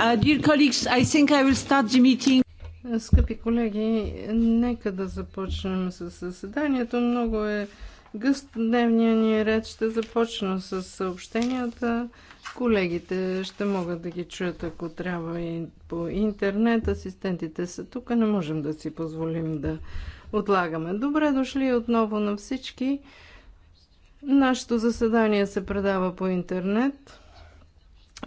Uh, uh, скъпи колеги, нека да започнем с съседанието. Много е гъст дневния ни ред. Ще започна с съобщенията. Колегите ще могат да ги чуят, ако трябва и по интернет. Асистентите са тук. Не можем да си позволим да отлагаме. Добре дошли отново на всички. Нашето заседание се предава по интернет.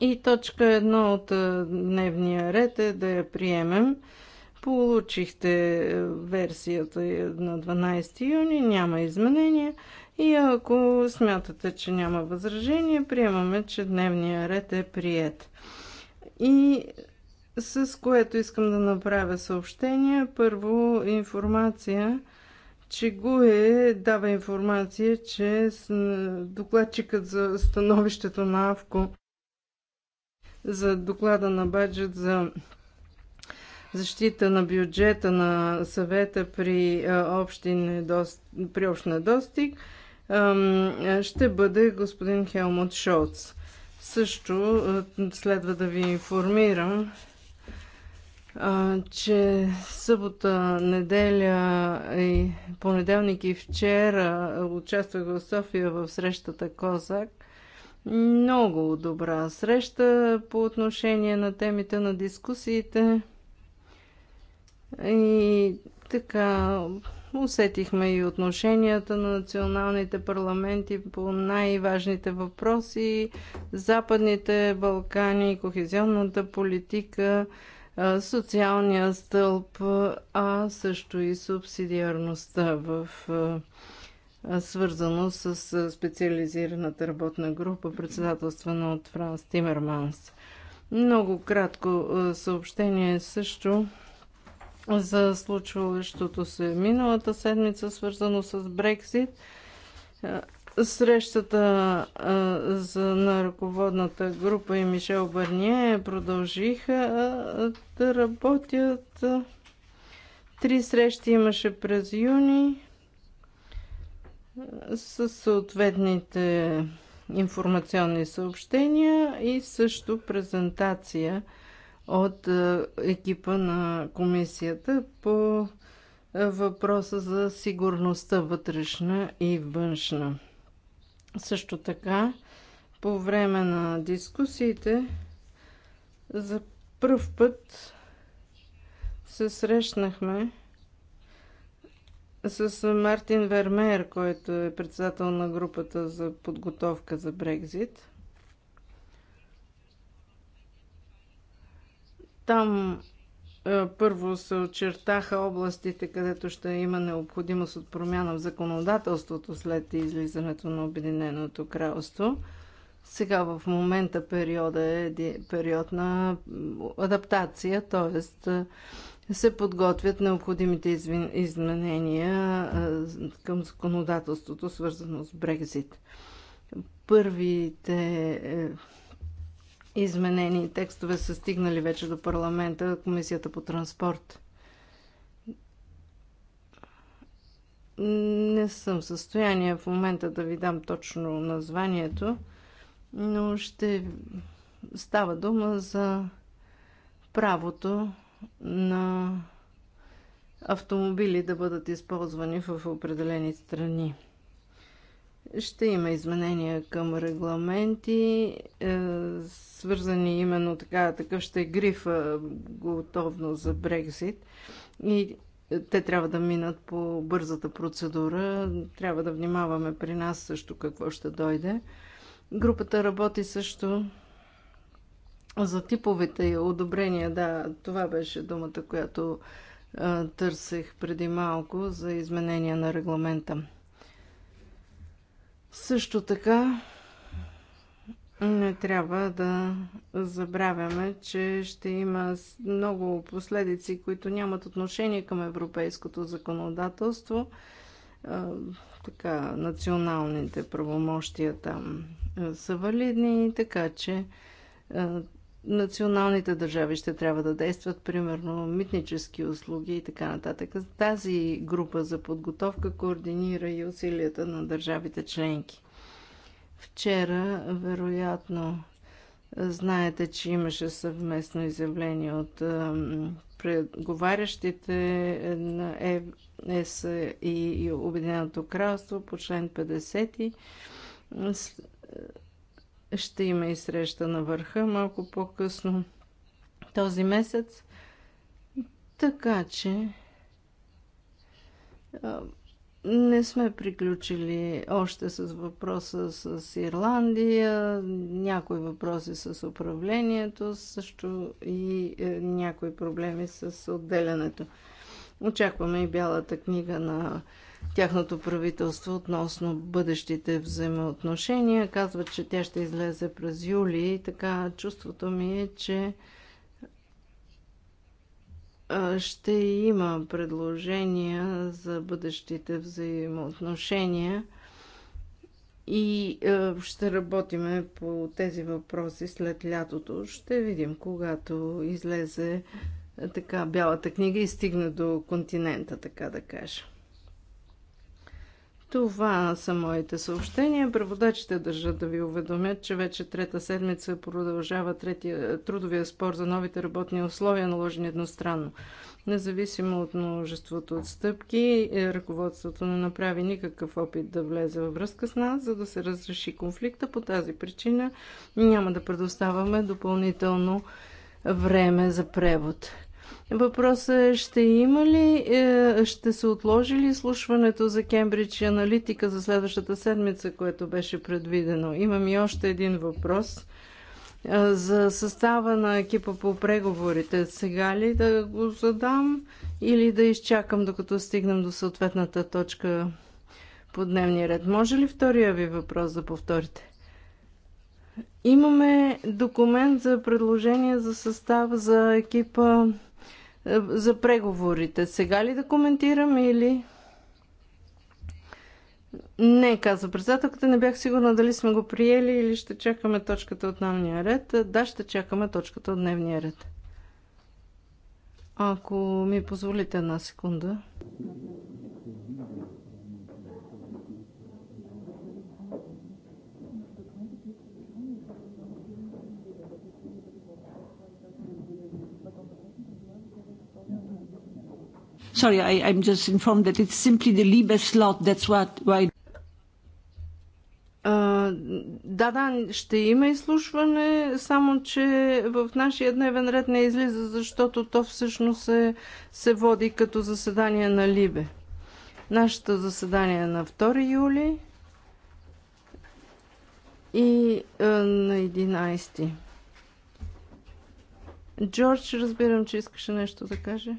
И точка едно от е, дневния ред е да я приемем. Получихте е, версията на 12 юни, няма изменения. И ако смятате, че няма възражение, приемаме, че дневния ред е прият. И с което искам да направя съобщение. Първо информация, че ГУЕ дава информация, че е, докладчикът за становището на АВКО за доклада на баджет за защита на бюджета на съвета при, при общ недостиг ще бъде господин Хелмут Шолц. Също следва да ви информирам, че събота, неделя и понеделник и вчера участвах в София в срещата Козак много добра среща по отношение на темите на дискусиите. И така, усетихме и отношенията на националните парламенти по най-важните въпроси. Западните Балкани, кохезионната политика, социалния стълб, а също и субсидиарността в свързано с специализираната работна група, председателствана от Франс Тимерманс. Много кратко съобщение също за случващото се миналата седмица, свързано с Брексит. Срещата за, на ръководната група и Мишел Барние продължиха да работят. Три срещи имаше през юни, с съответните информационни съобщения и също презентация от е, екипа на комисията по е, въпроса за сигурността вътрешна и външна. Също така, по време на дискусиите, за първ път се срещнахме с Мартин Вермеер, който е председател на групата за подготовка за Брекзит. Там първо се очертаха областите, където ще има необходимост от промяна в законодателството след излизането на Обединеното кралство. Сега в момента периода е период на адаптация, т.е се подготвят необходимите изменения към законодателството, свързано с Брекзит. Първите е, изменени текстове са стигнали вече до парламента, Комисията по транспорт. Не съм в състояние в момента да ви дам точно названието, но ще става дума за правото на автомобили да бъдат използвани в определени страни. Ще има изменения към регламенти, е, свързани именно така, такъв ще е грифа готовно за Брекзит. И те трябва да минат по бързата процедура. Трябва да внимаваме при нас също какво ще дойде. Групата работи също за типовите одобрения, да, това беше думата, която а, търсех преди малко за изменение на регламента. Също така, не трябва да забравяме, че ще има много последици, които нямат отношение към европейското законодателство, така националните правомощия там са валидни, така че националните държави ще трябва да действат, примерно митнически услуги и така нататък. Тази група за подготовка координира и усилията на държавите членки. Вчера, вероятно, знаете, че имаше съвместно изявление от преговарящите на ЕС и Обединеното кралство по член 50 ще има и среща на върха малко по-късно този месец. Така че не сме приключили още с въпроса с Ирландия, някои въпроси с управлението, също и е, някои проблеми с отделянето. Очакваме и бялата книга на тяхното правителство относно бъдещите взаимоотношения. Казват, че тя ще излезе през юли. Така чувството ми е, че ще има предложения за бъдещите взаимоотношения и ще работиме по тези въпроси след лятото. Ще видим, когато излезе така бялата книга и стигне до континента, така да кажа. Това са моите съобщения. Преводачите държат да ви уведомят, че вече трета седмица продължава третия, трудовия спор за новите работни условия, наложени едностранно. Независимо от множеството отстъпки, е, ръководството не направи никакъв опит да влезе във връзка с нас, за да се разреши конфликта. По тази причина няма да предоставяме допълнително време за превод. Въпросът е, ще има ли, е, ще се отложи ли слушването за Кембридж и аналитика за следващата седмица, което беше предвидено? Имам и още един въпрос е, за състава на екипа по преговорите. Сега ли да го задам или да изчакам докато стигнем до съответната точка по дневния ред? Може ли втория ви въпрос да повторите? Имаме документ за предложение за състав за екипа е, за преговорите. Сега ли да коментирам или... Не, каза председателката, не бях сигурна дали сме го приели или ще чакаме точката от дневния ред. Да, ще чакаме точката от дневния ред. Ако ми позволите една секунда. Sorry, I, I'm just informed that it's simply the Libe slot. That's what, why. Uh, Да, да, ще има изслушване, само че в нашия дневен ред не излиза, защото то всъщност се, се води като заседание на Либе. Нашето заседание е на 2 юли и uh, на 11. Джордж, разбирам, че искаше нещо да каже.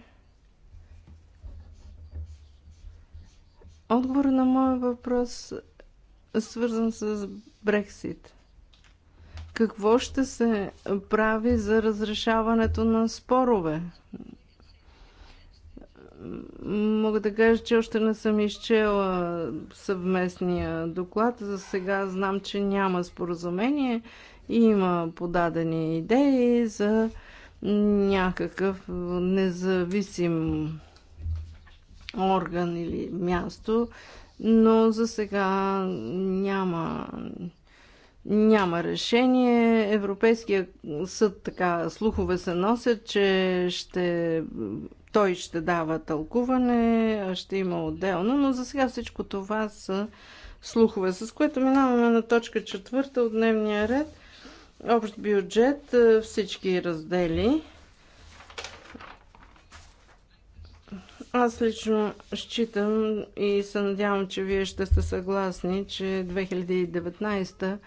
Отговор на моя въпрос е свързан с Брексит. Какво ще се прави за разрешаването на спорове? Мога да кажа, че още не съм изчела съвместния доклад. За сега знам, че няма споразумение и има подадени идеи за някакъв независим орган или място, но за сега няма, няма решение. Европейския съд така слухове се носят, че ще, той ще дава тълкуване, ще има отделно, но за сега всичко това са слухове, с което минаваме на точка четвърта от дневния ред. Общ бюджет, всички раздели. Аз лично считам и се надявам, че вие ще сте съгласни, че 2019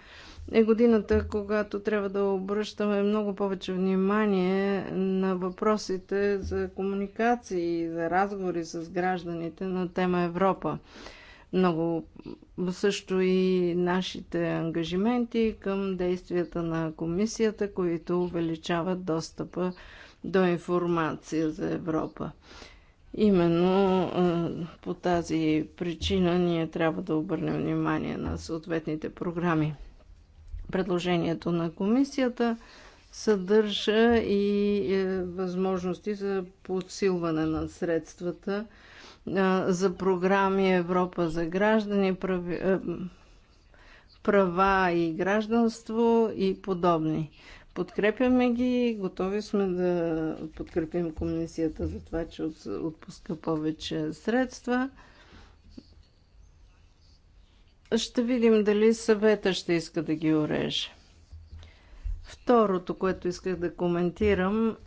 е годината, когато трябва да обръщаме много повече внимание на въпросите за комуникации, за разговори с гражданите на тема Европа. Много също и нашите ангажименти към действията на комисията, които увеличават достъпа до информация за Европа. Именно по тази причина ние трябва да обърнем внимание на съответните програми. Предложението на комисията съдържа и е, възможности за подсилване на средствата за програми Европа за граждани, е, права и гражданство и подобни. Подкрепяме ги, готови сме да подкрепим комисията за това, че отпуска повече средства. Ще видим дали съвета ще иска да ги уреже. Второто, което исках да коментирам,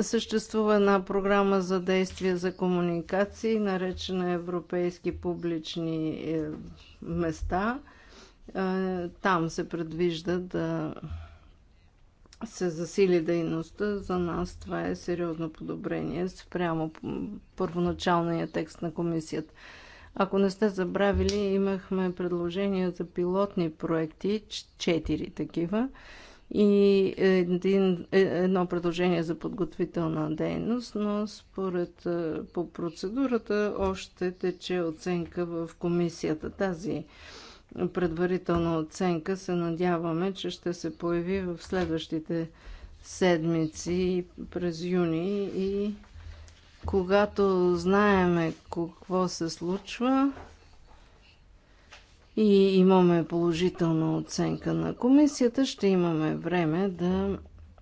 съществува една програма за действие за комуникации, наречена Европейски публични е, места – е, там се предвижда да се засили дейността. За нас това е сериозно подобрение спрямо първоначалния текст на комисията. Ако не сте забравили, имахме предложения за пилотни проекти, четири такива, и един, е, едно предложение за подготвителна дейност, но според е, по процедурата още тече оценка в комисията. Тази предварителна оценка се надяваме, че ще се появи в следващите седмици през юни и когато знаеме какво се случва и имаме положителна оценка на комисията, ще имаме време да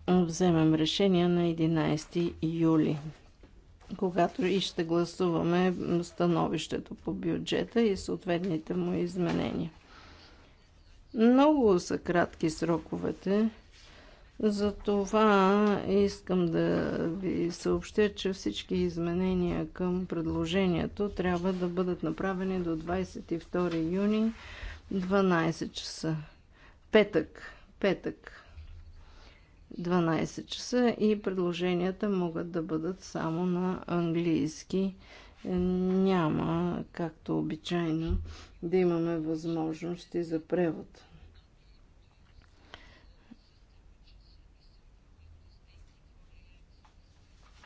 вземем решение на 11 юли когато и ще гласуваме становището по бюджета и съответните му изменения. Много са кратки сроковете, затова искам да ви съобщя, че всички изменения към предложението трябва да бъдат направени до 22 юни 12 часа. Петък. Петък. 12 часа и предложенията могат да бъдат само на английски. Няма, както обичайно, да имаме възможности за превод.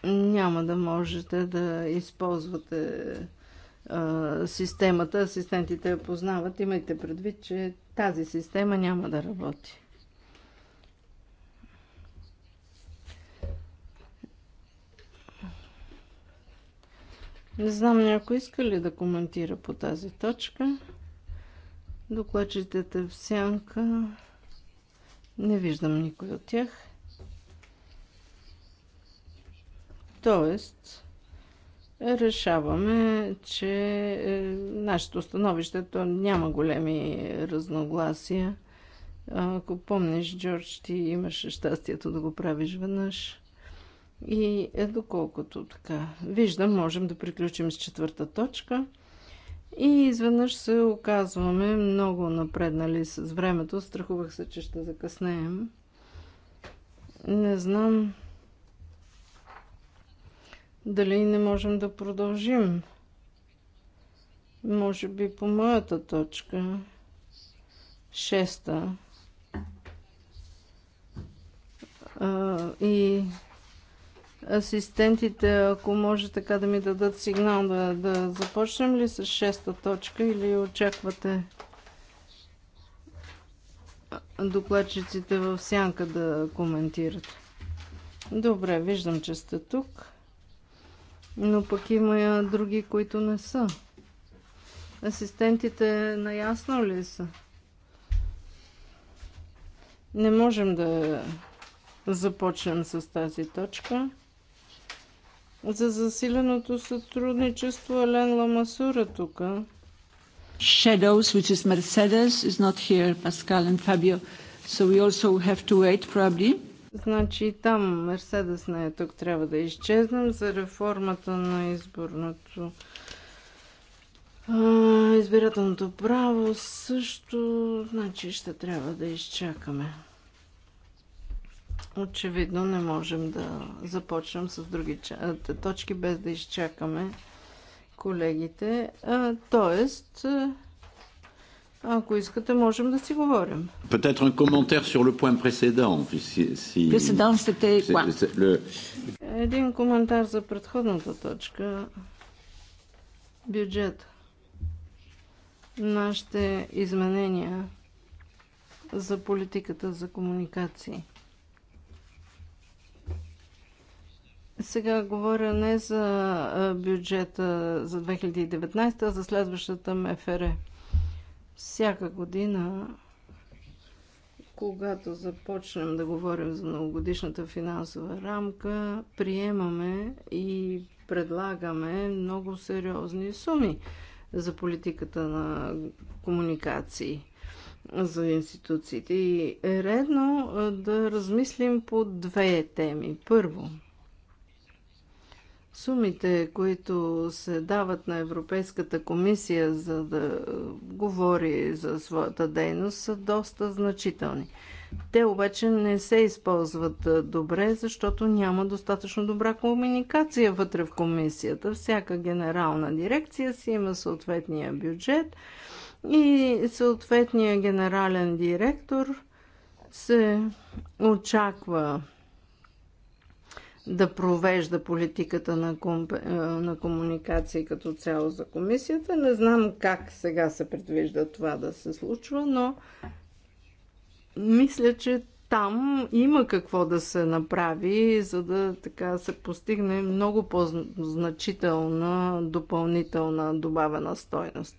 Няма да можете да използвате системата. Асистентите я познават. Имайте предвид, че тази система няма да работи. Не знам някой иска ли да коментира по тази точка. Докладчетата в сянка. Не виждам никой от тях. Тоест, решаваме, че е, нашето становище то няма големи разногласия. Ако помниш, Джордж, ти имаше щастието да го правиш веднъж. И е, доколкото така виждам, можем да приключим с четвърта точка. И изведнъж се оказваме много напреднали с времето. Страхувах се, че ще закъснеем. Не знам дали не можем да продължим. Може би по моята точка. Шеста. А, и асистентите, ако може така да ми дадат сигнал да, да започнем ли с шеста точка или очаквате докладчиците в сянка да коментират. Добре, виждам, че сте тук. Но пък има и други, които не са. Асистентите наясно ли са? Не можем да започнем с тази точка за засиленото сътрудничество Елен Ламасура тук. Shadows, which is Mercedes, is not here, Pascal and Fabio. So we also have to wait, probably. Значи там Мерседес не е тук, трябва да изчезнем за реформата на изборното избирателното право също, значи ще трябва да изчакаме очевидно не можем да започнем с други точки, без да изчакаме колегите. тоест, ако искате, можем да си говорим. Peut-être un commentaire sur le point précédent. Si, si... Précédent, c'était quoi? Един коментар за предходната точка. Бюджет. Нашите изменения за политиката за комуникации. Сега говоря не за бюджета за 2019, а за следващата МФР. Всяка година, когато започнем да говорим за многогодишната финансова рамка, приемаме и предлагаме много сериозни суми за политиката на комуникации за институциите. И е редно да размислим по две теми. Първо – Сумите, които се дават на Европейската комисия за да говори за своята дейност, са доста значителни. Те обаче не се използват добре, защото няма достатъчно добра комуникация вътре в комисията. Всяка генерална дирекция си има съответния бюджет и съответния генерален директор се очаква да провежда политиката на, комп... Е, на комуникации като цяло за комисията. Не знам как сега се предвижда това да се случва, но мисля, че там има какво да се направи, за да така се постигне много по-значителна допълнителна добавена стойност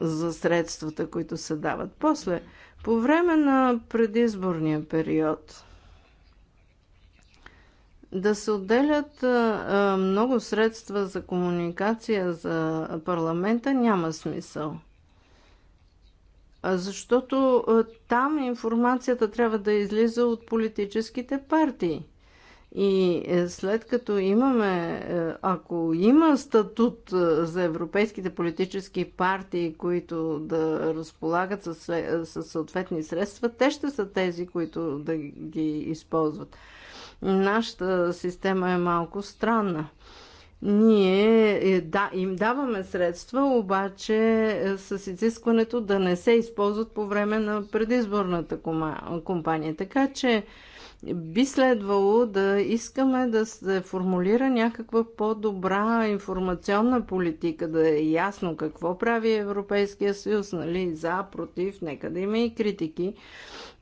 за средствата, които се дават. После, по време на предизборния период, да се отделят много средства за комуникация за парламента няма смисъл. Защото там информацията трябва да излиза от политическите партии. И е, след като имаме, е, ако има статут е, за европейските политически партии, които да разполагат със съответни средства, те ще са тези, които да ги използват. Нашата система е малко странна. Ние е, да, им даваме средства, обаче е, с изискването да не се използват по време на предизборната компания. Така че би следвало да искаме да се формулира някаква по-добра информационна политика, да е ясно какво прави Европейския съюз, нали, за, против, нека да има и критики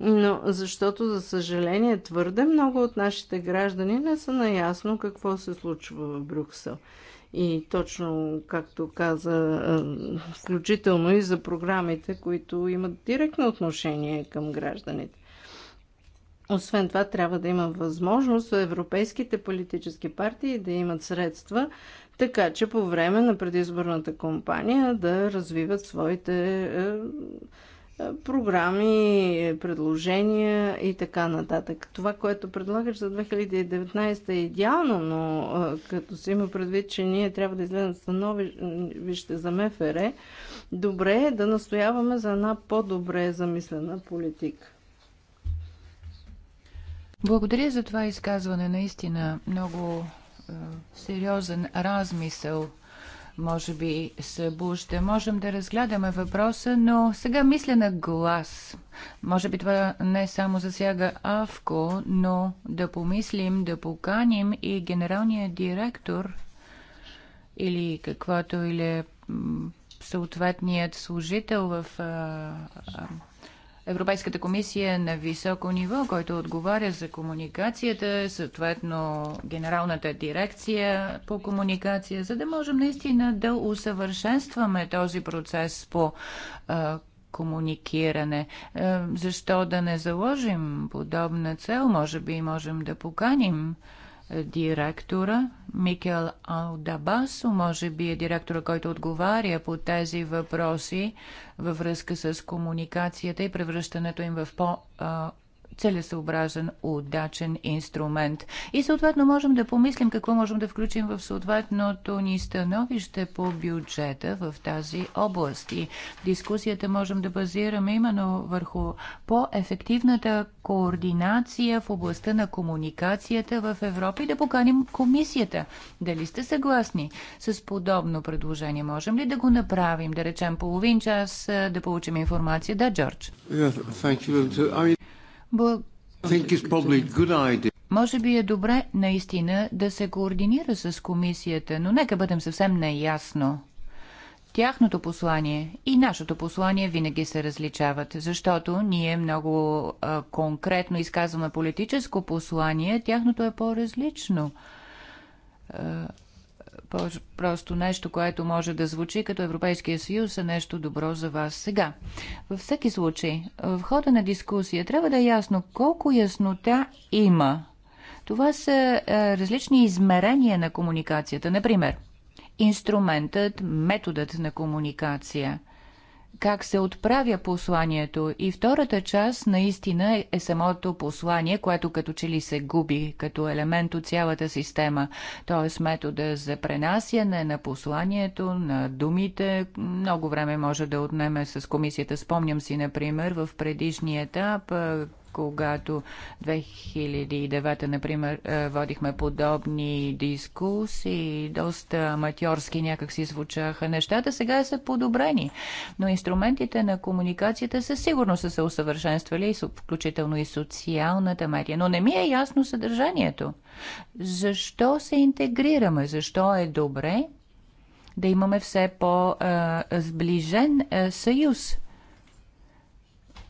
но защото, за съжаление, твърде много от нашите граждани не са наясно какво се случва в Брюксел. И точно, както каза, включително и за програмите, които имат директно отношение към гражданите. Освен това, трябва да има възможност европейските политически партии да имат средства, така че по време на предизборната кампания да развиват своите е, програми, предложения и така нататък. Това, което предлагаш за 2019 е идеално, но като се има предвид, че ние трябва да изгледаме становище за МФР, добре е да настояваме за една по-добре замислена политика. Благодаря за това изказване. Наистина много сериозен размисъл може би събужда. Можем да разгледаме въпроса, но сега мисля на глас. Може би това не само засяга Авко, но да помислим, да поканим и генералния директор или каквото или съответният служител в а, а, Европейската комисия е на високо ниво, който отговаря за комуникацията, съответно Генералната дирекция по комуникация, за да можем наистина да усъвършенстваме този процес по а, комуникиране. А, защо да не заложим подобна цел? Може би можем да поканим директора Микел Аудабасо, може би е директора, който отговаря по тези въпроси във връзка с комуникацията и превръщането им в по- целесъобразен, удачен инструмент. И съответно можем да помислим какво можем да включим в съответното ни становище по бюджета в тази област. И дискусията можем да базираме именно върху по-ефективната координация в областта на комуникацията в Европа и да поканим комисията. Дали сте съгласни с подобно предложение? Можем ли да го направим, да речем половин час, да получим информация? Да, Джордж. Yeah, може би е добре наистина да се координира с комисията, но нека бъдем съвсем неясно. Тяхното послание и нашето послание винаги се различават, защото ние много а, конкретно изказваме политическо послание, тяхното е по-различно просто нещо, което може да звучи като Европейския съюз е нещо добро за вас сега. Във всеки случай, в хода на дискусия трябва да е ясно колко яснота има. Това са е, различни измерения на комуникацията. Например, инструментът, методът на комуникация – как се отправя посланието. И втората част наистина е самото послание, което като че ли се губи като елемент от цялата система. Тоест метода за пренасяне на посланието, на думите, много време може да отнеме с комисията. Спомням си, например, в предишния етап когато 2009, например, е, водихме подобни дискусии, доста аматьорски някак си звучаха нещата, сега са подобрени. Но инструментите на комуникацията със сигурност са се усъвършенствали, включително и социалната медия. Но не ми е ясно съдържанието. Защо се интегрираме? Защо е добре да имаме все по-сближен е, е, съюз?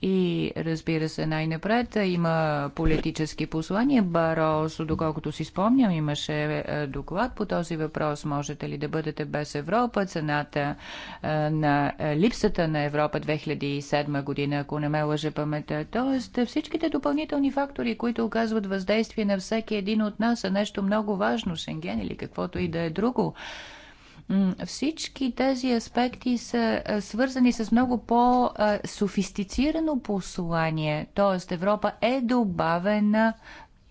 И разбира се, най-напред има политически послания. Барос, доколкото си спомням, имаше е, доклад по този въпрос. Можете ли да бъдете без Европа? Цената е, на е, липсата на Европа 2007 година, ако не ме лъже паметта. Тоест, всичките допълнителни фактори, които оказват въздействие на всеки един от нас, са нещо много важно. Шенген или каквото и да е друго. Всички тези аспекти са свързани с много по-софистицирано послание, т.е. Европа е добавена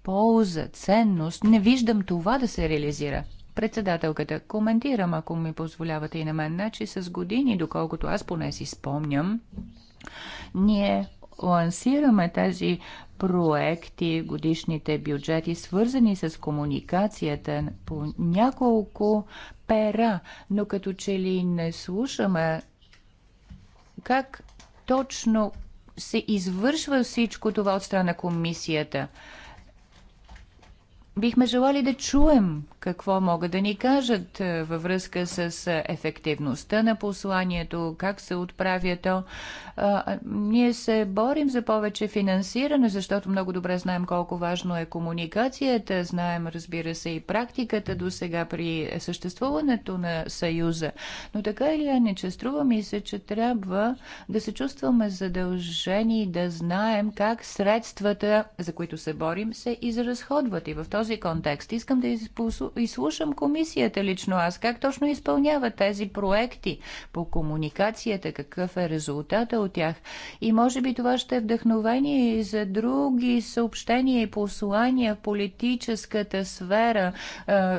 полза, ценност. Не виждам това да се реализира. Председателката, коментирам, ако ми позволявате и на мен, значи с години, доколкото аз поне си спомням, ние лансираме тези проекти, годишните бюджети, свързани с комуникацията по няколко пера, но като че ли не слушаме как точно се извършва всичко това от страна комисията. Бихме желали да чуем какво могат да ни кажат е, във връзка с е, ефективността на посланието, как се отправя то. А, ние се борим за повече финансиране, защото много добре знаем колко важно е комуникацията, знаем, разбира се, и практиката до сега при съществуването на Съюза. Но така или не че струва ми се, че трябва да се чувстваме задължени да знаем как средствата, за които се борим, се изразходват. И в този контекст искам да изпусу изслушам комисията лично аз. Как точно изпълнява тези проекти по комуникацията? Какъв е резултата от тях? И може би това ще е вдъхновение и за други съобщения и послания в политическата сфера,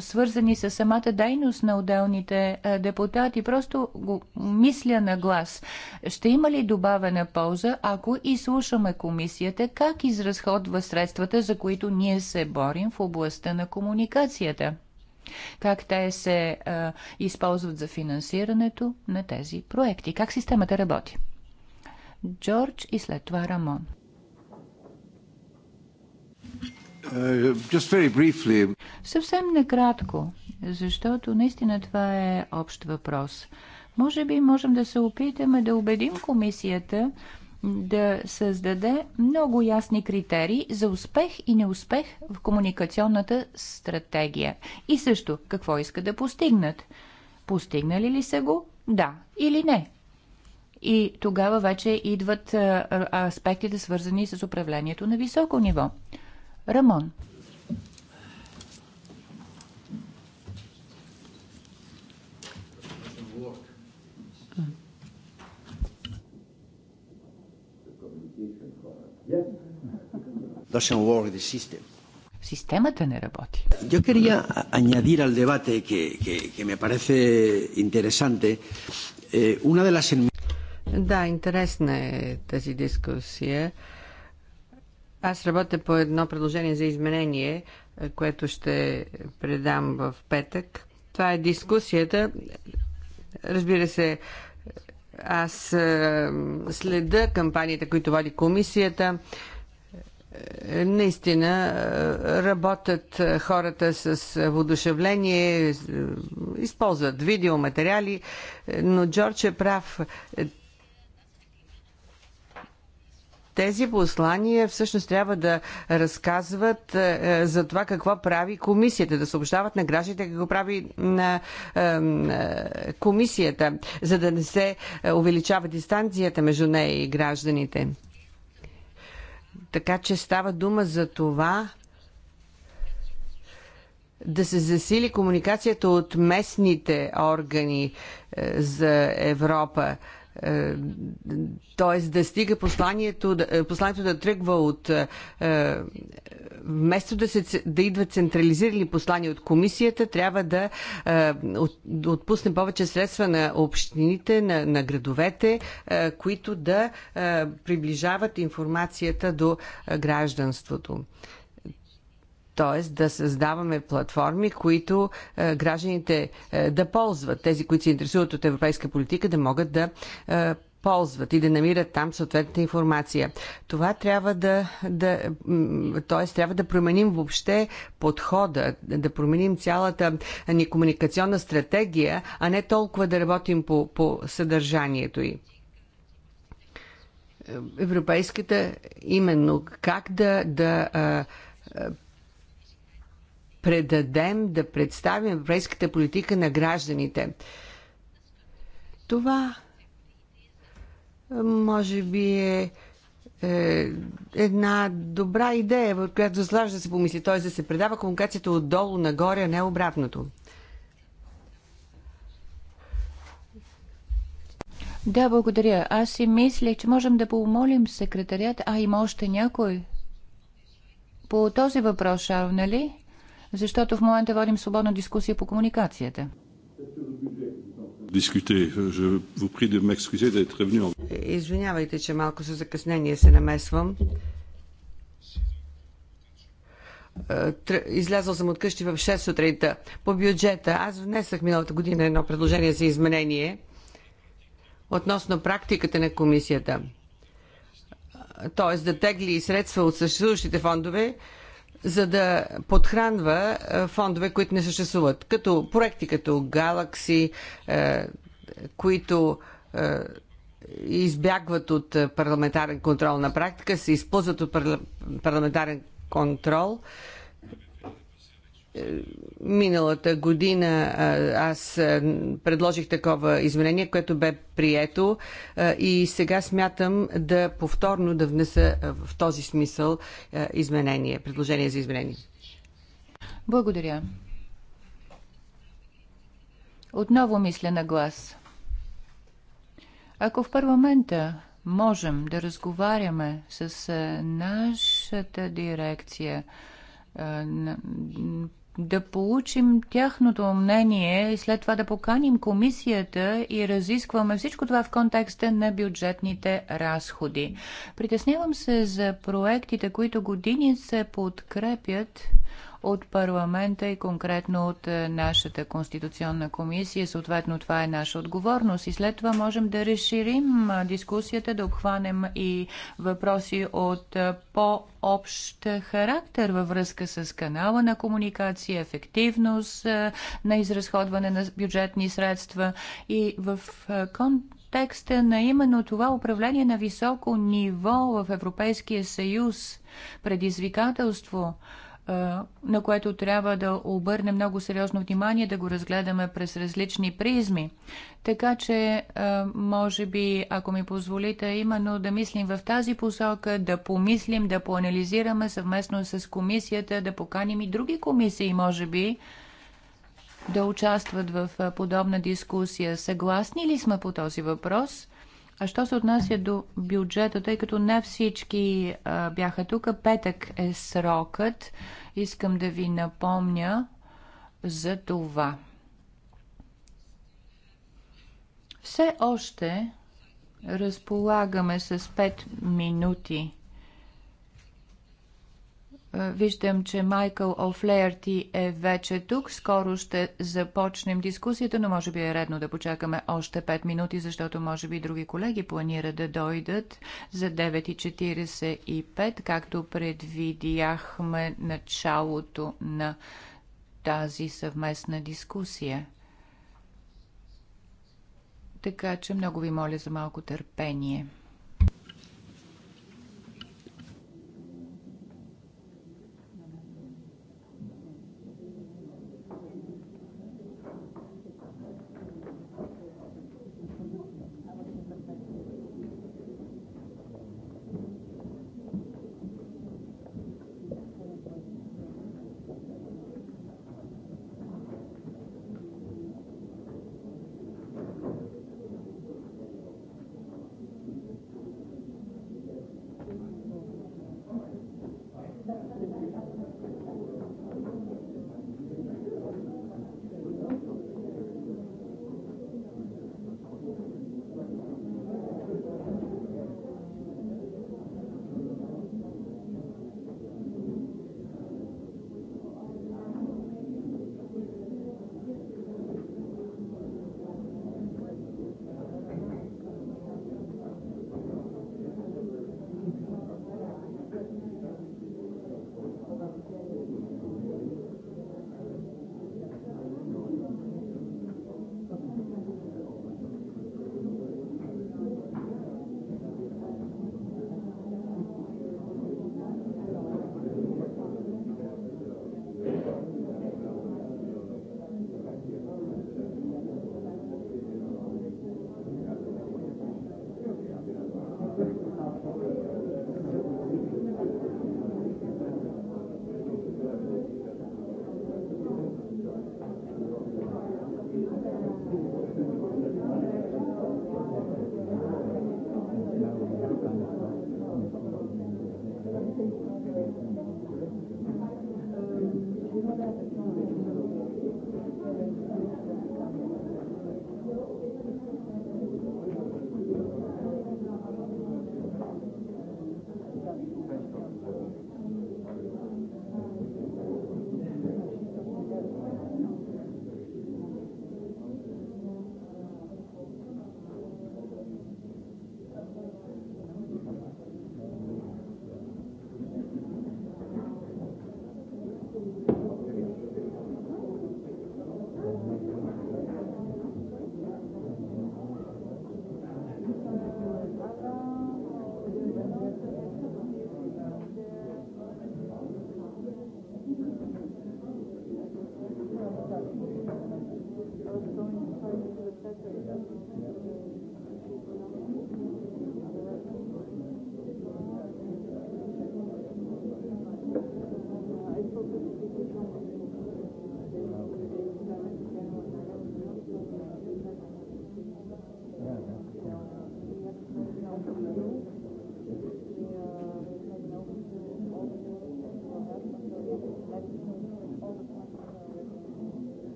свързани с самата дейност на отделните депутати. Просто го мисля на глас. Ще има ли добавена полза, ако изслушаме комисията как изразходва средствата, за които ние се борим в областта на комуникацията? как те се а, използват за финансирането на тези проекти, как системата работи. Джордж и след това Рамон. Uh, Съвсем накратко, защото наистина това е общ въпрос. Може би можем да се опитаме да убедим комисията да създаде много ясни критерии за успех и неуспех в комуникационната стратегия. И също какво иска да постигнат. Постигнали ли са го? Да или не. И тогава вече идват аспектите, свързани с управлението на високо ниво. Рамон. the system. Системата не работи. Yo quería añadir al debate que, que, que me parece interesante eh, una de las Да, интересна е тази дискусия. Аз работя по едно предложение за изменение, е, което ще предам в петък. Това е дискусията. Разбира се, аз е, следа кампанията, които води комисията. Е, наистина е, работят е, хората с воодушевление, използват видеоматериали, но Джордж е прав. Тези послания всъщност трябва да разказват за това какво прави комисията, да съобщават на гражданите какво прави на комисията, за да не се увеличава дистанцията между нея и гражданите. Така че става дума за това да се засили комуникацията от местните органи е, за Европа т.е. да стига посланието, е, посланието да тръгва от е, е, вместо да, се, да идва централизирани послания от комисията, трябва да, да отпусне повече средства на общините, на, на градовете, които да приближават информацията до гражданството т.е. да създаваме платформи, които е, гражданите е, да ползват, тези, които се интересуват от европейска политика, да могат да е, ползват и да намират там съответната информация. Това трябва да, да т.е. трябва да променим въобще подхода, да променим цялата ни комуникационна стратегия, а не толкова да работим по, по съдържанието й европейската, именно как да, да а, предадем, да представим европейската политика на гражданите. Това може би е, е една добра идея, в която заслажда да се помисли, т.е. да се предава комуникацията отдолу нагоре, а не обратното. Да, благодаря. Аз си мисля, че можем да помолим секретарят, а има още някой. По този въпрос, Шарл, нали? Защото в момента водим свободна дискусия по комуникацията. Извинявайте, че малко със закъснение се намесвам. Е, излязъл съм от къщи в 6 сутринта. По бюджета аз внесах миналата година едно предложение за изменение относно практиката на комисията. Тоест да тегли средства от съществуващите фондове, за да подхранва е, фондове, които не съществуват. Като проекти като Galaxy, е, които е, избягват от парламентарен контрол на практика, се използват от парламентарен контрол Миналата година аз предложих такова изменение, което бе прието и сега смятам да повторно да внеса в този смисъл изменение, предложение за изменение. Благодаря. Отново мисля на глас. Ако в парламента можем да разговаряме с нашата дирекция, да получим тяхното мнение и след това да поканим комисията и разискваме всичко това в контекста на бюджетните разходи. Притеснявам се за проектите, които години се подкрепят от парламента и конкретно от е, нашата конституционна комисия. Съответно, това е наша отговорност. И след това можем да разширим дискусията, да обхванем и въпроси от е, по-общ характер във връзка с канала на комуникация, ефективност е, на изразходване на бюджетни средства и в контекст текста на именно това управление на високо ниво в Европейския съюз, предизвикателство, на което трябва да обърнем много сериозно внимание, да го разгледаме през различни призми. Така че, може би, ако ми позволите, именно да мислим в тази посока, да помислим, да поанализираме съвместно с комисията, да поканим и други комисии, може би, да участват в подобна дискусия. Съгласни ли сме по този въпрос? А що се отнася до бюджета, тъй като не всички а, бяха тук, петък е срокът. Искам да ви напомня за това. Все още разполагаме с 5 минути е, виждам, че Майкъл Офлеерти е вече тук. Скоро ще започнем дискусията, но може би е редно да почакаме още 5 минути, защото може би други колеги планират да дойдат за 9.45, както предвидяхме началото на тази съвместна дискусия. Така че много ви моля за малко търпение.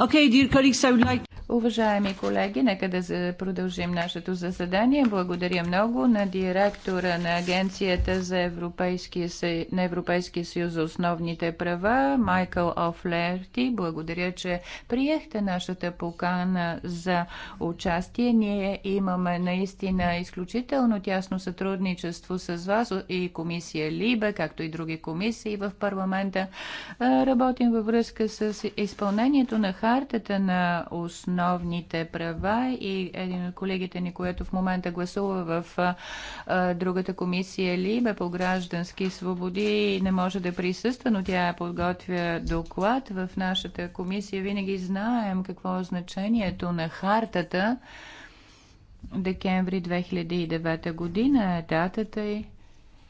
Okay, dear colleagues, I would like Уважаеми колеги, нека да продължим нашето заседание. Благодаря много на директора на Агенцията за Европейския съюз, на Европейския съюз за основните права, Майкъл Офлерти. Благодаря, че приехте нашата покана за участие. Ние имаме наистина изключително тясно сътрудничество с вас и комисия Либе, както и други комисии в парламента. Работим във връзка с изпълнението на хартата на основните основните права и един от колегите ни, което в момента гласува в а, другата комисия Либе по граждански свободи не може да присъства, но тя подготвя доклад в нашата комисия. Винаги знаем какво е значението на хартата. Декември 2009 година е датата й.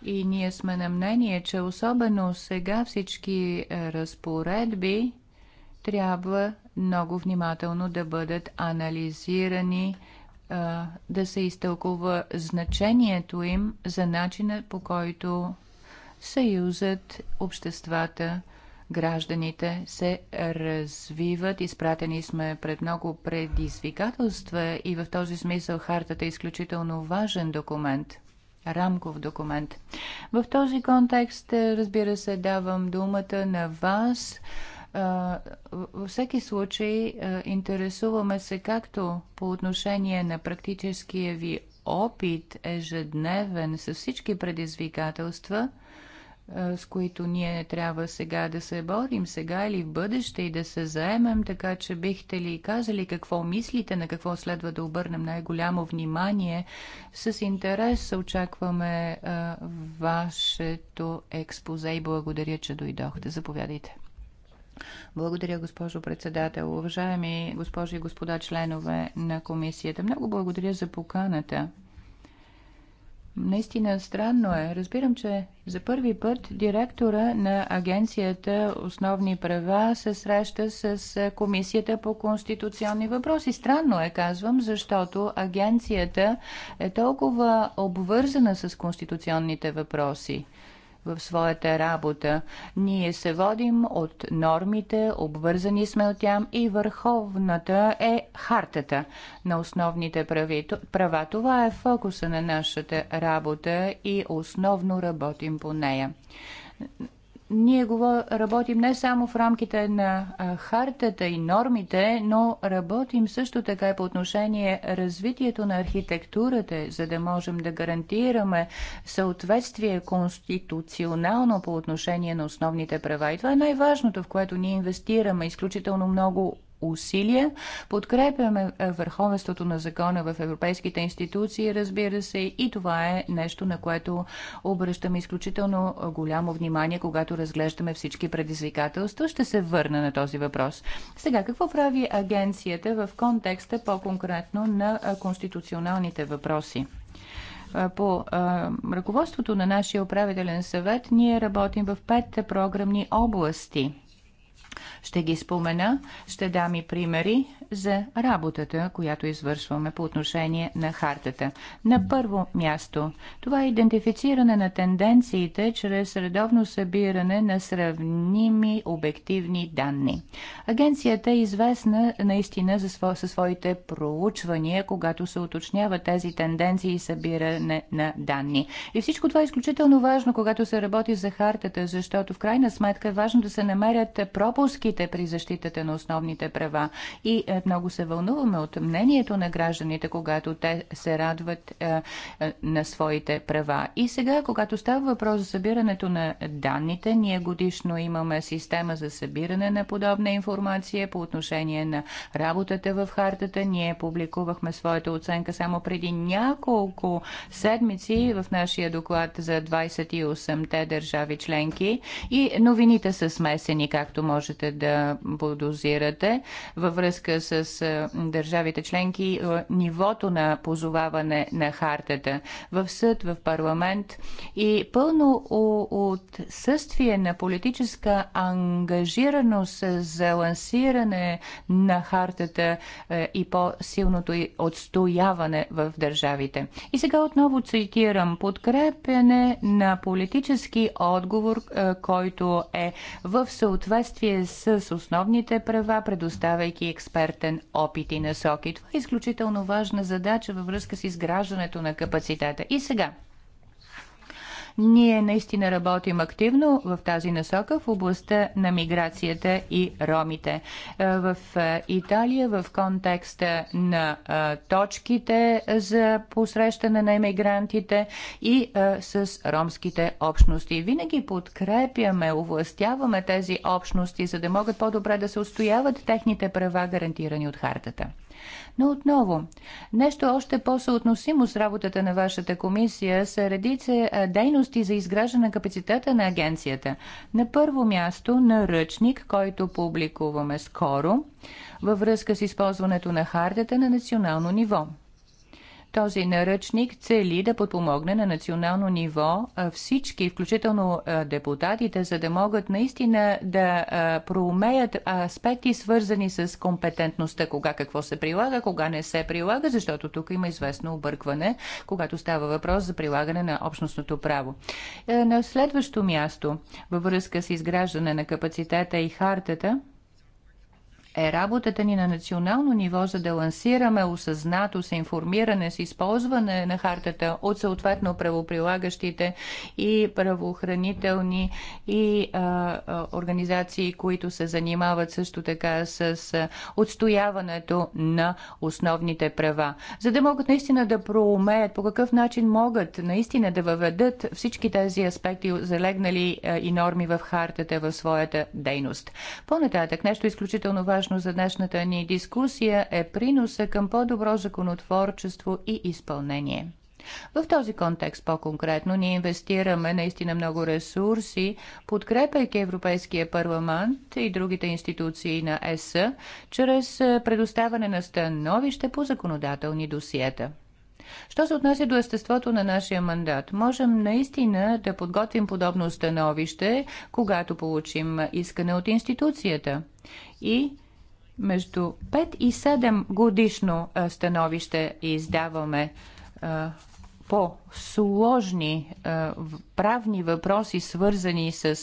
И ние сме на мнение, че особено сега всички разпоредби трябва много внимателно да бъдат анализирани, да се изтълкува значението им за начина по който съюзът, обществата, гражданите се развиват. Изпратени сме пред много предизвикателства и в този смисъл хартата е изключително важен документ рамков документ. В този контекст, разбира се, давам думата на вас във всеки случай интересуваме се както по отношение на практическия ви опит ежедневен с всички предизвикателства, с които ние не трябва сега да се борим, сега или в бъдеще и да се заемем, така че бихте ли казали какво мислите, на какво следва да обърнем най-голямо внимание. С интерес очакваме а, вашето експозе и благодаря, че дойдохте. Заповядайте. Благодаря, госпожо председател. Уважаеми госпожи и господа членове на комисията, много благодаря за поканата. Наистина странно е. Разбирам, че за първи път директора на агенцията Основни права се среща с Комисията по конституционни въпроси. Странно е, казвам, защото агенцията е толкова обвързана с конституционните въпроси в своята работа. Ние се водим от нормите, обвързани сме от тям и върховната е хартата на основните прави. права. Това е фокуса на нашата работа и основно работим по нея ние работим не само в рамките на хартата и нормите, но работим също така и по отношение развитието на архитектурата, за да можем да гарантираме съответствие конституционално по отношение на основните права. И това е най-важното, в което ние инвестираме изключително много усилия. Подкрепяме е, върховенството на закона в европейските институции, разбира се, и това е нещо, на което обръщаме изключително голямо внимание, когато разглеждаме всички предизвикателства. Ще се върна на този въпрос. Сега, какво прави агенцията в контекста по-конкретно на е, конституционалните въпроси? Е, по а, ръководството на нашия управителен съвет ние работим в пет програмни области – ще ги спомена, ще дам и примери за работата, която извършваме по отношение на хартата. На първо място, това е идентифициране на тенденциите чрез редовно събиране на сравними обективни данни. Агенцията е известна наистина за сво, със своите проучвания, когато се уточнява тези тенденции и събиране на данни. И всичко това е изключително важно, когато се работи за хартата, защото в крайна сметка е важно да се намерят пропуски пропуските при защитата на основните права. И е, много се вълнуваме от мнението на гражданите, когато те се радват е, е, на своите права. И сега, когато става въпрос за събирането на данните, ние годишно имаме система за събиране на подобна информация по отношение на работата в хартата. Ние публикувахме своята оценка само преди няколко седмици в нашия доклад за 28-те държави членки и новините са смесени, както може можете да подозирате във връзка с държавите членки, нивото на позоваване на хартата в съд, в парламент и пълно отсъствие на политическа ангажираност за лансиране на хартата и по-силното отстояване в държавите. И сега отново цитирам подкрепене на политически отговор, който е в съответствие с основните права, предоставяйки експертен опит и насоки. Това е изключително важна задача във връзка с изграждането на капацитета. И сега, ние наистина работим активно в тази насока в областта на миграцията и ромите. Е, в е, Италия в контекста на е, точките за посрещане на емигрантите и с ромските общности. Винаги подкрепяме, овластяваме тези общности, за да могат по-добре да се устояват техните права, гарантирани от хартата. Но отново, нещо още по-съотносимо с работата на вашата комисия са редица дейности за изграждане на капацитета на агенцията. На първо място наръчник, който публикуваме скоро във връзка с използването на хартата на национално ниво. Този наръчник цели да подпомогне на национално ниво всички, включително депутатите, за да могат наистина да проумеят аспекти, свързани с компетентността, кога какво се прилага, кога не се прилага, защото тук има известно объркване, когато става въпрос за прилагане на общностното право. Е, на следващо място, във връзка с изграждане на капацитета и хартата, е работата ни на национално ниво, за да лансираме осъзнато с информиране, с използване на хартата от съответно правоприлагащите и правоохранителни и а, а, организации, които се занимават също така с а, отстояването на основните права. За да могат наистина да проумеят по какъв начин могат наистина да въведат всички тези аспекти, залегнали а, и норми в хартата в своята дейност. По-нататък, нещо изключително важно важно за днешната ни дискусия е приноса към по-добро законотворчество и изпълнение. В този контекст по-конкретно ние инвестираме наистина много ресурси, подкрепяйки Европейския парламент и другите институции на ЕС чрез е, предоставяне на становище по законодателни досиета. Що се отнася до естеството на нашия мандат, можем наистина да подготвим подобно становище, когато получим искане от институцията. И между 5 и 7 годишно е, становище издаваме е, по-сложни е, правни въпроси, свързани с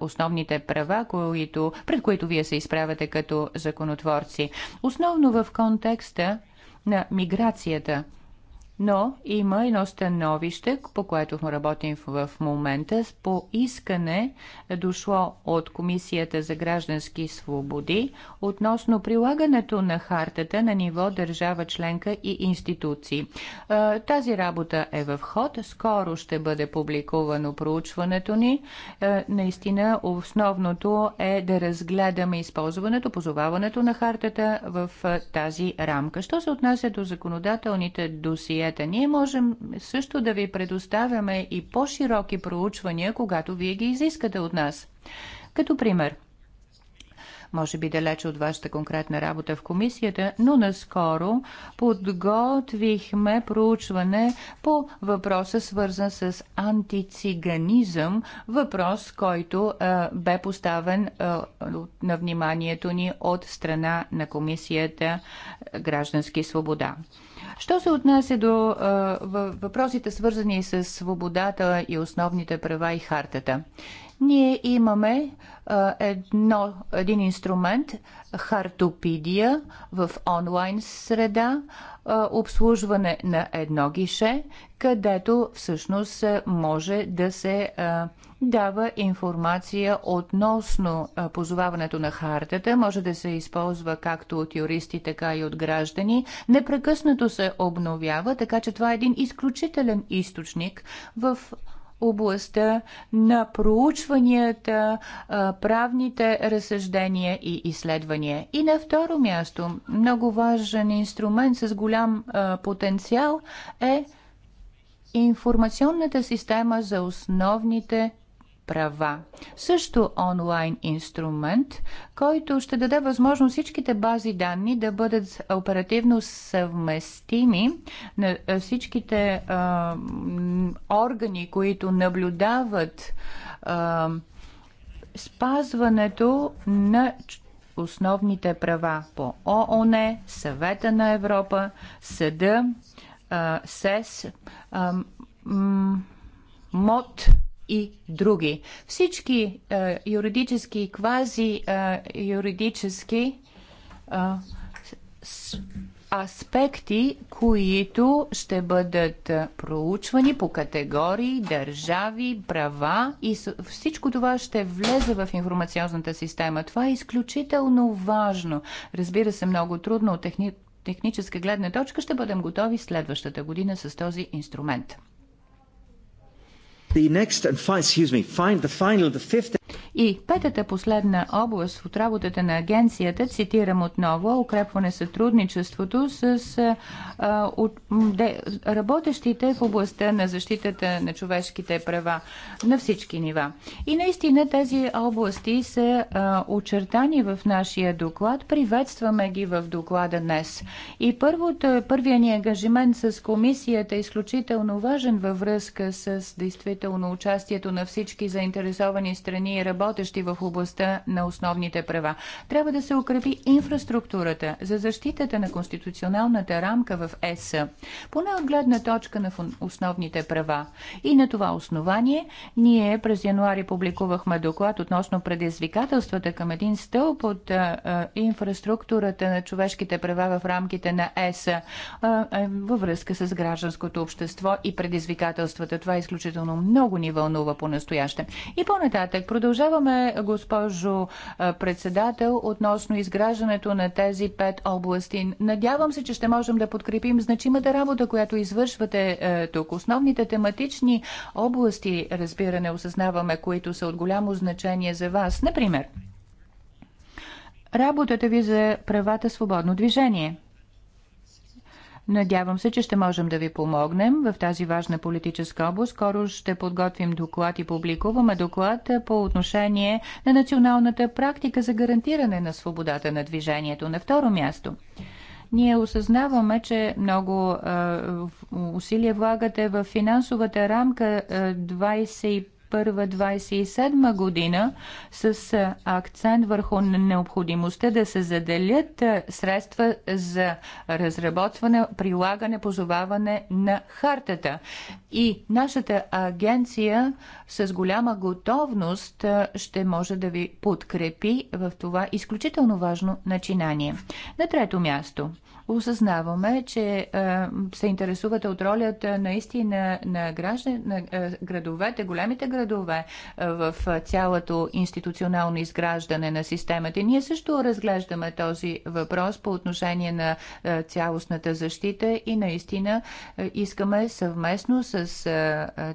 основните права, които, пред които вие се изправяте като законотворци. Основно в контекста на миграцията – но има едно становище, по което му работим в момента, по искане е дошло от Комисията за граждански свободи относно прилагането на хартата на ниво държава членка и институции. Е, тази работа е в ход. Скоро ще бъде публикувано проучването ни. Е, наистина основното е да разгледаме използването, позоваването на хартата в тази рамка. Що се отнася до законодателните досия, диета. Ние можем също да ви предоставяме и по-широки проучвания, когато вие ги изискате от нас. Като пример, може би далеч от вашата конкретна работа в комисията, но наскоро подготвихме проучване по въпроса свързан с антициганизъм, въпрос, който е, бе поставен е, на вниманието ни от страна на комисията Граждански свобода. Що се отнася до а, въпросите свързани с свободата и основните права и хартата? Ние имаме а, едно, един инструмент хартопидия в онлайн среда, а, обслужване на едно гише, където всъщност може да се а, дава информация относно позоваването на хартата. Може да се използва както от юристи, така и от граждани. Непрекъснато се обновява, така че това е един изключителен източник в областта на проучванията, правните разсъждения и изследвания. И на второ място, много важен инструмент с голям потенциал е информационната система за основните права. Също онлайн инструмент, който ще даде възможност всичките бази данни да бъдат оперативно съвместими на всичките а, органи, които наблюдават а, спазването на основните права по ООН, Съвета на Европа, Съда, а, СЕС, а, МОД, и други. Всички а, е, юридически и квази а, е, юридически а, е, с, аспекти, които ще бъдат проучвани по категории, държави, права и всичко това ще влезе в информационната система. Това е изключително важно. Разбира се, много трудно от техни... техническа гледна точка ще бъдем готови следващата година с този инструмент. The next and fi- excuse me, find the final, the fifth и петата последна област от работата на агенцията, цитирам отново, укрепване сътрудничеството с а, от, де, работещите в областта на защитата на човешките права на всички нива. И наистина тези области са а, очертани в нашия доклад. Приветстваме ги в доклада днес. И първото, първия ни ангажимент с комисията е изключително важен във връзка с действително участието на всички заинтересовани страни работещи в областта на основните права. Трябва да се укрепи инфраструктурата за защитата на конституционалната рамка в ЕС, поне от гледна точка на основните права. И на това основание ние през януари публикувахме доклад относно предизвикателствата към един стълб от а, а, инфраструктурата на човешките права в рамките на ЕС а, а, във връзка с гражданското общество и предизвикателствата. Това изключително много ни вълнува по-настояще. И по-нататък Продължаваме, госпожо председател, относно изграждането на тези пет области. Надявам се, че ще можем да подкрепим значимата работа, която извършвате е, тук. Основните тематични области, разбиране, осъзнаваме, които са от голямо значение за вас. Например, работата ви за правата свободно движение – Надявам се, че ще можем да ви помогнем в тази важна политическа област. Скоро ще подготвим доклад и публикуваме доклад по отношение на националната практика за гарантиране на свободата на движението. На второ място ние осъзнаваме, че много е, усилия влагате в финансовата рамка е, 25 2021-2027 година с акцент върху необходимостта да се заделят средства за разработване, прилагане, позоваване на хартата. И нашата агенция с голяма готовност ще може да ви подкрепи в това изключително важно начинание. На трето място – осъзнаваме, че е, се интересувате от ролята е, наистина на, граждан, на е, градовете, големите градове в цялото институционално изграждане на системата. Ние също разглеждаме този въпрос по отношение на цялостната защита и наистина искаме съвместно с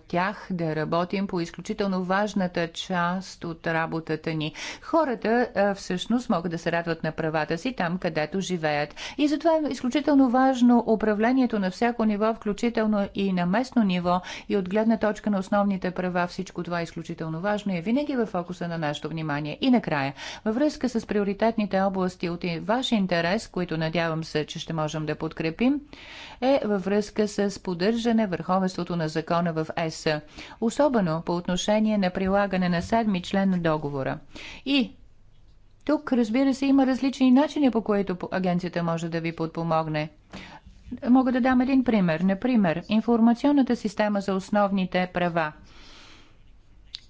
тях да работим по изключително важната част от работата ни. Хората всъщност могат да се радват на правата си там, където живеят. И затова изключително важно управлението на всяко ниво, включително и на местно ниво и от гледна точка на основните права. Всичко това е изключително важно и е винаги в фокуса на нашето внимание. И накрая, във връзка с приоритетните области от ваш интерес, които надявам се, че ще можем да подкрепим, е във връзка с поддържане върховенството на закона в ЕС, особено по отношение на прилагане на седми член на договора. И тук, разбира се, има различни начини, по които агенцията може да ви подпомогне. Мога да дам един пример. Например, информационната система за основните права.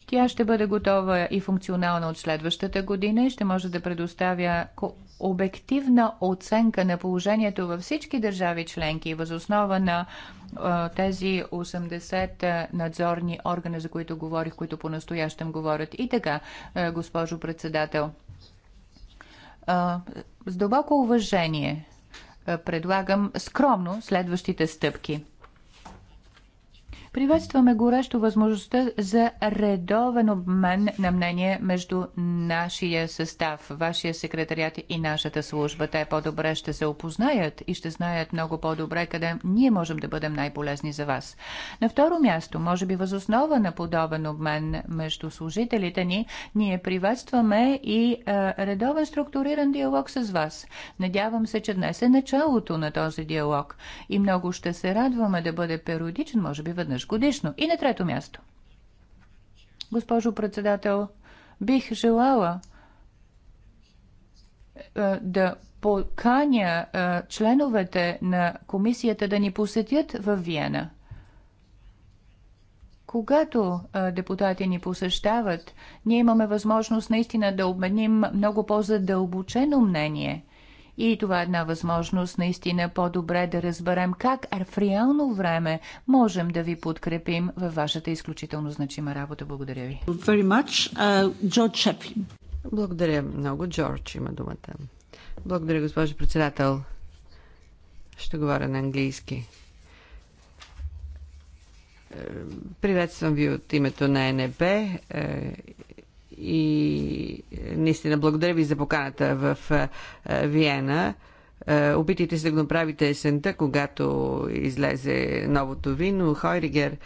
Тя ще бъде готова и функционална от следващата година и ще може да предоставя обективна оценка на положението във всички държави членки възоснова на тези 80 надзорни органа, за които говорих, които по-настоящем говорят. И така, госпожо председател с дълбоко уважение предлагам скромно следващите стъпки – Приветстваме горещо възможността за редовен обмен на мнение между нашия състав, вашия секретарият и нашата служба. Те по-добре ще се опознаят и ще знаят много по-добре къде ние можем да бъдем най-полезни за вас. На второ място, може би възоснова на подобен обмен между служителите ни, ние приветстваме и е, редовен структуриран диалог с вас. Надявам се, че днес е началото на този диалог и много ще се радваме да бъде периодичен, може би веднъж годишно. И на трето място. Госпожо председател, бих желала е, да поканя е, членовете на комисията да ни посетят в Виена. Когато а, е, депутати ни посещават, ние имаме възможност наистина да обменим много по-задълбочено мнение и това е една възможност наистина по-добре да разберем как в реално време можем да ви подкрепим във вашата изключително значима работа. Благодаря ви. Very much. Uh, Благодаря много. Джордж има думата. Благодаря, госпожо председател. Ще говоря на английски. Е, приветствам ви от името на НП е, и е, наистина благодаря ви за поканата в е, е, Виена. Опитайте се да го направите есента, когато излезе новото вино. Хойригер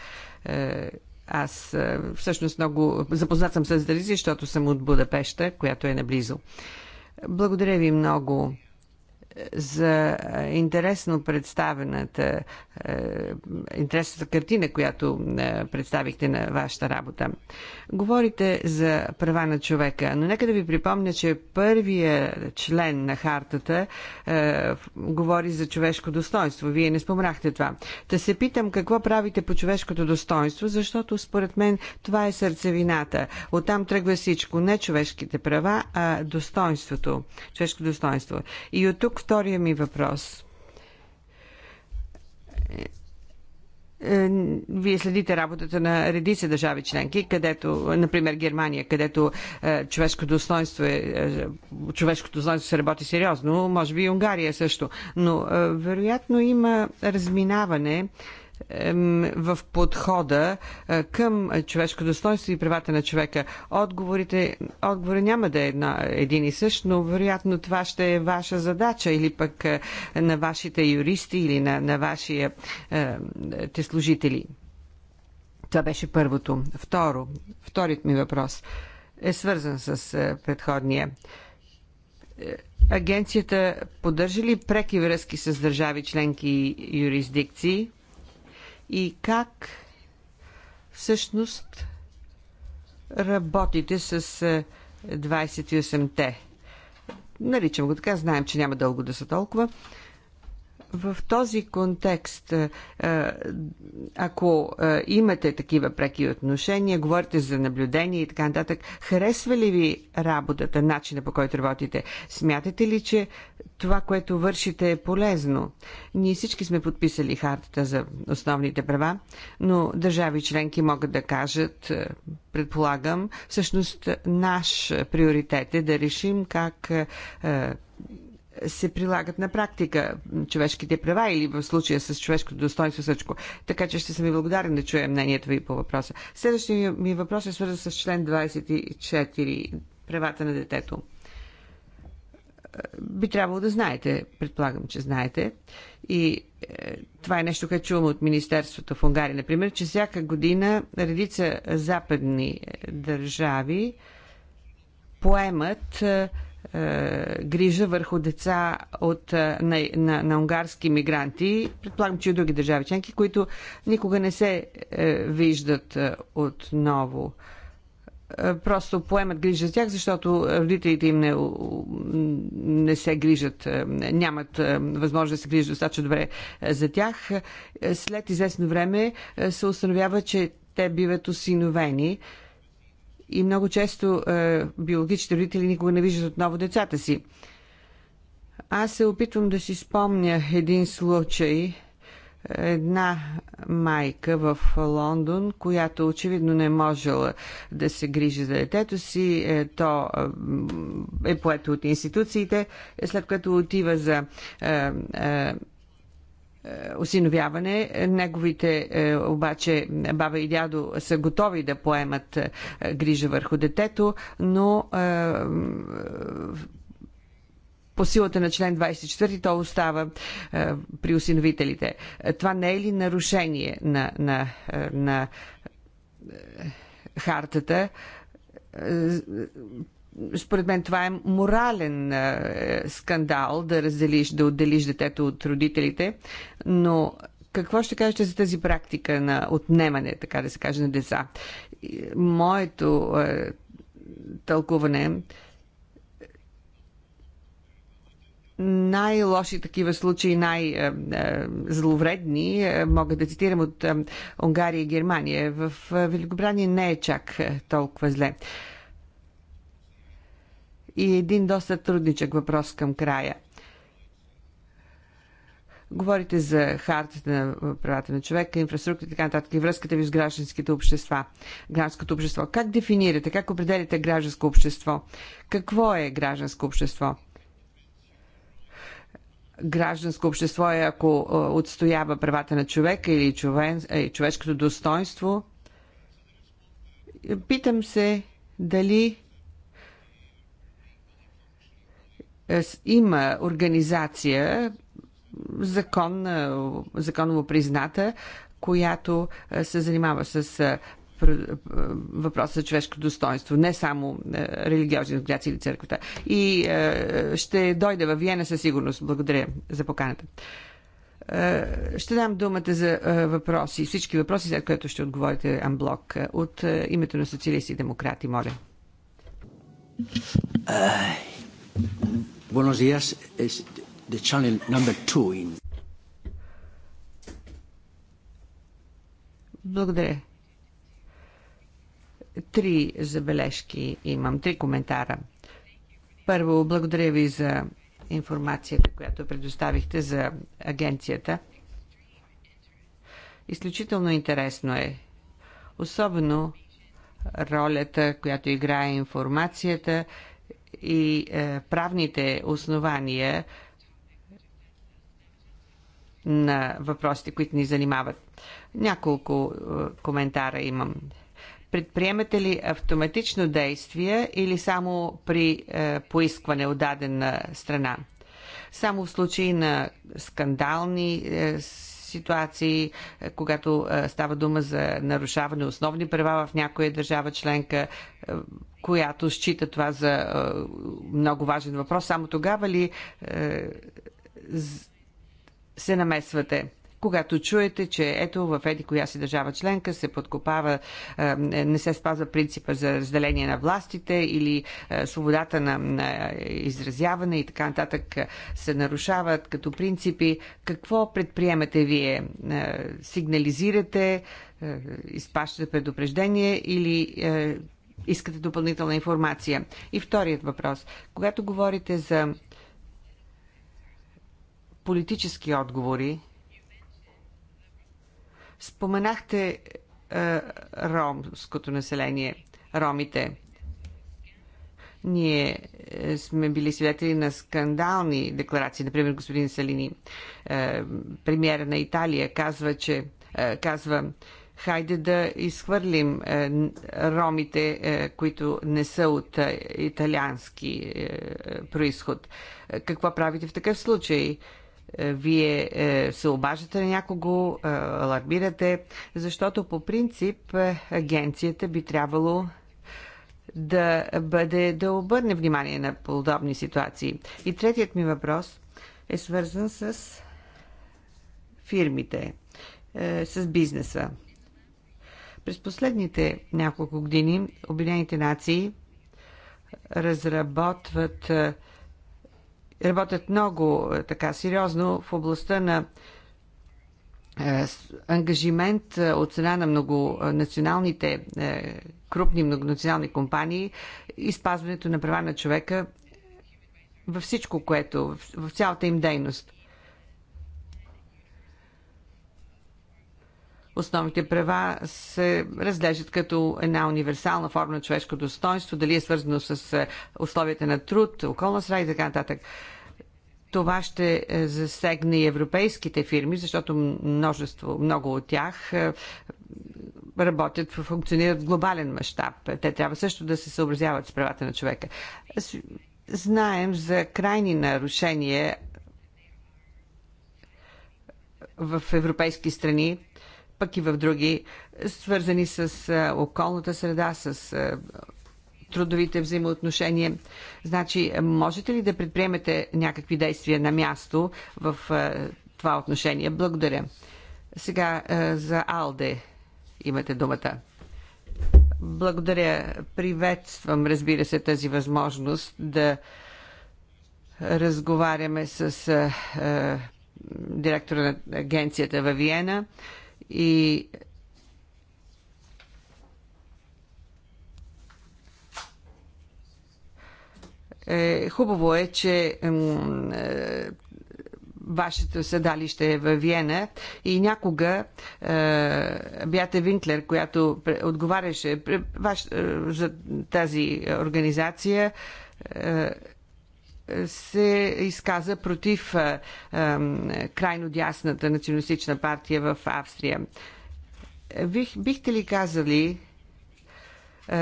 аз всъщност много запознат съм с Дали, защото съм от Будапешта, която е наблизо. Благодаря ви много за е, интересно представената, е, интересната картина, която е, представихте на вашата работа. Говорите за права на човека, но нека да ви припомня, че първия член на хартата е, говори за човешко достоинство. Вие не спомрахте това. Та се питам какво правите по човешкото достоинство, защото според мен това е сърцевината. Оттам тръгва всичко. Не човешките права, а достоинството. Човешко достоинство. И от тук втория ми въпрос. Е, е, вие следите работата на редица държави членки, където, например, Германия, където човешкото достоинство, е, човешкото достоинство е, се работи сериозно, може би и Унгария също. Но вероятно има разминаване в подхода е, към човешко достоинство и правата на човека. Отговорите, отговори няма да е една, един и същ, но вероятно това ще е ваша задача или пък е, на вашите юристи или на, на вашите е, служители. Това беше първото. Второ, вторият ми въпрос е свързан с предходния. Агенцията поддържа ли преки връзки с държави членки и юрисдикции? и как всъщност работите с 28-те. Е, Наричам го така, знаем, че няма дълго да са толкова. В този контекст, е, ако е, имате такива преки отношения, говорите за наблюдение и така нататък, харесва ли ви работата, начина по който работите? Смятате ли, че това, което вършите е полезно? Ние всички сме подписали хартата за основните права, но държави членки могат да кажат, е, предполагам, всъщност наш приоритет е да решим как се прилагат на практика човешките права или в случая с човешкото достоинство всичко. Така че ще съм ви благодарен да чуя мнението ви по въпроса. Следващия ми въпрос е свързан с член 24 правата на детето. Би трябвало да знаете, предполагам, че знаете. И е, това е нещо, което чувам от Министерството в Унгария, например, че всяка година редица западни е, държави поемат е, е, грижа върху деца от, е, на, на, на унгарски мигранти, предполагам, че и други държави членки, които никога не се е, виждат е, отново. Е, просто поемат грижа за тях, защото родителите им не, не се грижат, е, нямат възможност да се грижат достатъчно добре за тях. След известно време се установява, че те биват осиновени. Е, и много често е, биологичните родители никога не виждат отново децата си. Аз се опитвам да си спомня един случай, една майка в Лондон, която очевидно не можела да се грижи за детето си. Е, то е поето от институциите, след като отива за е, е, осиновяване. Неговите е, обаче баба и дядо са готови да поемат е, грижа върху детето, но по силата на член 24 то остава при осиновителите. Това не е ли нарушение на, на, на хартата? според мен това е морален е, скандал да разделиш, да отделиш детето от родителите, но какво ще кажете за тази практика на отнемане, така да се каже, на деца? Моето а, е, тълкуване най-лоши такива случаи, най-зловредни, е, мога да цитирам от Унгария и Германия. В Великобрания не е чак толкова зле и един доста трудничък въпрос към края. Говорите за хартата на правата на човека, инфраструктура и така нататък, и връзката ви с гражданските общества, гражданското общество. Как дефинирате, как определите гражданско общество? Какво е гражданско общество? Гражданско общество е ако е, отстоява правата на човека или човен, е, човешкото достоинство. Питам се дали Е, има организация, законна, законово призната, която е, се занимава с е, въпроса за човешко достоинство, не само религиозни организации или църквата. И ще дойда във Виена със сигурност. Благодаря за поканата. Ще дам думата за въпроси, всички въпроси, след което ще отговорите амблок. От името на социалисти и демократи, моля. Buenos días. Es channel number in... Благодаря. Три забележки имам, три коментара. Първо, благодаря ви за информацията, която предоставихте за агенцията. Изключително интересно е. Особено ролята, която играе информацията, и е, правните основания на въпросите, които ни занимават. Няколко е, коментара имам. Предприемате ли автоматично действие или само при е, поискване от дадена страна? Само в случай на скандални ситуации, е, когато е, става дума за нарушаване основни права в някоя държава членка, е, която счита това за много важен въпрос. Само тогава ли се намесвате? когато чуете, че ето в еди коя си държава членка се подкопава, не се спазва принципа за разделение на властите или свободата на изразяване и така нататък се нарушават като принципи, какво предприемате вие? Сигнализирате, изпащате предупреждение или искате допълнителна информация? И вторият въпрос. Когато говорите за политически отговори, Споменахте е, ромското население, ромите. Ние е, сме били свидетели на скандални декларации. Например, господин Салини, е, премьера на Италия, казва, че е, казва, хайде да изхвърлим е, ромите, е, които не са от е, италиански е, происход. Какво правите в такъв случай? Е, е, вие е, се обаждате на някого, е, алармирате, защото по принцип агенцията би трябвало да бъде, да обърне внимание на подобни ситуации. И третият ми въпрос е свързан с фирмите, с бизнеса. През последните няколко години Обединените нации разработват работят много е, така сериозно в областта на е, ангажимент е, от цена на многонационалните, крупни многонационални компании и спазването на права на човека във всичко, което, в цялата им дейност. основните права се разглеждат като една универсална форма на човешко достоинство, дали е свързано с е, условията на труд, околна среда и така нататък. Това ще е, засегне и европейските фирми, защото множество, много от тях е, работят, функционират в глобален мащаб. Те трябва също да се съобразяват с правата на човека. Знаем за крайни нарушения в европейски страни, пък и в други, свързани с околната среда, с трудовите взаимоотношения. Значи, можете ли да предприемете някакви действия на място в това отношение? Благодаря. Сега за Алде имате думата. Благодаря. Приветствам, разбира се, тази възможност да разговаряме с директора на агенцията във Виена и е, хубаво е, че е, вашето седалище е в Виена и някога е, Бята Винклер, която отговаряше ваш, е, за тази организация, е, се изказа против крайно дясната националистична партия в Австрия. Бих, бихте ли казали,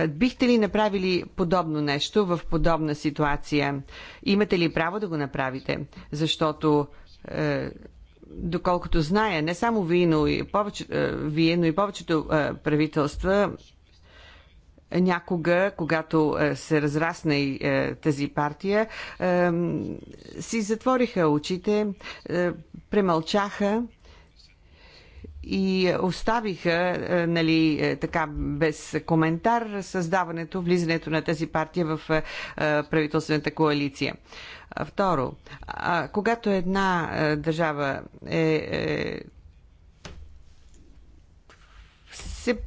бихте ли направили подобно нещо в подобна ситуация? Имате ли право да го направите? Защото доколкото зная, не само вие, но и повече, вие, но и повечето правителства някога, когато е, се разрасна и е, тази партия, е, си затвориха очите, премълчаха и оставиха нали, така без коментар създаването, влизането на тази партия в правителствената коалиция. Второ, когато една държава е, е се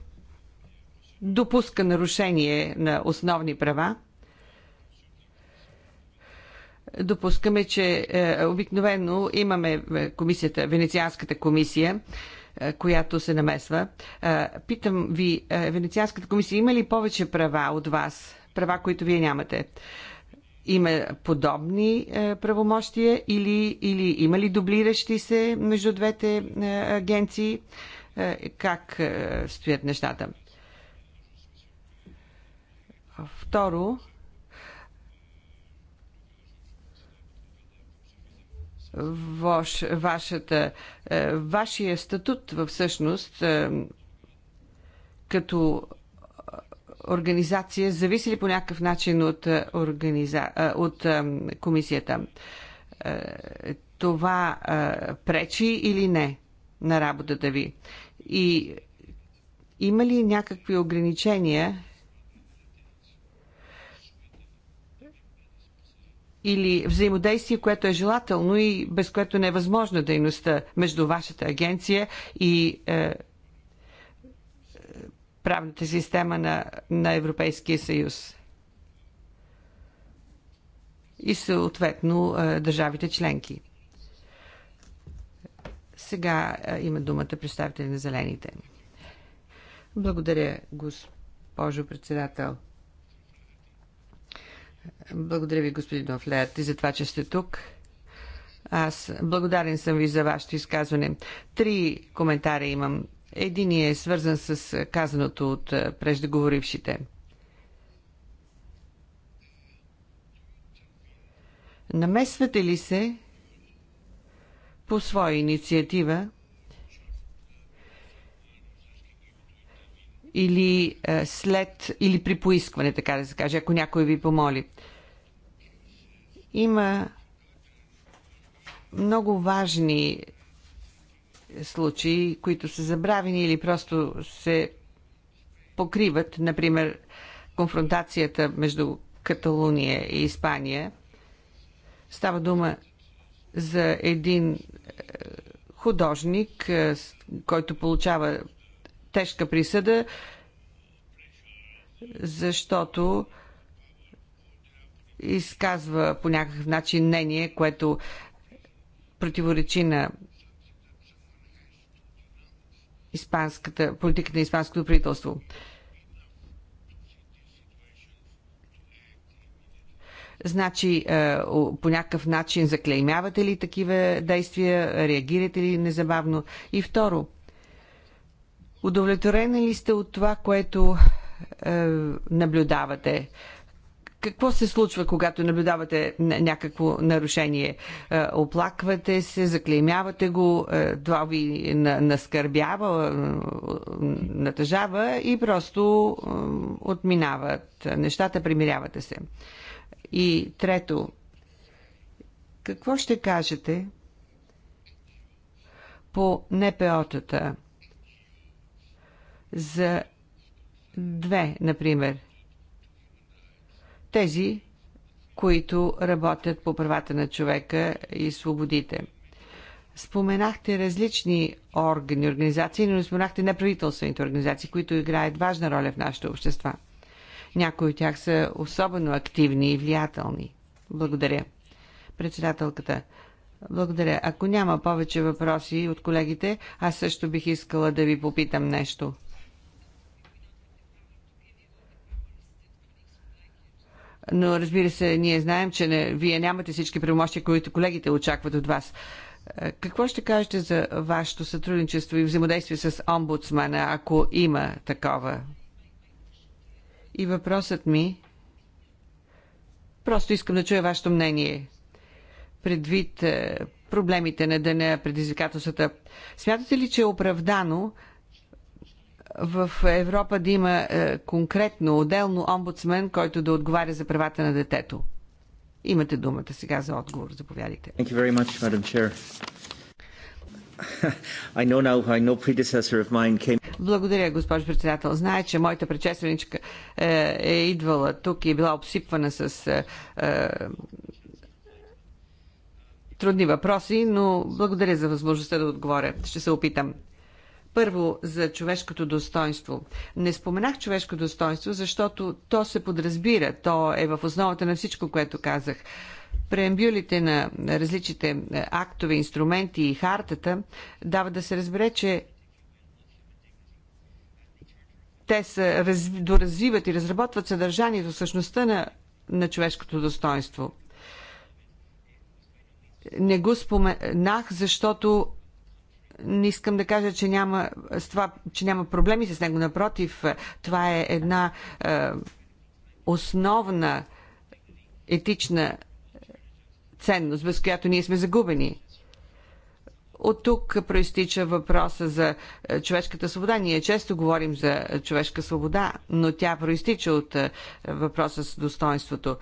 допуска нарушение на основни права. Допускаме, че е, обикновено имаме е, комисията, Венецианската комисия, е, която се намесва. питам ви, Венецианската комисия има ли повече права от вас? Права, които вие нямате? Има подобни правомощия или, или има ли дублиращи се между двете агенции? как стоят нещата? Второ, ваш, вашата, е, вашия статут във всъщност е, като организация зависи ли по някакъв начин от, е, организа... от комисията? Това пречи или не на работата ви? И има ли някакви ограничения или взаимодействие, което е желателно и без което не е възможна дейността между вашата агенция и е, правната система на, на Европейския съюз и съответно е, държавите членки. Сега е, има думата представители на зелените. Благодаря, госпожо председател. Благодаря ви, господин Офлеят, и за това, че сте тук. Аз благодарен съм ви за вашето изказване. Три коментари имам. Единият е свързан с казаното от преждеговорившите. Намесвате ли се по своя инициатива или е, след, или при поискване, така да се каже, ако някой ви помоли. Има много важни случаи, които са забравени или просто се покриват. Например, конфронтацията между Каталуния и Испания. Става дума за един е, художник, е, който получава тежка присъда, защото изказва по някакъв начин мнение, което противоречи на испанската, политиката на испанското правителство. Значи, е, по някакъв начин заклеймявате ли такива действия, реагирате ли незабавно? И второ, Удовлетворени ли сте от това, което е, наблюдавате? Какво се случва, когато наблюдавате някакво нарушение? Е, оплаквате се, заклеймявате го, е, това ви на, наскърбява, е, натъжава и просто е, отминават нещата, примирявате се. И трето, какво ще кажете по НПО-тата? за две, например. Тези, които работят по правата на човека и свободите. Споменахте различни органи, организации, но споменахте неправителствените организации, които играят важна роля в нашите общества. Някои от тях са особено активни и влиятелни. Благодаря. Председателката, благодаря. Ако няма повече въпроси от колегите, аз също бих искала да ви попитам нещо. но разбира се, ние знаем, че не, вие нямате всички правомощия, които колегите очакват от вас. Е, какво ще кажете за вашето сътрудничество и взаимодействие с омбудсмана, ако има такова? И въпросът ми... Просто искам да чуя вашето мнение. Предвид е, проблемите на дъня, предизвикателствата, смятате ли, че е оправдано в Европа да има е, конкретно, отделно омбудсмен, който да отговаря за правата на детето? Имате думата сега за отговор. Заповядайте. Thank you very much, Madam Chair. I know now, predecessor of mine came... Благодаря, госпожо председател. Знае, че моята предшественичка е, е идвала тук и е била обсипвана с е, е, трудни въпроси, но благодаря за възможността да отговоря. Ще се опитам. Първо, за човешкото достоинство. Не споменах човешко достоинство, защото то се подразбира. То е в основата на всичко, което казах. Преамбюлите на различните е, актове, инструменти и хартата дава да се разбере, че те са, раз, доразвиват и разработват съдържанието, същността на, на човешкото достоинство. Не го споменах, защото не искам да кажа, че няма, с това, че няма проблеми с него. Напротив, това е една е, основна етична ценност, без която ние сме загубени. От тук проистича въпроса за е, човешката свобода. Ние често говорим за е, човешка свобода, но тя проистича от е, въпроса с достоинството.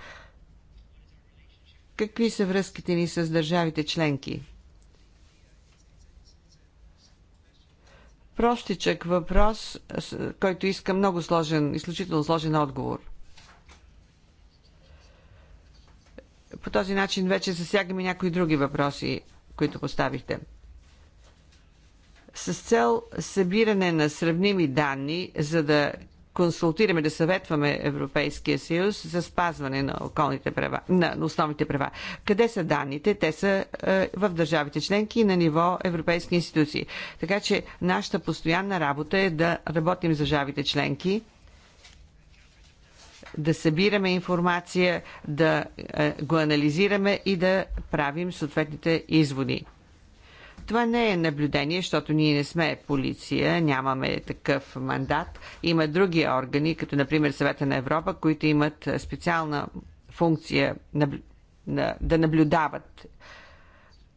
Какви са връзките ни с държавите членки? простичък въпрос, който иска много сложен, изключително сложен отговор. По този начин вече засягаме някои други въпроси, които поставихте. С цел събиране на сравними данни, за да консултираме, да съветваме Европейския съюз за спазване на, околните права, на основните права. Къде са данните? Те са е, в държавите членки и на ниво европейски институции. Така че нашата постоянна работа е да работим с държавите членки, да събираме информация, да е, го анализираме и да правим съответните изводи. Това не е наблюдение, защото ние не сме полиция, нямаме такъв мандат. Има други органи, като например Съвета на Европа, които имат специална функция да наблюдават.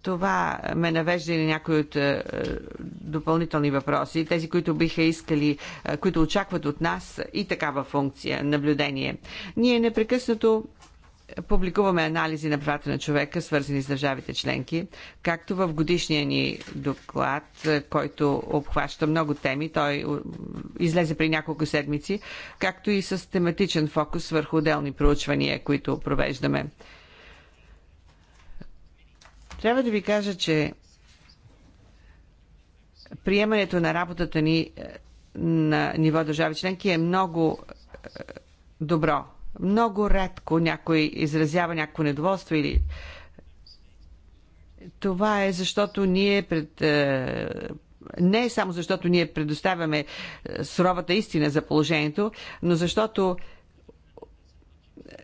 Това ме навежда и някои от е, допълнителни въпроси. Тези, които биха искали, е, които очакват от нас и такава функция, наблюдение. Ние непрекъснато Публикуваме анализи на правата на човека, свързани с държавите членки, както в годишния ни доклад, който обхваща много теми. Той излезе при няколко седмици, както и с тематичен фокус върху отделни проучвания, които провеждаме. Трябва да ви кажа, че приемането на работата ни на ниво държави членки е много добро много рядко някой изразява някакво недоволство или това е защото ние пред, е, не е само защото ние предоставяме е, суровата истина за положението, но защото е,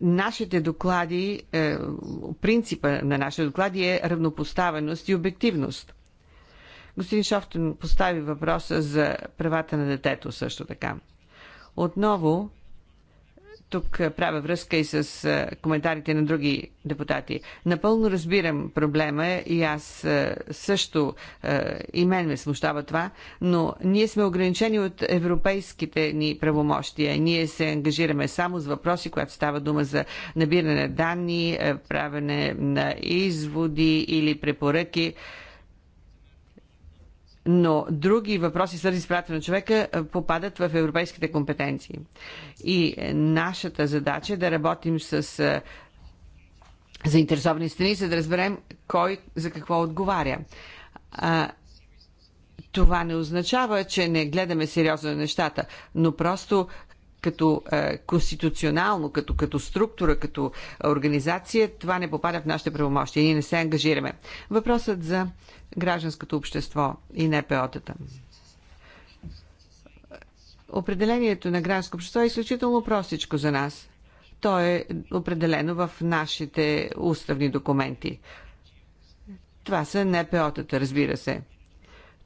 нашите доклади, принципа на нашите доклади е равнопоставеност и обективност. Господин Шофтен постави въпроса за правата на детето също така. Отново, тук правя връзка и с коментарите на други депутати. Напълно разбирам проблема и аз също и мен ме смущава това, но ние сме ограничени от европейските ни правомощия. Ние се ангажираме само с въпроси, когато става дума за набиране на данни, правене на изводи или препоръки но други въпроси, свързани с правата на човека, е, попадат в европейските компетенции. И е, нашата задача е да работим с е, заинтересовани страни, за да разберем кой за какво отговаря. А, това не означава, че не гледаме сериозно на нещата, но просто като е, конституционално, като, като структура, като организация, това не попада в нашите правомощия. Ние не се ангажираме. Въпросът за гражданското общество и НПО-тата. Определението на гражданско общество е изключително простичко за нас. То е определено в нашите уставни документи. Това са НПО-тата, разбира се.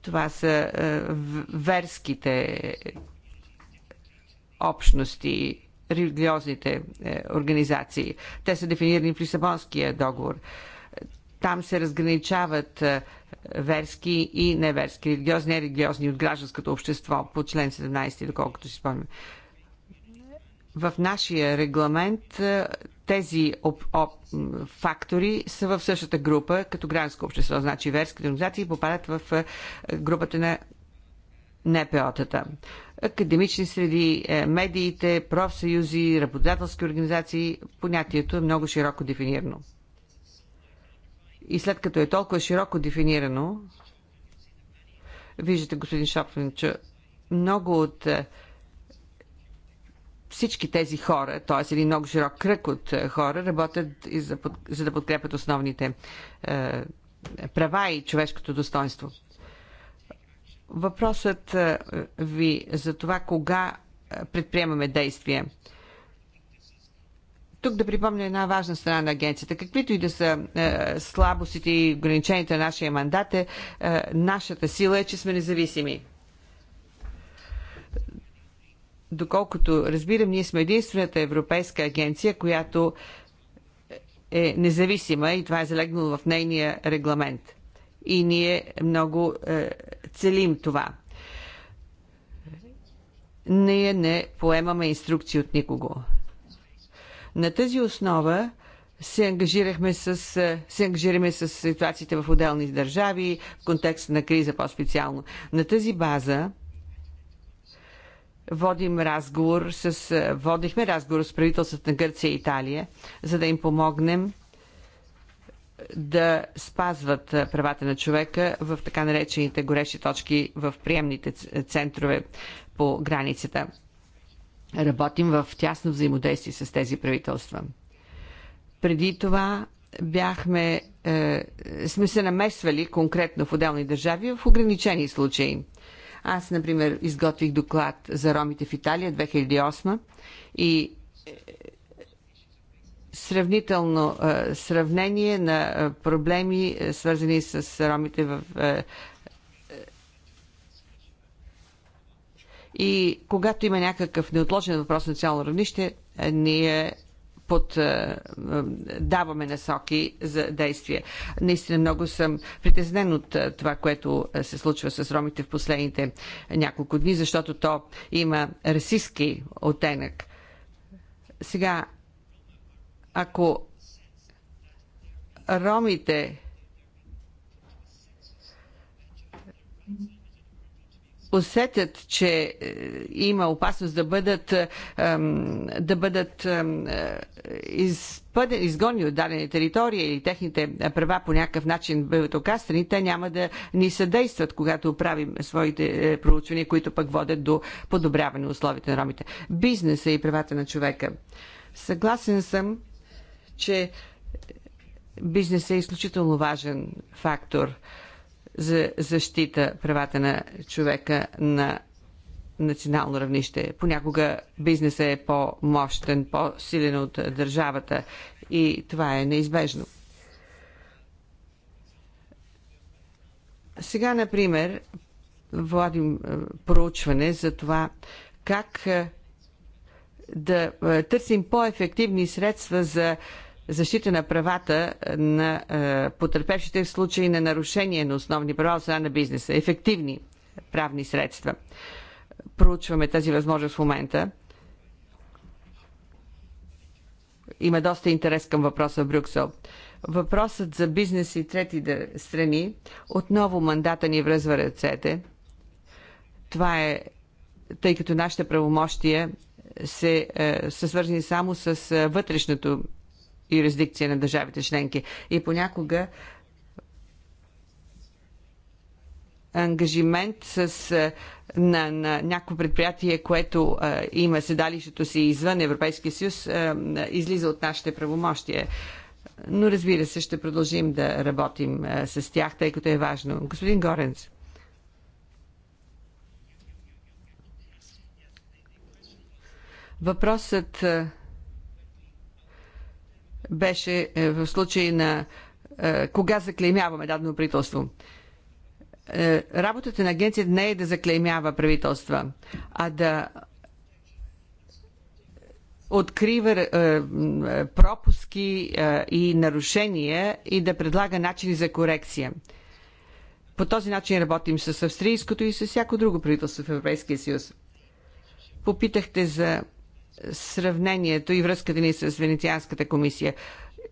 Това са е, верските общности, религиозните е, организации. Те са дефинирани в Лисабонския договор. Там се разграничават е, верски и неверски, религиозни и религиозни от гражданското общество по член 17, доколкото си спомням. В нашия регламент е, тези об, об, фактори са в същата група, като гражданско общество, значи верските организации попадат в е, групата на НПО-тата академични среди, е, медиите, профсъюзи, работодателски организации, понятието е много широко дефинирано. И след като е толкова широко дефинирано, виждате, господин Шопфен, че много от е, всички тези хора, т.е. един много широк кръг от е, хора, работят и за, за да подкрепят основните е, права и човешкото достоинство. Въпросът е, ви за това кога е, предприемаме действия. Тук да припомня една важна страна на агенцията. Каквито и да са е, слабостите и ограниченията на нашия мандат, е, е, нашата сила е, че сме независими. Доколкото разбирам, ние сме единствената европейска агенция, която е независима и това е залегнало в нейния регламент. И ние много е, целим това. Ние не поемаме инструкции от никого. На тази основа се ангажирахме с, се ангажираме с ситуациите в отделни държави, в контекста на криза по-специално. На тази база водим разговор с, водихме разговор с правителствата на Гърция и Италия, за да им помогнем да спазват правата на човека в така наречените горещи точки в приемните центрове по границата. Работим в тясно взаимодействие с тези правителства. Преди това бяхме, е, сме се намесвали конкретно в отделни държави в ограничени случаи. Аз, например, изготвих доклад за ромите в Италия 2008 и е, сравнително е, сравнение на е, проблеми, е, свързани с ромите в И когато има някакъв неотложен въпрос на цяло равнище, ние под, даваме насоки за действие. Наистина много съм притеснен от това, което се случва с ромите в последните няколко дни, защото то има расистски оттенък. Сега ако ромите усетят, че е, има опасност да бъдат, да бъдат е, изгонени от дадени територии или техните права по някакъв начин бъдат окастрени, те няма да ни съдействат, когато правим своите е, проучвания, които пък водят до подобряване на условията на ромите. Бизнеса и правата на човека. Съгласен съм, че бизнесът е изключително важен фактор за защита правата на човека на национално равнище. Понякога бизнесът е по-мощен, по-силен от държавата и това е неизбежно. Сега, например, водим е, проучване за това как е, да е, търсим по-ефективни средства за защита на правата на е, потерпевшите в случай на нарушение на основни права от страна на бизнеса. Ефективни правни средства. Проучваме тази възможност в момента. Има доста интерес към въпроса в Брюксел. Въпросът за бизнес и трети страни, отново мандата ни връзва ръцете. Това е, тъй като нашите правомощия се, е, са свързани само с е, вътрешното юрисдикция на държавите членки. И понякога ангажимент с, е, на, на някакво предприятие, което а, е, има седалището си извън Европейския съюз, а, е, излиза от нашите правомощия. Но разбира се, ще продължим да работим а, с тях, тъй като е важно. Господин Горенц. Въпросът а, беше е, в случай на е, кога заклеймяваме дадено правителство. Е, работата на агенцията не е да заклеймява правителства, а да открива пропуски и нарушения и да предлага начини за корекция. По този начин работим с австрийското и с всяко друго правителство в Европейския съюз. Попитахте за сравнението и връзката ни с Венецианската комисия.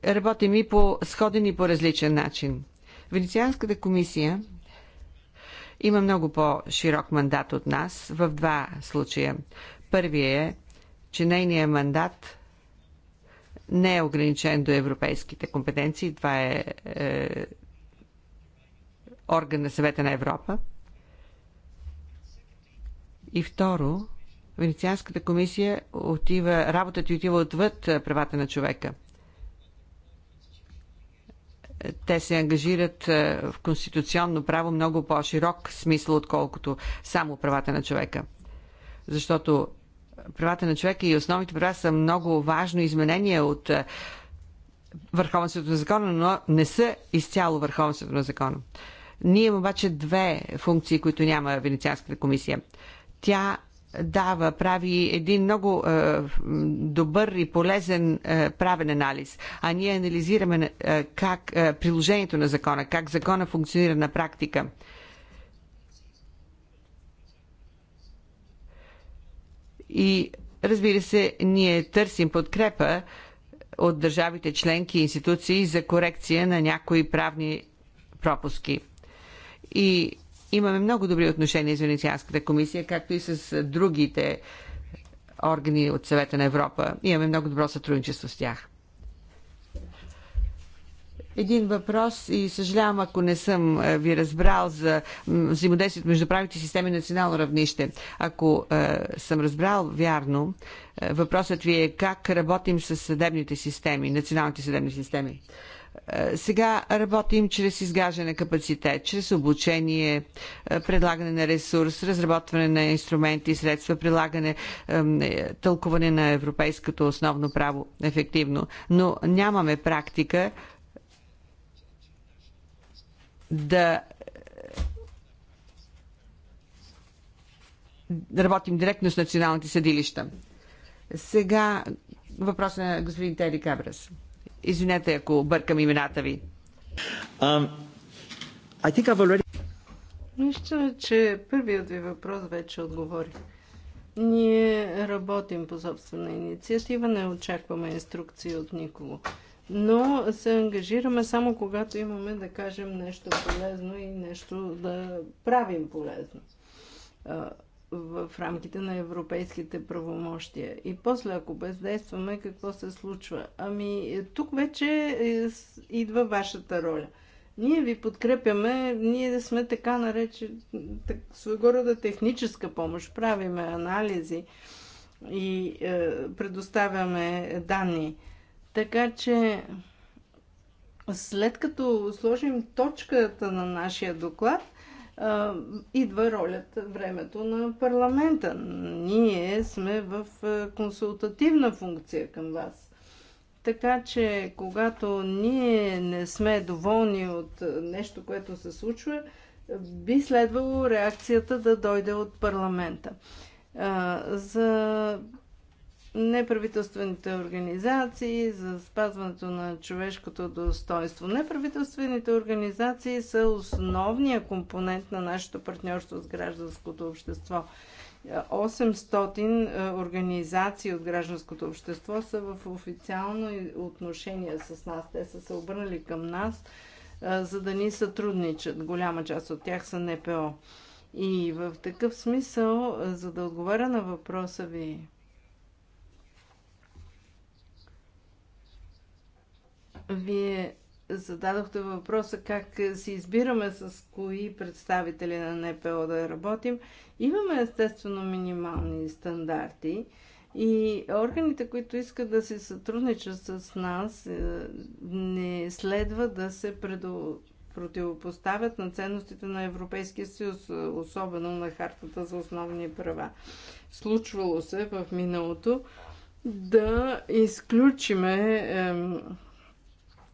Работим и по сходен и по различен начин. Венецианската комисия има много по-широк мандат от нас в два случая. Първият е, че нейният мандат не е ограничен до европейските компетенции. Това е, е орган на съвета на Европа. И второ, Венецианската комисия отива, работата отива отвъд правата на човека. Те се ангажират в конституционно право много по-широк смисъл, отколкото само правата на човека. Защото правата на човека и основните права са много важно изменение от върховенството на закона, но не са изцяло върховенството на закона. Ние имаме обаче две функции, които няма Венецианската комисия. Тя дава, прави един много е, добър и полезен е, правен анализ. А ние анализираме е, как е, приложението на закона, как закона функционира на практика. И разбира се, ние търсим подкрепа от държавите членки и институции за корекция на някои правни пропуски. И Имаме много добри отношения с Венецианската комисия, както и с другите органи от съвета на Европа. Имаме много добро сътрудничество с тях. Един въпрос и съжалявам, ако не съм ви разбрал за взаимодействието между правните системи на национално равнище. Ако е, съм разбрал вярно, е, въпросът ви е как работим с съдебните системи, националните съдебни системи. Е, сега работим чрез изграждане на капацитет, чрез обучение, е, предлагане на ресурс, разработване на инструменти и средства, прилагане, е, тълкуване на европейското основно право ефективно. Но нямаме практика да работим директно с националните съдилища. Сега въпрос на господин Тери Кабрас. Извинете, ако бъркам имената ви. Um, I think I've already... Мисля, че първият ви въпрос вече отговори. Ние работим по собствена инициатива, не очакваме инструкции от никого. Но се ангажираме само когато имаме да кажем нещо полезно и нещо да правим полезно в рамките на европейските правомощия. И после, ако бездействаме, какво се случва? Ами, тук вече е, идва вашата роля. Ние ви подкрепяме, ние сме така нарече так, своего рода техническа помощ, правиме анализи и е, предоставяме данни. Така че, след като сложим точката на нашия доклад, идва ролята, времето на парламента. Ние сме в консултативна функция към вас. Така че, когато ние не сме доволни от нещо, което се случва, би следвало реакцията да дойде от парламента. За неправителствените организации за спазването на човешкото достоинство. Неправителствените организации са основния компонент на нашето партньорство с гражданското общество. 800 е, организации от гражданското общество са в официално отношение с нас. Те са се обърнали към нас, е, за да ни сътрудничат. Голяма част от тях са НПО. И в такъв смисъл, е, за да отговаря на въпроса ви, Вие зададохте въпроса как си избираме с кои представители на НПО да работим. Имаме естествено минимални стандарти и органите, които искат да се сътрудничат с нас, е, не следва да се предо... противопоставят на ценностите на Европейския съюз, е, особено на Хартата за основни права. Случвало се в миналото да изключиме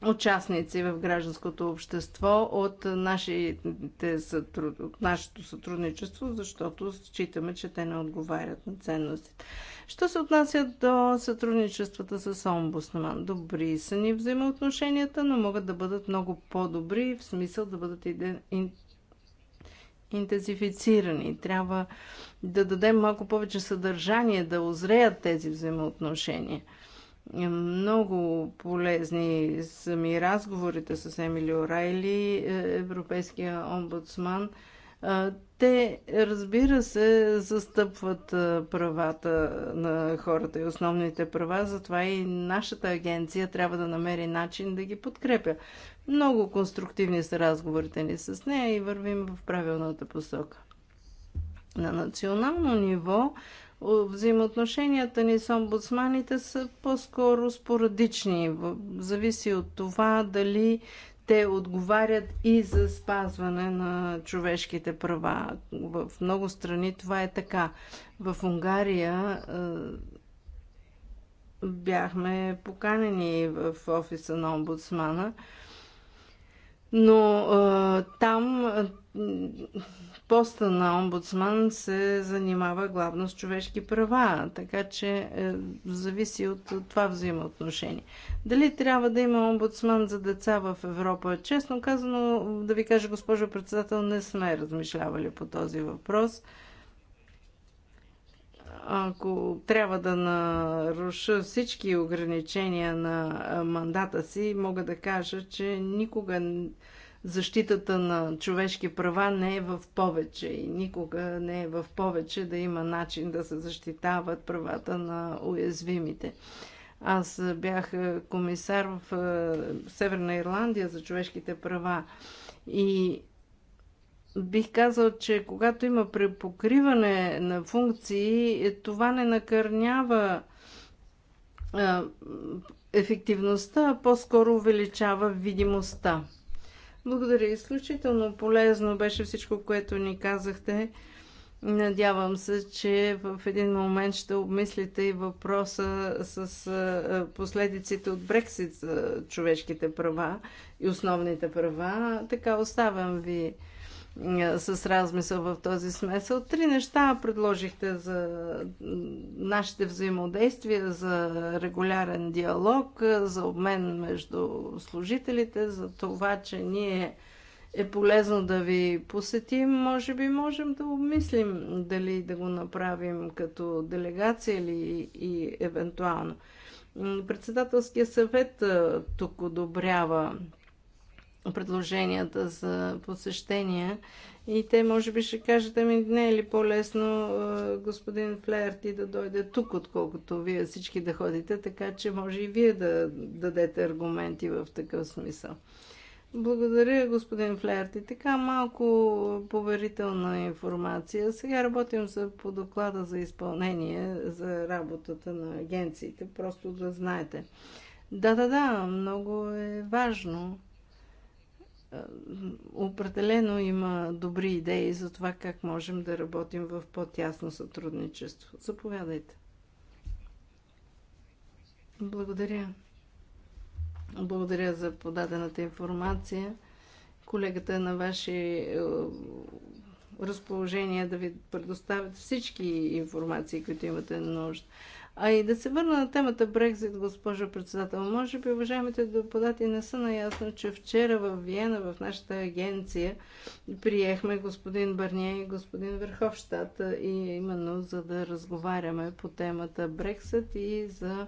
участници в гражданското общество от, нашите, от нашето сътрудничество, защото считаме, че те не отговарят на ценностите. Що се отнася до сътрудничествата с омбусман? Добри са ни взаимоотношенията, но могат да бъдат много по-добри, в смисъл да бъдат интензифицирани. Трябва да дадем малко повече съдържание, да озреят тези взаимоотношения – много полезни са ми разговорите с Емили Орайли, е, европейския омбудсман. Те, разбира се, застъпват правата на хората и основните права, затова и нашата агенция трябва да намери начин да ги подкрепя. Много конструктивни са разговорите ни с нея и вървим в правилната посока. На национално ниво Взаимоотношенията ни с омбудсманите са по-скоро спорадични. Зависи от това дали те отговарят и за спазване на човешките права. В много страни това е така. В Унгария е, бяхме поканени в офиса на омбудсмана но а, там а, поста на омбудсман се занимава главно с човешки права, така че е, зависи от, от това взаимоотношение. Дали трябва да има омбудсман за деца в Европа? Честно казано, да ви кажа, госпожо председател, не сме размишлявали по този въпрос ако трябва да наруша всички ограничения на мандата си, мога да кажа, че никога защитата на човешки права не е в повече и никога не е в повече да има начин да се защитават правата на уязвимите. Аз бях комисар в Северна Ирландия за човешките права и бих казал, че когато има препокриване на функции, е, това не накърнява ефективността, а по-скоро увеличава видимостта. Благодаря. Изключително полезно беше всичко, което ни казахте. Надявам се, че в един момент ще обмислите и въпроса с последиците от Брексит за човешките права и основните права. Така оставям ви с размисъл в този смисъл. Три неща предложихте за нашите взаимодействия, за регулярен диалог, за обмен между служителите, за това, че ние е полезно да ви посетим, може би можем да обмислим дали да го направим като делегация или и евентуално. Председателския съвет тук одобрява предложенията за посещения. И те може би ще кажат, ами не е ли по-лесно господин Флеерти да дойде тук, отколкото вие всички да ходите, така че може и вие да дадете аргументи в такъв смисъл. Благодаря, господин Флеерти. Така малко поверителна информация. Сега работим за, по доклада за изпълнение за работата на агенциите, просто да знаете. Да, да, да, много е важно. Определено има добри идеи за това как можем да работим в по-тясно сътрудничество. Заповядайте. Благодаря. Благодаря за подадената информация. Колегата е на ваше е, разположение да ви предоставят всички информации, които имате нужда. А и да се върна на темата Брекзит, госпожо председател. Може би уважаемите депутати не са наясно, че вчера в Виена, в нашата агенция, приехме господин Барния и господин Верховщат, и именно за да разговаряме по темата Брексит и за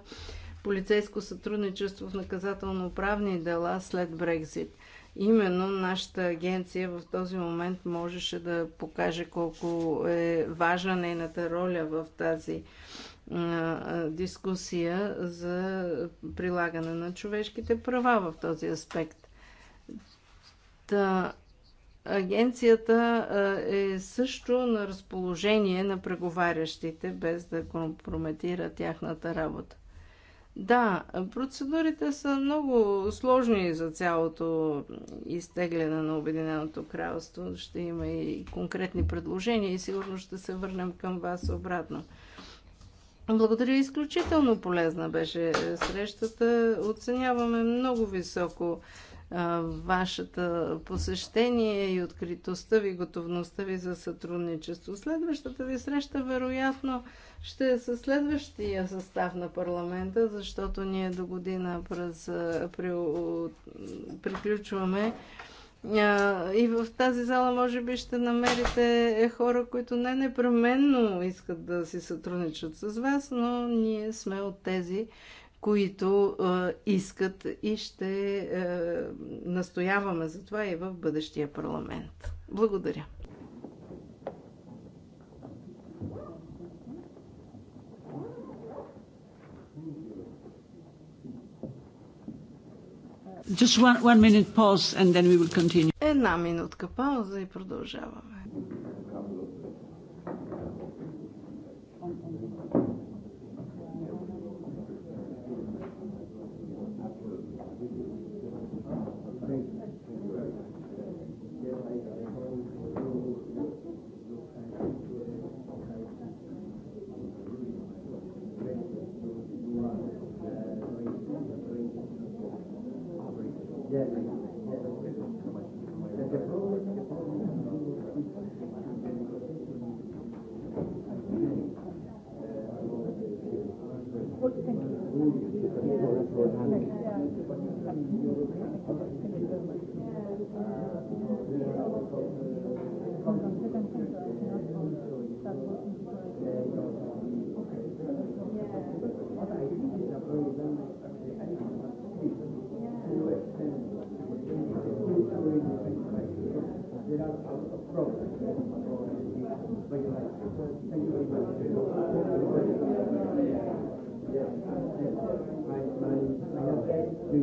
полицейско сътрудничество в наказателно-правни дела след Брекзит. Именно нашата агенция в този момент можеше да покаже колко е важна нейната роля в тази дискусия за прилагане на човешките права в този аспект. Та, агенцията е също на разположение на преговарящите, без да компрометира тяхната работа. Да, процедурите са много сложни за цялото изтегляне на Обединеното кралство. Ще има и конкретни предложения и сигурно ще се върнем към вас обратно. Благодаря, изключително полезна беше е, срещата. Оценяваме много високо е, вашата посещение и откритостта ви, готовността ви за сътрудничество. Следващата ви среща, вероятно, ще е със следващия състав на парламента, защото ние до година през приключваме и в тази зала може би ще намерите хора, които не непременно искат да си сътрудничат с вас, но ние сме от тези, които искат и ще настояваме за това и в бъдещия парламент. Благодаря. Just one, one minute pause and then we will continue. Една минутка пауза и продължаваме.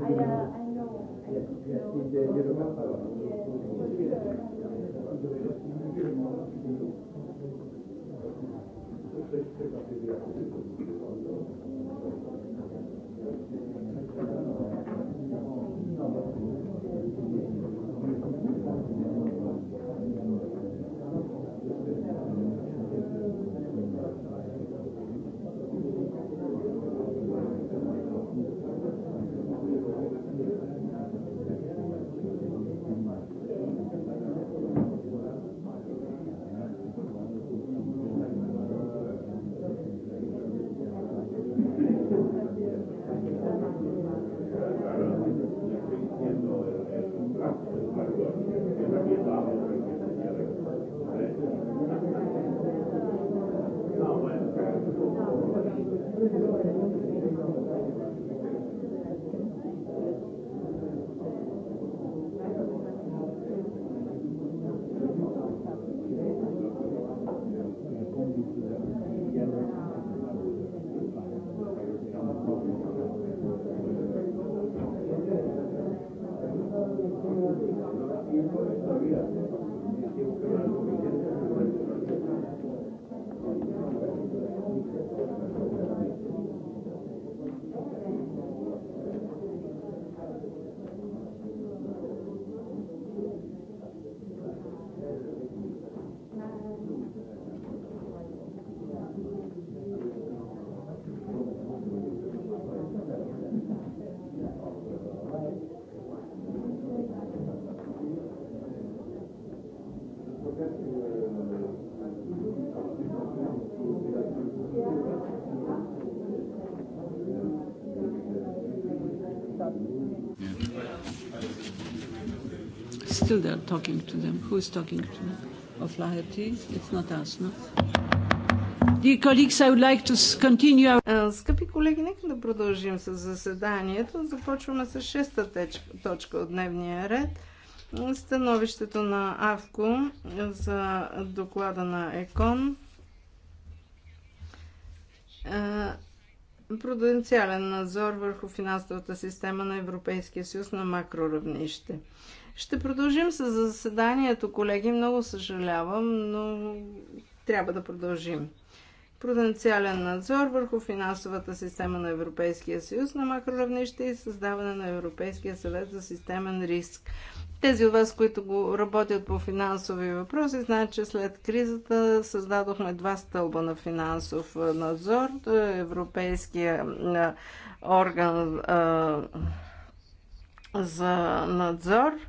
Thank you. still they're talking to them. Who is talking to them? O'Flaherty? It's not us, no? Dear colleagues, I would like to continue our... Е, скъпи колеги, нека да продължим с заседанието. Започваме с шеста точка от дневния ред. Становището на АВКО за доклада на ЕКОН. Е, Пруденциален надзор върху финансовата система на Европейския съюз на макроравнище. Ще продължим с заседанието, колеги. Много съжалявам, но трябва да продължим. Пруденциален надзор върху финансовата система на Европейския съюз на макроравнище и създаване на Европейския съвет за системен риск. Тези от вас, които го работят по финансови въпроси, знаят, че след кризата създадохме два стълба на финансов надзор. Е Европейския орган за надзор –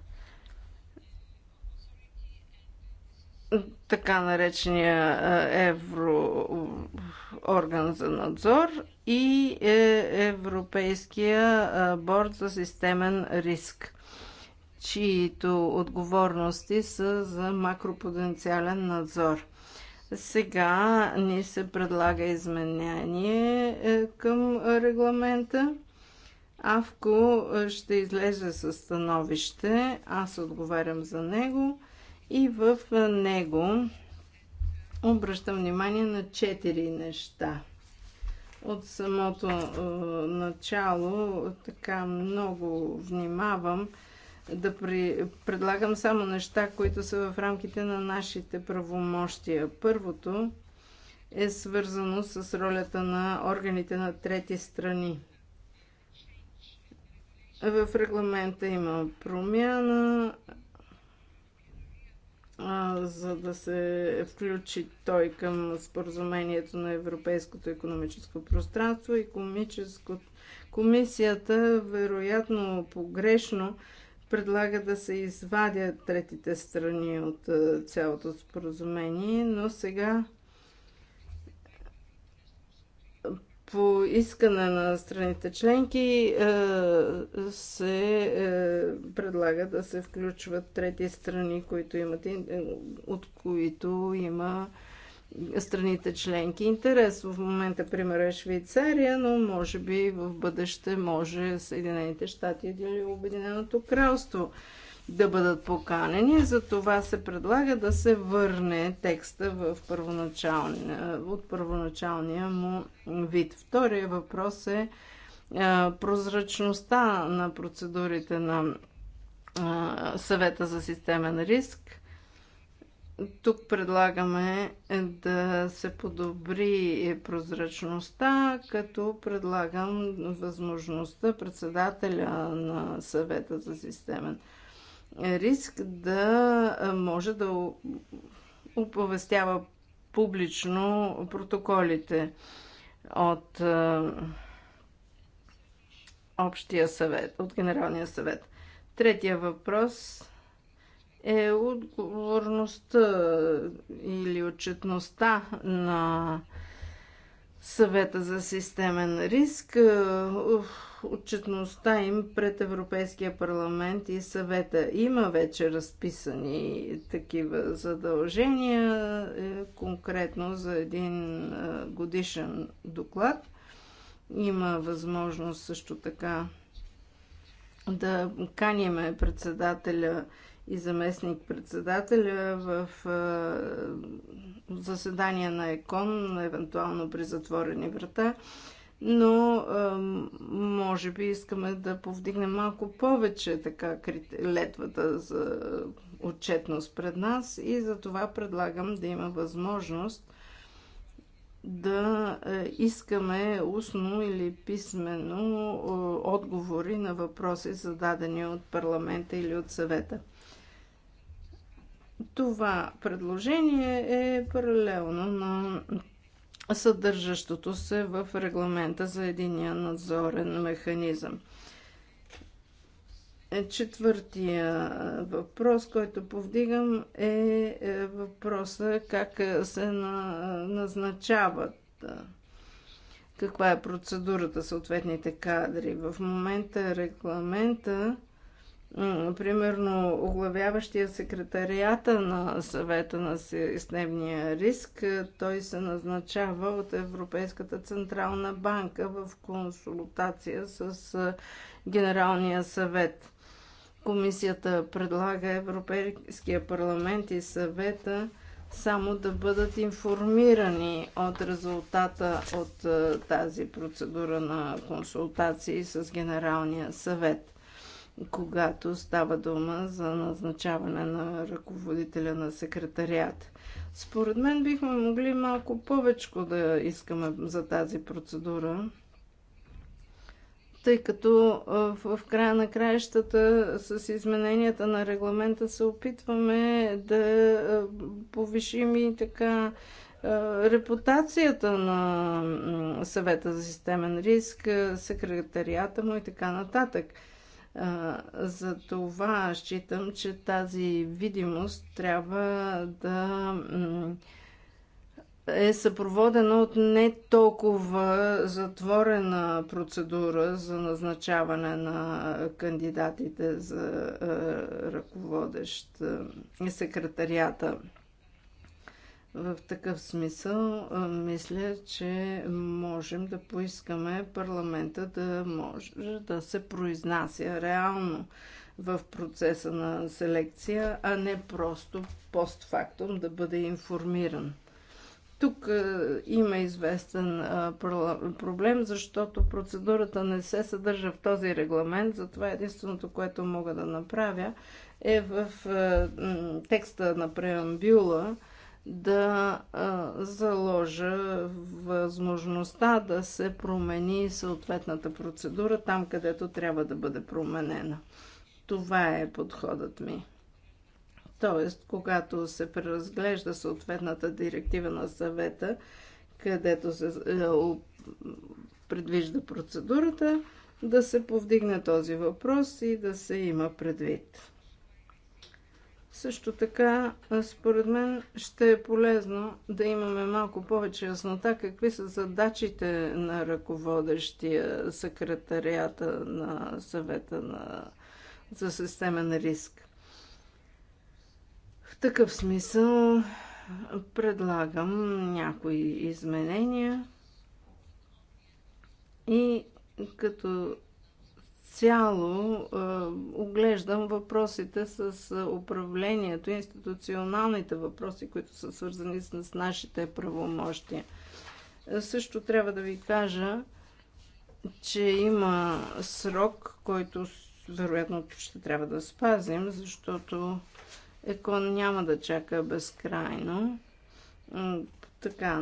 така наречения евроорган за надзор и е, Европейския борд за системен риск, чието отговорности са за макропотенциален надзор. Сега ни се предлага изменение е, към регламента. Авко ще излезе със становище, аз отговарям за него и в него обръщам внимание на четири неща. От самото е, начало така много внимавам да при... предлагам само неща, които са в рамките на нашите правомощия. Първото е свързано с ролята на органите на трети страни. В регламента има промяна за да се включи той към споразумението на Европейското економическо пространство и комисията вероятно погрешно предлага да се извадят третите страни от цялото споразумение, но сега по искане на страните членки е, се е, предлага да се включват трети страни, които имат, е, от които има страните членки интерес. В момента пример е Швейцария, но може би в бъдеще може Съединените щати или Обединеното кралство да бъдат поканени. За това се предлага да се върне текста в първоначалния, е, от първоначалния му вид. Втория въпрос е, е прозрачността на процедурите на е, съвета за системен риск. Тук предлагаме да се подобри прозрачността, като предлагам възможността председателя на съвета за системен риск риск да може да оповестява публично протоколите от Общия съвет, от Генералния съвет. Третия въпрос е отговорността или отчетността на съвета за системен риск. Ух, отчетността им пред Европейския парламент и съвета. Има вече разписани такива задължения, е, конкретно за един е, годишен доклад. Има възможност също така да каниме председателя и заместник-председателя в е, заседания на ЕКОН, евентуално при затворени врата но може би искаме да повдигнем малко повече така летвата за отчетност пред нас и за това предлагам да има възможност да е, искаме устно или писменно е, отговори на въпроси зададени от парламента или от съвета. Това предложение е паралелно на съдържащото се в регламента за единия надзорен механизъм. Е, четвъртия въпрос, който повдигам е, е въпроса как е, се назначават каква е процедурата съответните кадри. В момента регламента примерно оглавяващия секретарията на съвета на системния риск, е, той се назначава от Европейската централна банка в консултация с е, Генералния съвет. Комисията предлага Европейския парламент и съвета само да бъдат информирани от резултата от е, тази процедура на консултации с Генералния съвет когато става дума за назначаване на ръководителя на секретарията. Според мен бихме могли малко повече да искаме за тази процедура, тъй като в края на краищата с измененията на регламента се опитваме да повишим и така репутацията на съвета за системен риск, секретарията му и така нататък. За това считам, че тази видимост трябва да е съпроводена от не толкова затворена процедура за назначаване на кандидатите за ръководещ секретарията. В такъв смисъл, мисля, че можем да поискаме парламента да може да се произнася реално в процеса на селекция, а не просто постфактум да бъде информиран. Тук има известен проблем, защото процедурата не се съдържа в този регламент, затова единственото, което мога да направя е в текста на преамбюла, да а, заложа възможността да се промени съответната процедура там, където трябва да бъде променена. Това е подходът ми. Тоест, когато се преразглежда съответната директива на съвета, където се е, предвижда процедурата, да се повдигне този въпрос и да се има предвид. Също така, според мен, ще е полезно да имаме малко повече яснота какви са задачите на ръководещия секретарията на съвета на, за системен риск. В такъв смисъл предлагам някои изменения и като изцяло оглеждам въпросите с управлението, институционалните въпроси, които са свързани с нашите правомощия. Също трябва да ви кажа, че има срок, който вероятно ще трябва да спазим, защото ЕКОН няма да чака безкрайно. Така,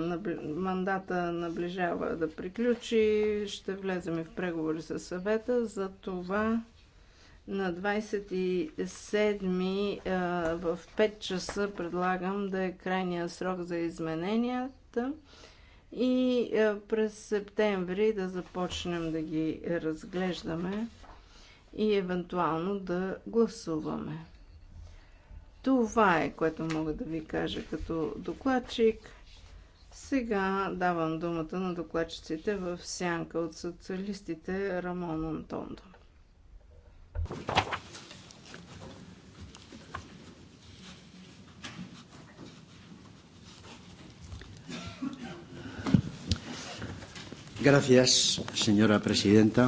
мандата наближава да приключи. Ще влезем в преговори с съвета. За това на 27 в 5 часа предлагам да е крайния срок за измененията и през септември да започнем да ги разглеждаме и евентуално да гласуваме. Това е, което мога да ви кажа като докладчик. Сега давам думата на докладчиците в сянка от социалистите Рамон Антондо. Gracias, señora presidenta.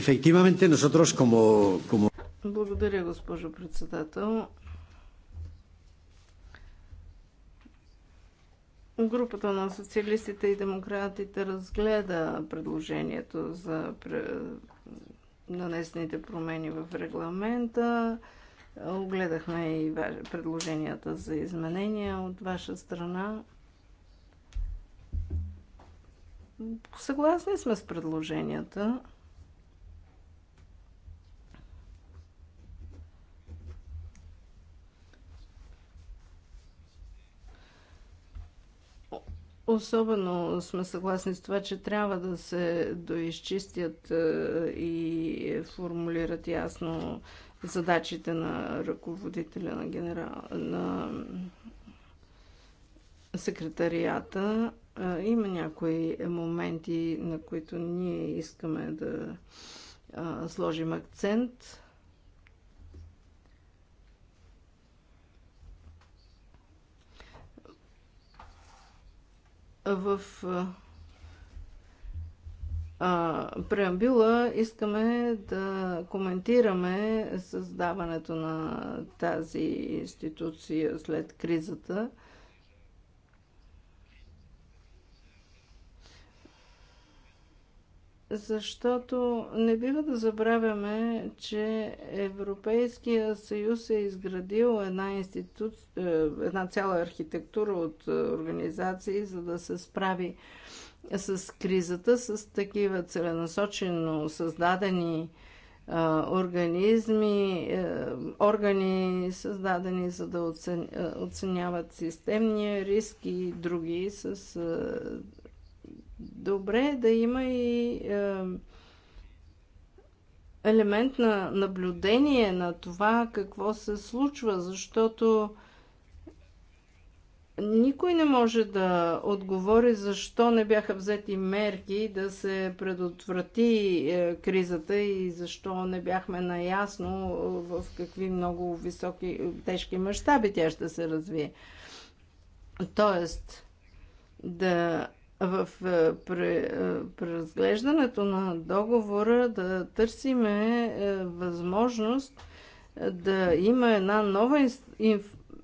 Efectivamente, nosotros como... como... Благодаря, госпожо председател. Групата на социалистите и демократите разгледа предложението за нанесените промени в регламента. Огледахме и предложенията за изменения от ваша страна. Съгласни сме с предложенията. Особено сме съгласни с това, че трябва да се доизчистят е, и формулират ясно задачите на ръководителя на, генерал, на секретарията. Е, има някои моменти, на които ние искаме да е, сложим акцент. в преамбюла искаме да коментираме създаването на тази институция след кризата – защото не бива да забравяме, че Европейския съюз е изградил една, институт, е, една цяла архитектура от е, организации, за да се справи с кризата, с такива целенасочено създадени е, организми, органи създадени за да оценяват системния риск и други с добре да има и е, елемент на наблюдение на това какво се случва, защото никой не може да отговори защо не бяха взети мерки да се предотврати е, кризата и защо не бяхме наясно е, в какви много високи, тежки мащаби тя ще се развие. Тоест, да в е, е, преразглеждането на договора да търсиме е, възможност да има една нова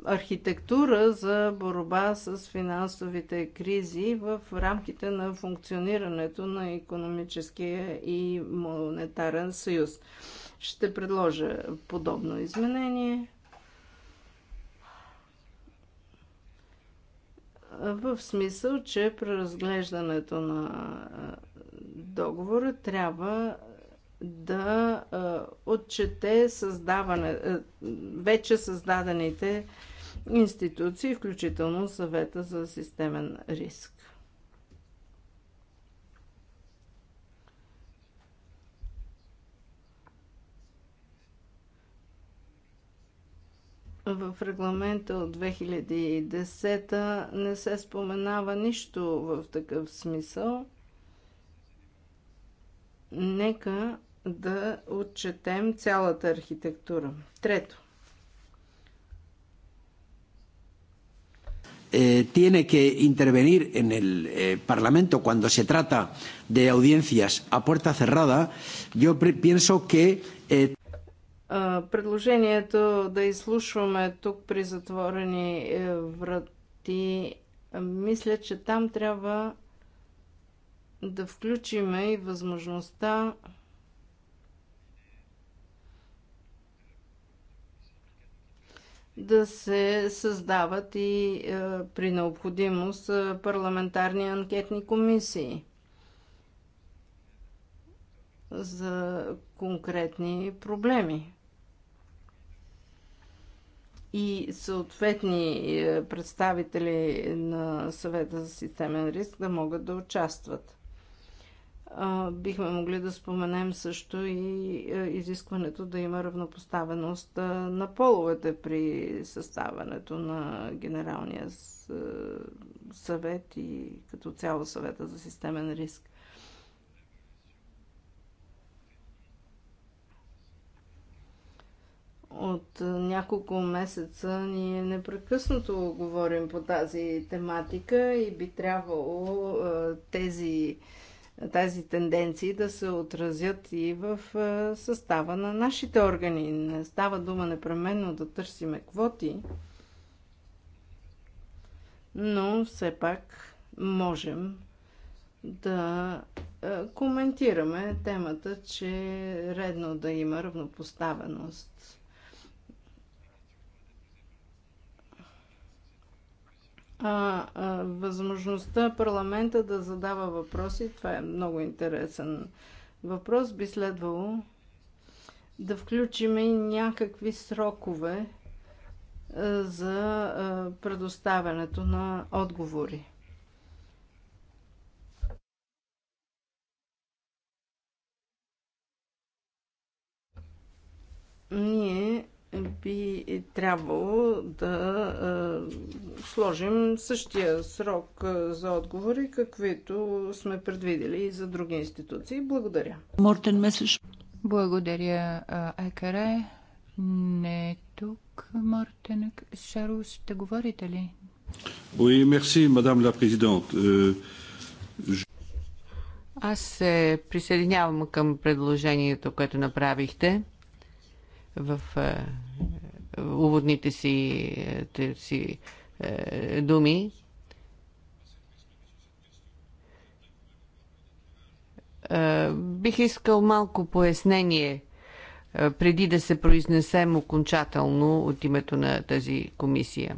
архитектура за борба с финансовите кризи в рамките на функционирането на економическия и монетарен съюз. Ще предложа подобно изменение. в смисъл, че преразглеждането на договора трябва да отчете създаване, вече създадените институции, включително съвета за системен риск. В регламента от 2010 не се споменава нищо в такъв смисъл. Нека да отчетем цялата архитектура. Трето. Eh, tiene que intervenir en el eh, Parlamento cuando se trata de audiencias a puerta cerrada, yo pienso que. Eh... Предложението да изслушваме тук при затворени е, врати, мисля, че там трябва да включиме и възможността да се създават и е, при необходимост е, парламентарни анкетни комисии за конкретни проблеми и съответни е, представители на съвета за системен риск да могат да участват. Бихме могли да споменем също и е, изискването да има равнопоставеност е, на половете при съставането на Генералния съвет и като цяло съвета за системен риск. От е, няколко месеца ние непрекъснато говорим по тази тематика и би трябвало е, тези, тези тенденции да се отразят и в е, състава на нашите органи. Не става дума непременно да търсиме квоти, но все пак можем да коментираме темата, че редно да има равнопоставеност А, а възможността парламента да задава въпроси, това е много интересен въпрос, би следвало да включим и някакви срокове а, за а, предоставянето на отговори. Ние би трябвало да сложим същия срок за отговори, каквито сме предвидели и за други институции. Благодаря. Мортен Месеш. Благодаря, Екаре. Не е тук, Мортен Шарус. Ще говорите ли? Oui, merci, мадам ла президент. Аз се присъединявам към предложението, което направихте в уводните си, си е, думи. Е, бих искал малко пояснение е, преди да се произнесем окончателно от името на тази комисия.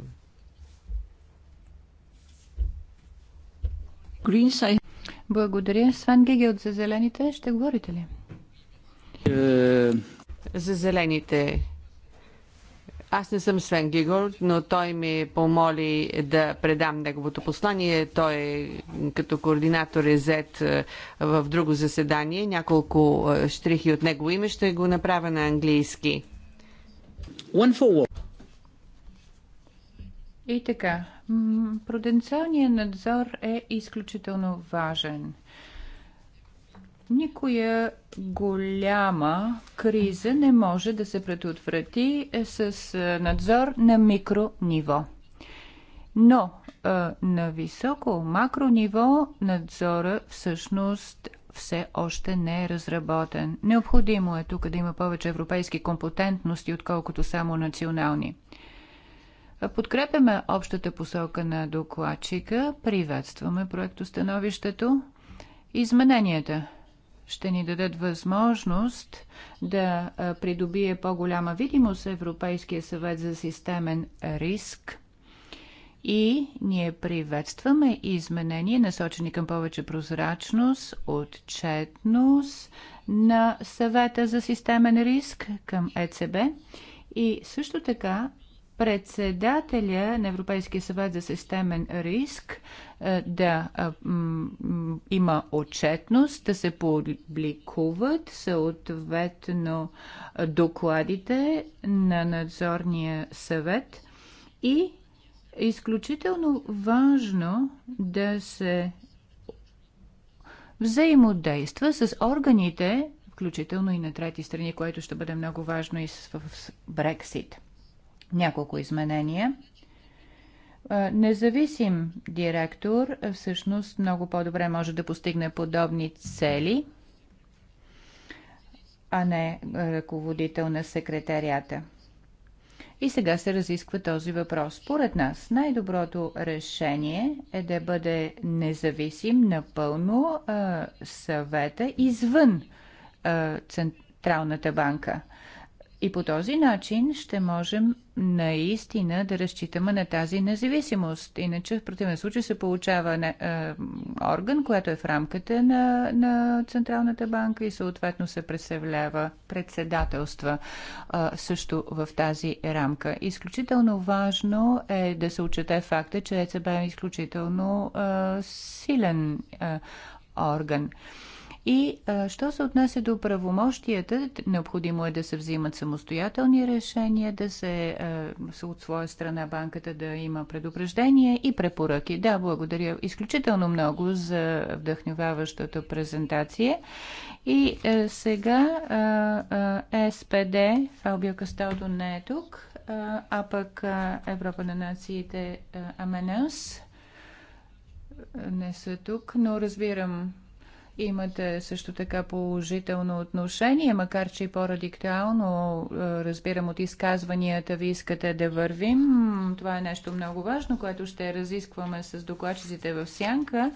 Благодаря. Сван Гегелт за зелените. Ще говорите ли? Е, за зелените аз не съм Свен Гигор, но той ми помоли да предам неговото послание. Той като координатор е зет е, в друго заседание. Няколко е, штрихи от него име ще го направя на английски. И така, пруденциалният надзор е изключително важен. Никоя голяма криза не може да се предотврати е, с е, надзор на микрониво. Но е, на високо макро ниво надзора всъщност все още не е разработен. Необходимо е тук да има повече европейски компетентности, отколкото само национални. Подкрепяме общата посока на докладчика, приветстваме проектостановището, измененията – ще ни дадат възможност да придобие по-голяма видимост Европейския съвет за системен риск. И ние приветстваме изменения, насочени към повече прозрачност, отчетност на съвета за системен риск към ЕЦБ. И също така председателя на Европейския съвет за системен риск е, да е, има отчетност, да се публикуват съответно докладите на надзорния съвет и изключително важно да се взаимодейства с органите, включително и на трети страни, което ще бъде много важно и в Брексит няколко изменения. Независим директор всъщност много по-добре може да постигне подобни цели, а не ръководител на секретарията. И сега се разисква този въпрос. Според нас най-доброто решение е да бъде независим напълно а, съвета извън а, Централната банка. И по този начин ще можем наистина да разчитаме на тази независимост. Иначе в противен случай се получава не, е, орган, което е в рамката на, на Централната банка и съответно се представлява председателства е, също в тази рамка. Изключително важно е да се отчете факта, че ЕЦБ е изключително е, силен е, орган. И а, що се отнася до правомощията, необходимо е да се взимат самостоятелни решения, да се а, от своя страна банката да има предупреждение и препоръки. Да, благодаря изключително много за вдъхновяващата презентация. И а, сега а, а, СПД, Фалбио Касталдо не е тук, а, а пък а, Европа на нациите Аменас не са тук, но разбирам Имате също така положително отношение, макар че и по-радикално е, разбирам от изказванията ви искате да вървим. Това е нещо много важно, което ще разискваме с докладчиците в Сянка.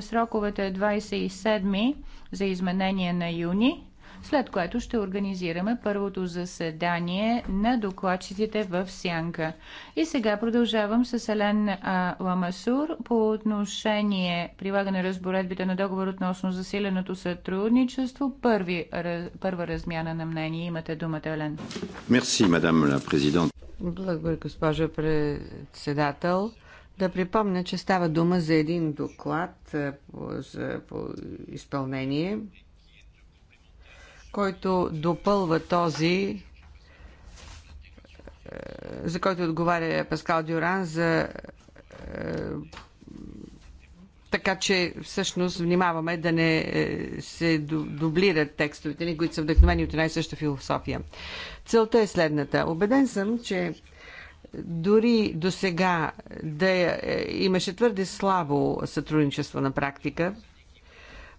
Сроковете е 27 за изменение на юни след което ще организираме първото заседание на докладчиците в Сянка. И сега продължавам с Елен Ламасур по отношение прилагане разборедбите на договор относно засиленото сътрудничество. Първи, първа размяна на мнение. Имате думата, Елен. Мерси, мадам ла президент. Благодаря, госпожо председател. Да припомня, че става дума за един доклад по, за, по изпълнение който допълва този, е, за който отговаря Паскал Дюран за е, така че всъщност внимаваме да не е, се дублират текстовете ни, които са вдъхновени от една и съща философия. Целта е следната. Обеден съм, че дори до сега да имаше твърде слабо сътрудничество на практика,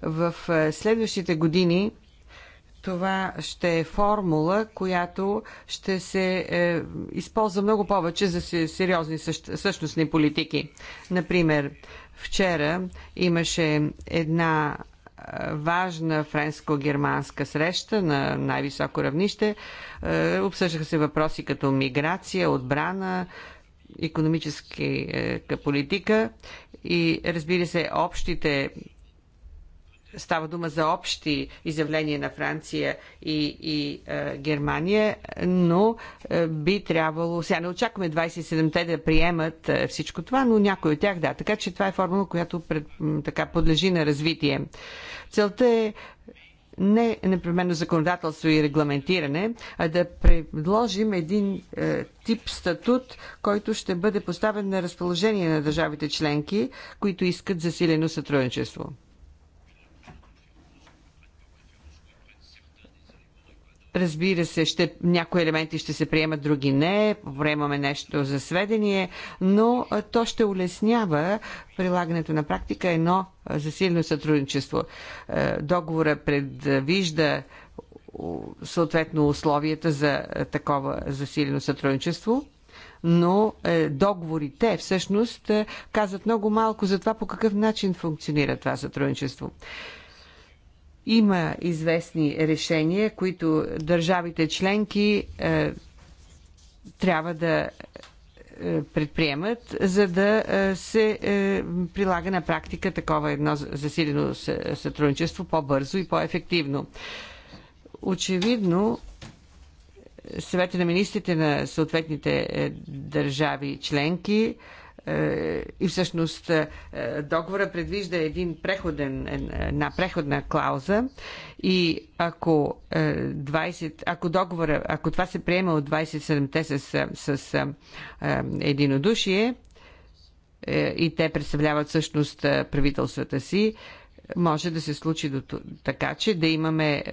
в следващите години това ще е формула, която ще се е, използва много повече за сериозни същ, същностни политики. Например, вчера имаше една е, важна френско-германска среща на най-високо равнище. Е, обсъждаха се въпроси като миграция, отбрана, економическа е, политика и разбира се, общите става дума за общи изявления на Франция и, и е, Германия, но е, би трябвало... Сега не очакваме 27-те да приемат е, всичко това, но някой от тях да. Така че това е формула, която пред, така подлежи на развитие. Целта е не непременно законодателство и регламентиране, а да предложим един е, тип статут, който ще бъде поставен на разположение на държавите членки, които искат засилено сътрудничество. Разбира се, ще, някои елементи ще се приемат, други не. Приемаме нещо за сведение, но то ще улеснява прилагането на практика едно засилено сътрудничество. Договора предвижда съответно условията за такова засилено сътрудничество но е, договорите всъщност е, казват много малко за това по какъв начин функционира това сътрудничество. Има известни решения, които държавите членки е, трябва да е, предприемат, за да е, се е, прилага на практика такова едно засилено сътрудничество по-бързо и по-ефективно. Очевидно, съвета на министрите на съответните държави членки е, и всъщност е, договора предвижда един преходен, една преходна клауза и ако, 20, е, ако, договора, ако това се приема от 27-те с, с, с единодушие и те представляват всъщност правителствата си, може да се случи до, така, че да имаме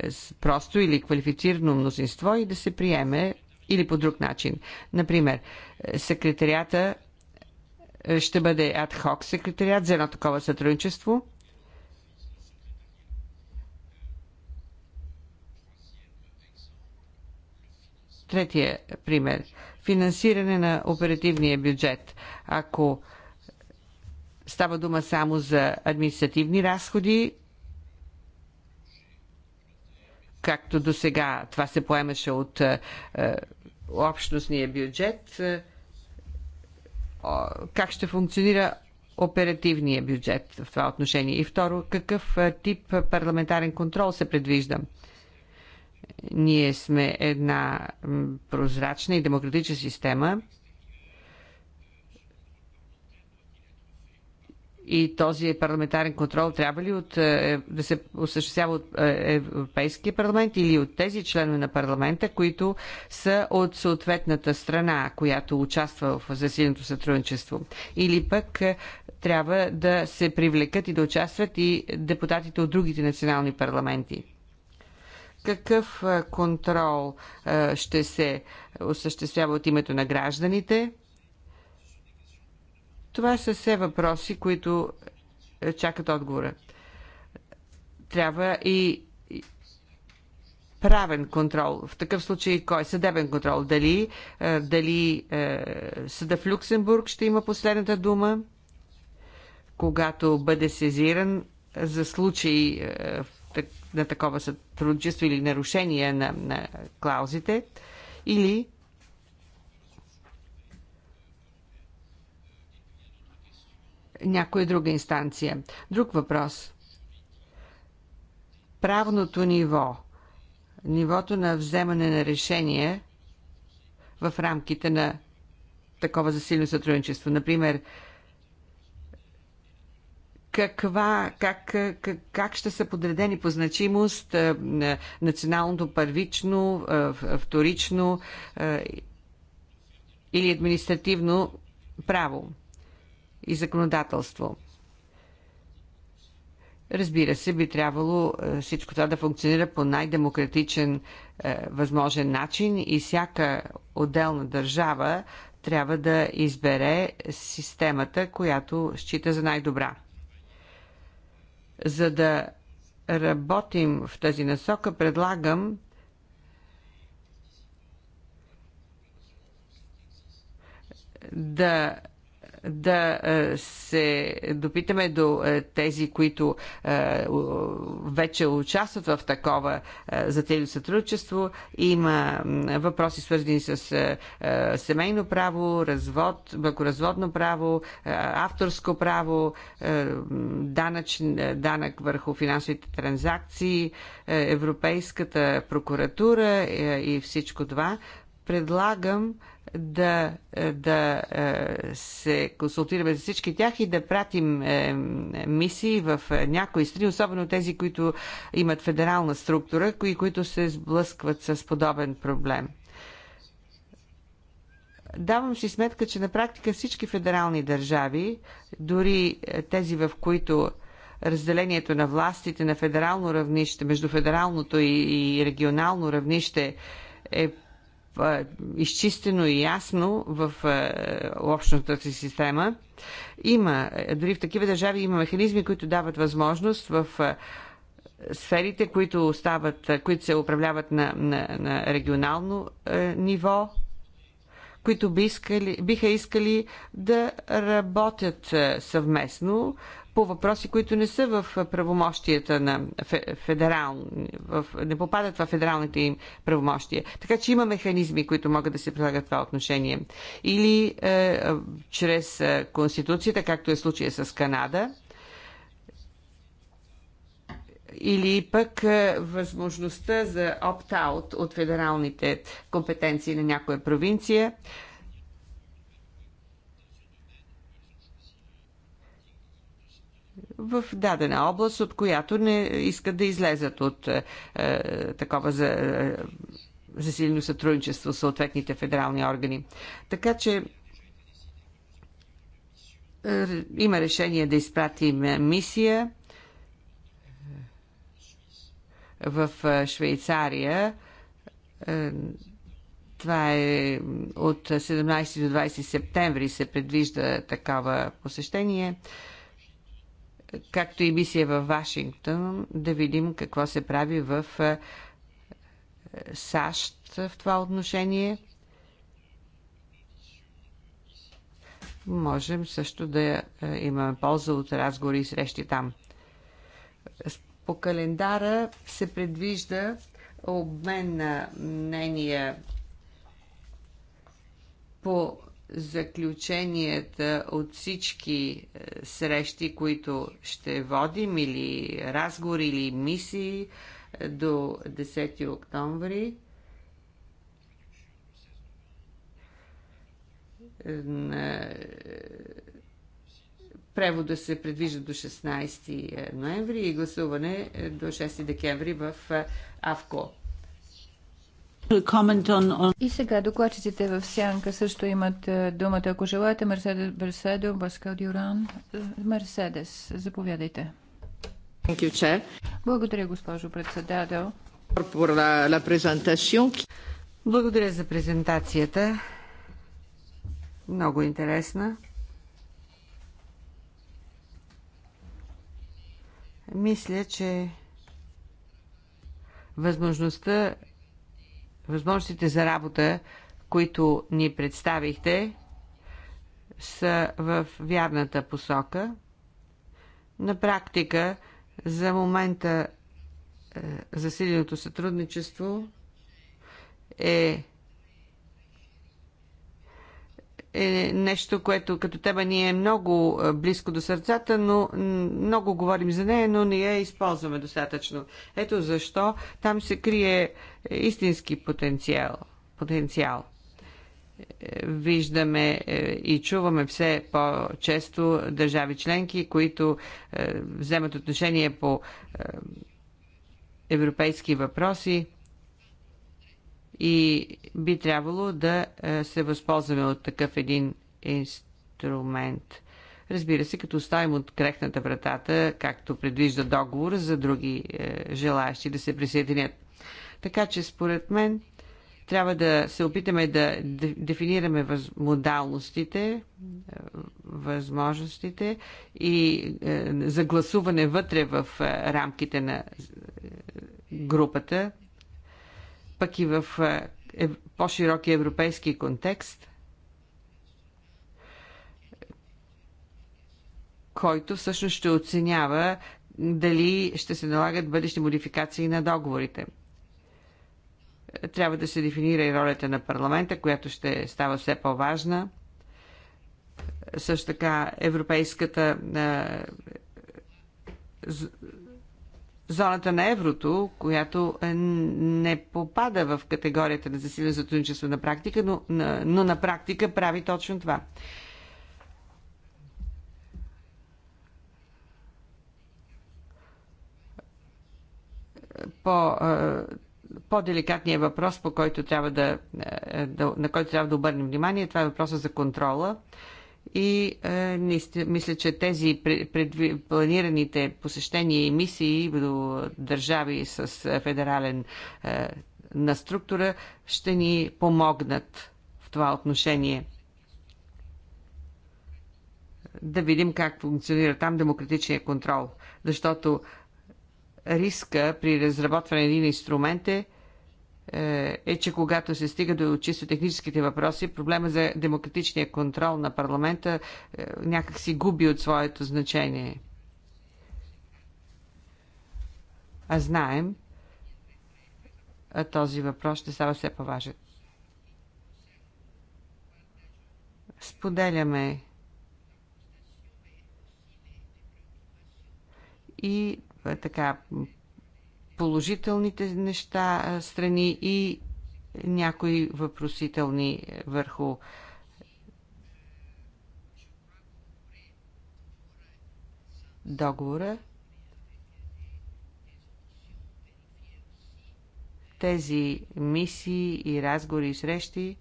просто или квалифицирано мнозинство и да се приеме или по друг начин. Например, секретарията е, ще бъде адхок секретариат за едно такова сътрудничество. Третия пример. Финансиране на оперативния бюджет. Ако става дума само за административни разходи, както до сега това се поемаше от е, е общностния бюджет, е, как ще функционира оперативния бюджет в това отношение? И второ, какъв тип парламентарен контрол се предвижда? Ние сме една прозрачна и демократична система – и този парламентарен контрол трябва ли от, е, да се осъществява от е, Европейския парламент или от тези членове на парламента, които са от съответната страна, която участва в засиленото сътрудничество? Или пък е, трябва да се привлекат и да участват и депутатите от другите национални парламенти? Какъв контрол ще се осъществява от името на гражданите? Това са все въпроси, които е, чакат отговора. Трябва и правен контрол. В такъв случай кой? Съдебен контрол. Дали, е, дали е, съда в Люксембург ще има последната дума, когато бъде сезиран за случай на такова сътрудничество или нарушение на, на клаузите, или някоя друга инстанция. Друг въпрос. Правното ниво, нивото на вземане на решение в рамките на такова засилено сътрудничество. Например, каква, как, как, как ще са подредени по значимост е, националното първично, е, вторично е, или административно право? и законодателство. Разбира се, би трябвало е, всичко това да функционира по най-демократичен е, възможен начин и всяка отделна държава трябва да избере системата, която счита за най-добра. За да работим в тази насока, предлагам да да е, се допитаме до е, тези, които е, вече участват в такова затейно сътрудничество. Има въпроси свързани с семейно право, развод, бъкоразводно право, авторско право, данъч, данък върху финансовите транзакции, Европейската прокуратура и всичко това. Предлагам да, е, да е, се консултираме за всички тях и да пратим е, мисии в някои страни, особено тези, които имат федерална структура, кои, които се сблъскват с подобен проблем. Давам си сметка, че на практика всички федерални държави, дори тези, в които разделението на властите на федерално равнище, между федералното и регионално равнище е изчистено и ясно в общностната си система. Има, дори в такива държави има механизми, които дават възможност в сферите, които, остават, които се управляват на, на, на регионално е, ниво, които би искали, биха искали да работят съвместно по въпроси, които не са в правомощията на федерал, в, не попадат в федералните им правомощия. Така че има механизми, които могат да се прилагат това отношение. Или е, чрез е, Конституцията, както е случая с Канада, или пък е, възможността за опт-аут от федералните компетенции на някоя провинция. в дадена област, от която не искат да излезат от е, е такова за, е, силно сътрудничество с съответните федерални органи. Така че е, има решение да изпратим мисия е, в е, Швейцария. Е, това е от 17 до 20 септември се предвижда такава посещение. Е, както и мисия във Вашингтон, да видим какво се прави в САЩ в това отношение. Можем също да имаме полза от разговори и срещи там. По календара се предвижда обмен на мнения по заключенията от всички е, срещи, които ще водим или разговори или мисии е, до 10 октомври. Е, превода се предвижда до 16 ноември и гласуване до 6 декември в АВКО. И сега докладчиците в Сянка също имат е, думата. Ако желаете, Мерседес Берседо, Баскал Дюран, е, Мерседес, заповядайте. Благодаря, госпожо председател. Благодаря за презентацията. Много интересна. Мисля, че възможността Възможностите за работа, които ни представихте, са в вярната посока. На практика, за момента е, засиленото сътрудничество е е нещо, което като тема ни е много е, близко до сърцата, но много говорим за нея, но не я използваме достатъчно. Ето защо там се крие е, истински потенциал. потенциал. Е, виждаме и чуваме все по-често държави членки, които вземат отношение по европейски въпроси – и би трябвало да е, се възползваме от такъв един инструмент. Разбира се, като оставим от крехната вратата, както предвижда договор за други е, желаящи да се присъединят. Така че, според мен, трябва да се опитаме да дефинираме модалностите, е, възможностите и е, загласуване вътре в рамките на групата, пък и в е, по-широки европейски контекст, който всъщност ще оценява дали ще се налагат бъдещи модификации на договорите. Трябва да се дефинира и ролята на парламента, която ще става все по-важна. Също така Европейската е, зоната на еврото, която е не попада в категорията на засилено сътрудничество на практика, но, но на практика прави точно това. По, е, по-деликатният въпрос, по който трябва да, е, да, на който трябва да обърнем внимание, това е въпроса за контрола и е, мисля, че тези предви, планираните посещения и мисии до държави с е, федерален е, на структура ще ни помогнат в това отношение. Да видим как функционира там демократичния контрол, защото риска при разработване на един инструмент е е, е, че когато се стига до чисто техническите въпроси, проблема за демократичния контрол на парламента е, някак си губи от своето значение. А знаем, а този въпрос ще става все по-важен. Споделяме и е, така положителните неща, страни и някои въпросителни върху договора. Тези мисии и разговори и срещи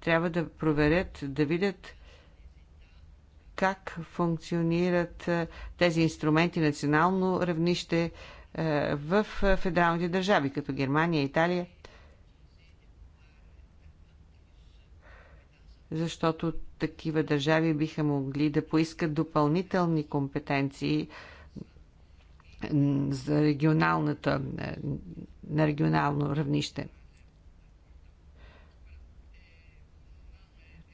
трябва да проверят, да видят как функционират тези инструменти национално равнище, е, в е, федералните държави, като Германия, Италия. Защото такива държави биха могли да поискат допълнителни компетенции за регионалната, е, на регионално равнище.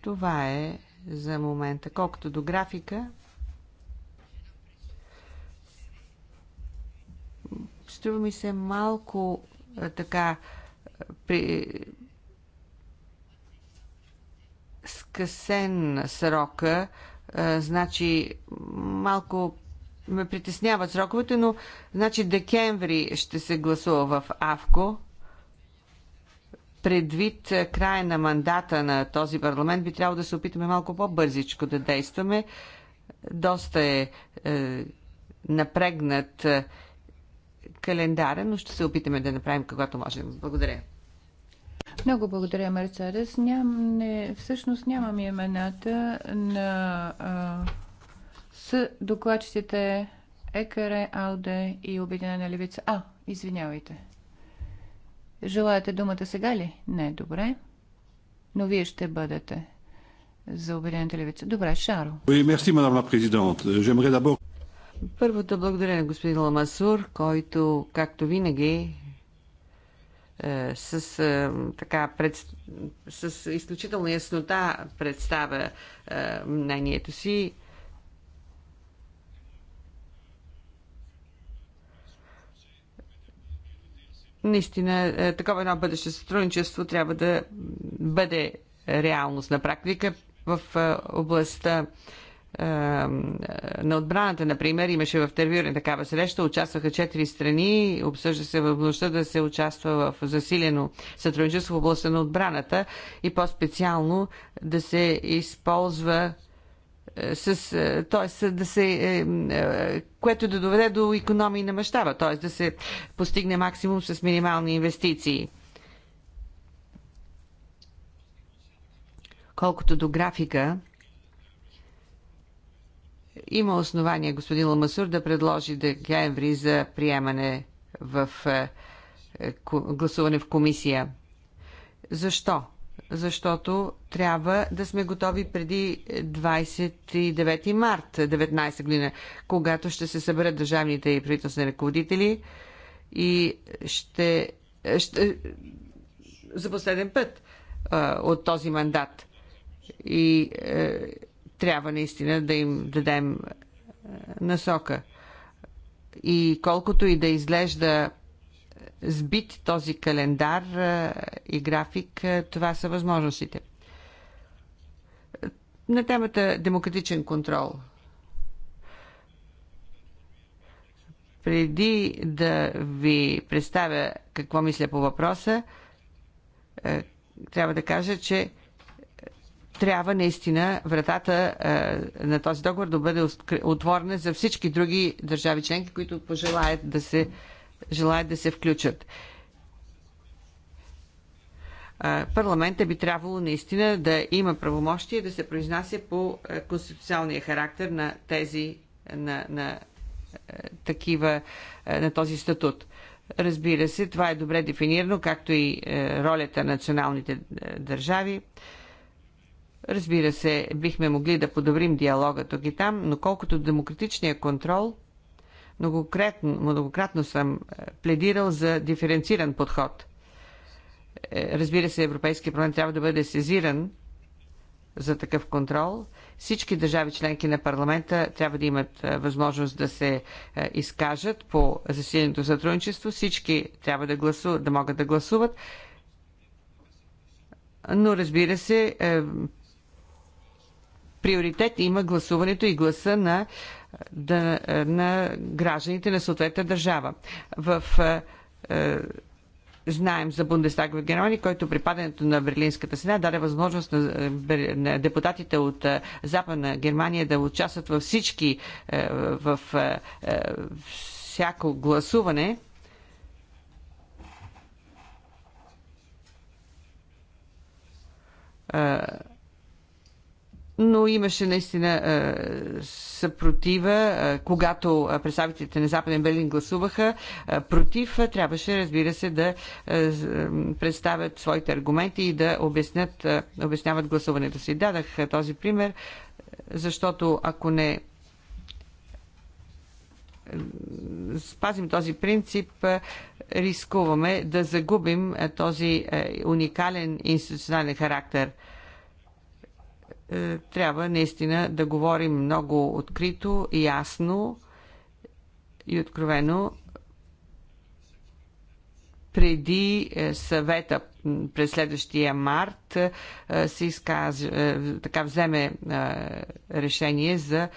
Това е за момента. Колкото до графика, Струва ми се малко така при скъсен срока, значи малко ме притесняват сроковете, но значи декември ще се гласува в АВКО. Предвид края на мандата на този парламент би трябвало да се опитаме малко по-бързичко да действаме. Доста е, е напрегнат е, календара, но ще се опитаме да направим когато можем. Благодаря. Много благодаря, Мерцедес. Ням, не, всъщност нямам имената на а, с докладчиците Екаре, Алде и Обединена левица. А, извинявайте. Желаете думата сега ли? Не, добре. Но вие ще бъдете за Обединената левица. Добре, Шаро. Oui, мадам президент. Първото благодаря на господин Ламасур, който, както винаги, е, с, е, така, пред, с изключителна яснота представя е, мнението си. наистина е, такова едно бъдеще сътрудничество трябва да бъде реалност на практика в е, областта на отбраната, например, имаше в Тервюрен такава среща, участваха четири страни, обсъжда се възможността да се участва в засилено сътрудничество в областта на отбраната и по-специално да се използва е, с, е, т.е. да се, е, което да доведе до економии на мащаба, т.е. да се постигне максимум с минимални инвестиции. Колкото до графика, има основание господин Ламасур да предложи декември за приемане в е, е, гласуване в комисия. Защо? Защото трябва да сме готови преди 29 март 19 година, когато ще се съберат държавните и правителствени ръководители и ще, е, ще за последен път а, от този мандат. И трябва наистина да им дадем е, насока. И колкото и да изглежда сбит този календар е, и график, е, това са възможностите. На темата демократичен контрол. Преди да ви представя какво мисля по въпроса, трябва да кажа, че трябва наистина вратата а, е, на този договор да бъде отворена за всички други държави членки, които пожелаят да се, желаят да се включат. Е, парламента би трябвало наистина да има правомощие да се произнася по е, конституционния характер на тези, на, на е, такива, на този статут. Разбира се, това е добре дефинирано, както и ролята на националните държави. Разбира се, бихме могли да подобрим диалога тук и там, но колкото демократичния контрол, многократно, многократно съм е, пледирал за диференциран подход. Е, разбира се, Европейския парламент трябва да бъде сезиран за такъв контрол. Всички държави членки на парламента трябва да имат е, възможност да се изкажат по засиленото сътрудничество. Всички трябва да, гласуват, да могат да гласуват. Но разбира се, приоритет има гласуването и гласа на, да, на гражданите на съответната държава. В е, е, знаем за Бундестаг в Германия, който при падането на Берлинската стена даде възможност на, е, на депутатите от е, Западна Германия да участват във всички, е, в е, всяко гласуване но имаше наистина съпротива, когато представителите на Западен Берлин гласуваха против, трябваше, разбира се, да представят своите аргументи и да обяснят, обясняват гласуването си. Дадах този пример, защото ако не спазим този принцип, рискуваме да загубим този уникален институционален характер – е, трябва наистина да говорим много открито, ясно и откровено преди е, съвета през следващия март е, се изказва, така вземе решение за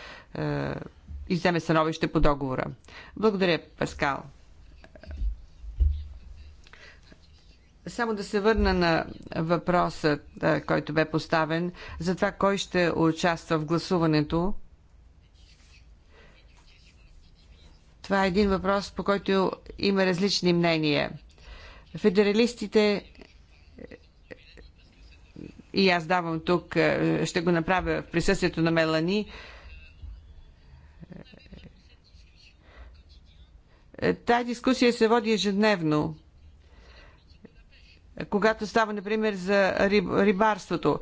и вземе становище по договора. Благодаря, Паскал. Само да се върна на въпроса, който бе поставен, за това кой ще участва в гласуването. Това е един въпрос, по който има различни мнения. Федералистите е, и аз давам тук, е, ще го направя в присъствието на Мелани, е, Тая дискусия се води ежедневно когато става, например, за риб, рибарството.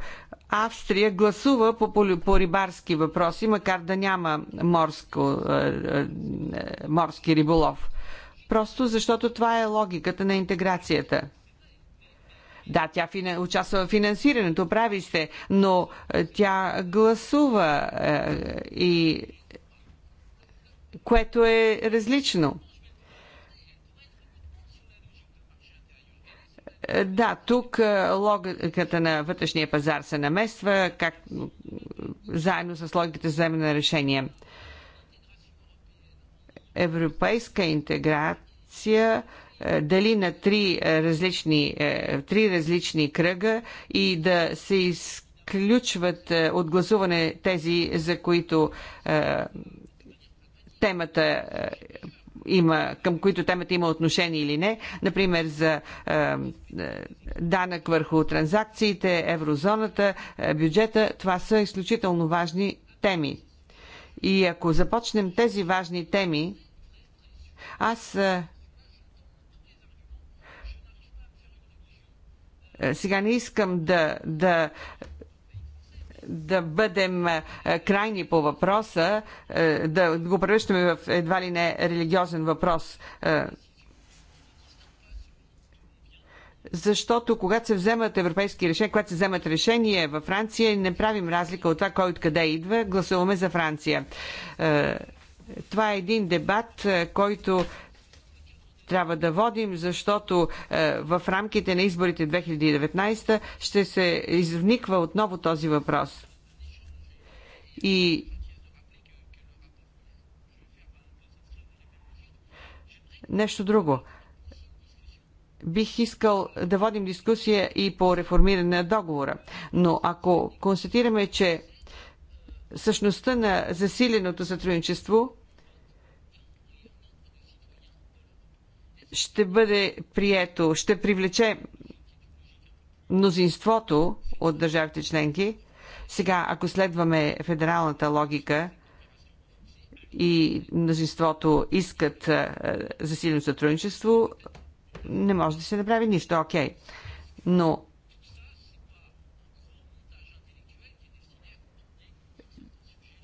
Австрия гласува по, по, по рибарски въпроси, макар да няма морско, е, е, морски риболов. Просто защото това е логиката на интеграцията. Да, тя фина... участва в финансирането, прави сте, но е, тя гласува е, и което е различно. Е, да, тук е, логиката на вътрешния пазар се намества, как, заедно с логиката за на решение. Европейска интеграция е, дали на три различни, три различни кръга и да се изключват от гласуване тези, за които темата има, към които темата има отношение или не. Например, за е, е, данък върху транзакциите, еврозоната, е, бюджета. Това са изключително важни теми. И ако започнем тези важни теми, аз е, е сега не искам да, да да бъдем е, крайни по въпроса, е, да го превръщаме в едва ли не религиозен въпрос. Е, защото когато се вземат европейски решения, когато се вземат решения във Франция, не правим разлика от това кой откъде идва, гласуваме за Франция. Това е един дебат, който трябва да водим, защото е, в рамките на изборите 2019 ще се извниква отново този въпрос. И нещо друго. Бих искал да водим дискусия и по реформиране на договора. Но ако констатираме, че същността на засиленото сътрудничество ще бъде прието, ще привлече мнозинството от държавите членки. Сега, ако следваме федералната логика и мнозинството искат засилено сътрудничество, не може да се направи нищо, окей. Okay. Но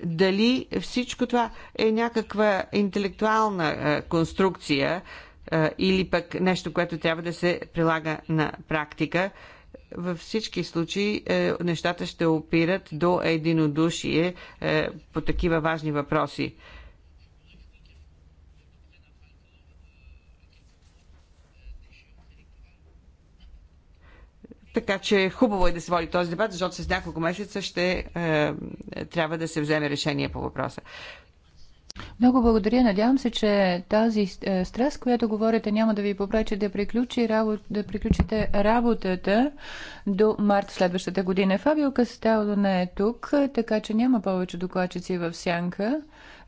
дали всичко това е някаква интелектуална конструкция, или пък нещо, което трябва да се прилага на практика. Във всички случаи е, нещата ще опират до единодушие е, по такива важни въпроси. Така че хубаво е да се води този дебат, защото с няколко месеца ще е, трябва да се вземе решение по въпроса. Много благодаря. Надявам се, че тази е, стрес, която говорите, няма да ви попречи да, приключи работ... да приключите работата до март следващата година. Фабио Кастелло не е тук, така че няма повече докладчици в сянка.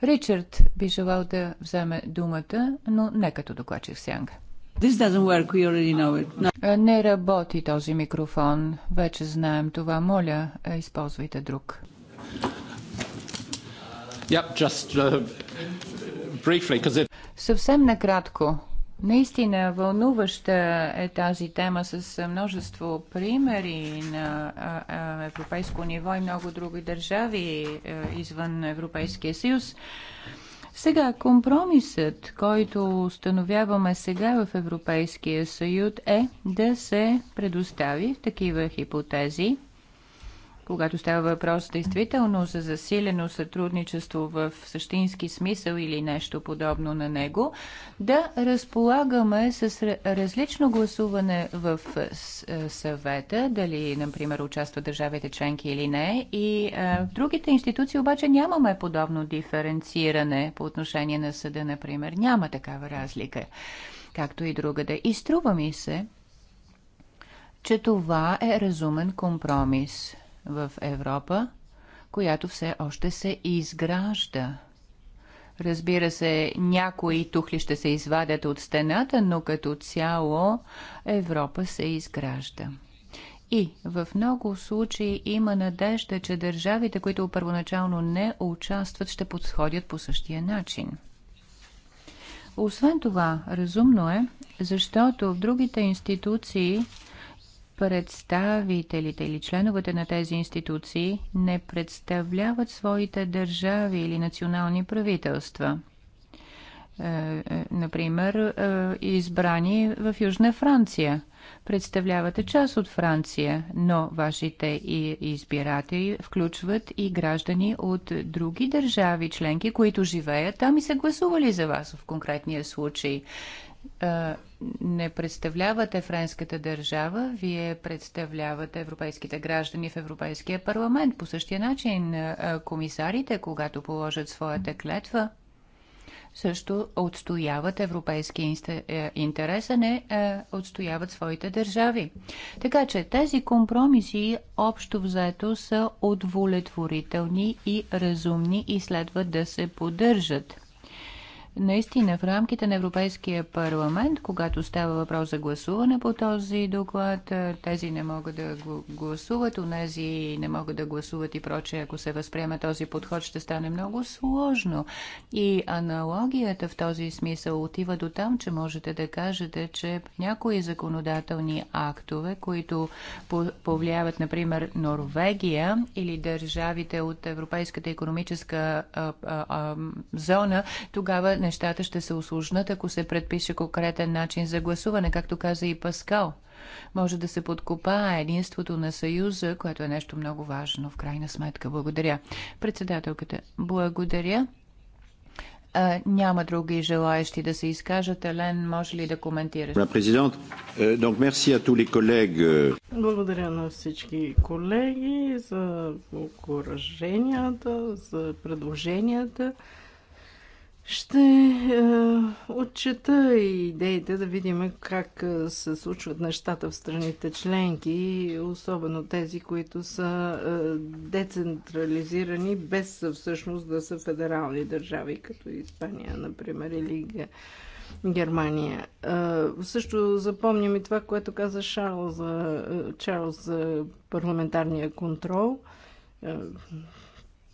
Ричард би желал да вземе думата, но не като докладчик в сянка. This doesn't work, we already know it. No. Е, не работи този микрофон. Вече знаем това. Моля, е, използвайте друг. Yep, just, uh, briefly, it... Съвсем накратко. Наистина вълнуваща е тази тема с множество примери на европейско ниво и много други държави е, извън Европейския съюз. Сега компромисът, който установяваме сега в Европейския съюз е да се предостави такива хипотези когато става въпрос действително за засилено сътрудничество в същински смисъл или нещо подобно на него, да разполагаме с различно гласуване в е, съвета, дали, например, участват държавите членки или не. И а, е, в другите институции обаче нямаме подобно диференциране по отношение на съда, например. Няма такава разлика, както и другаде. И струва ми се, че това е разумен компромис в Европа, която все още се изгражда. Разбира се, някои тухли ще се извадят от стената, но като цяло Европа се изгражда. И в много случаи има надежда, че държавите, които първоначално не участват, ще подходят по същия начин. Освен това, разумно е, защото в другите институции представителите или членовете на тези институции не представляват своите държави или национални правителства. Е, е, например, е, избрани в Южна Франция. Представлявате част от Франция, но вашите избиратели включват и граждани от други държави членки, които живеят там и са гласували за вас в конкретния случай не представлявате френската държава, вие представлявате европейските граждани в Европейския парламент. По същия начин комисарите, когато положат своята клетва, също отстояват европейски е, интерес, а не отстояват своите държави. Така че тези компромиси общо взето са удовлетворителни и разумни и следва да се поддържат наистина в рамките на Европейския парламент, когато става въпрос за гласуване по този доклад, е, тези не могат да гласуват, унези не могат да гласуват и прочее, ако се възприеме този подход, ще стане много сложно. И аналогията в този смисъл отива до там, че можете да кажете, че някои законодателни актове, които повлияват, например, Норвегия или държавите от Европейската економическа а, а, а, зона, тогава нещата ще се осложнат, ако се предпише конкретен начин за гласуване, както каза и Паскал. Може да се подкопа единството на Съюза, което е нещо много важно в крайна сметка. Благодаря. Председателката, благодаря. А, няма други желаящи да се изкажат. Елен, може ли да коментираш? Президент, euh, donc merci à tous les collègues. Euh, благодаря на всички колеги за окораженията, за предложенията. Ще е, отчета и идеите да видим как е, се случват нещата в страните членки, особено тези, които са е, децентрализирани, без всъщност да са федерални държави, като Испания, например, или Германия. Е, също запомням и това, което каза Шарл за, е, Чарлз за парламентарния контрол е,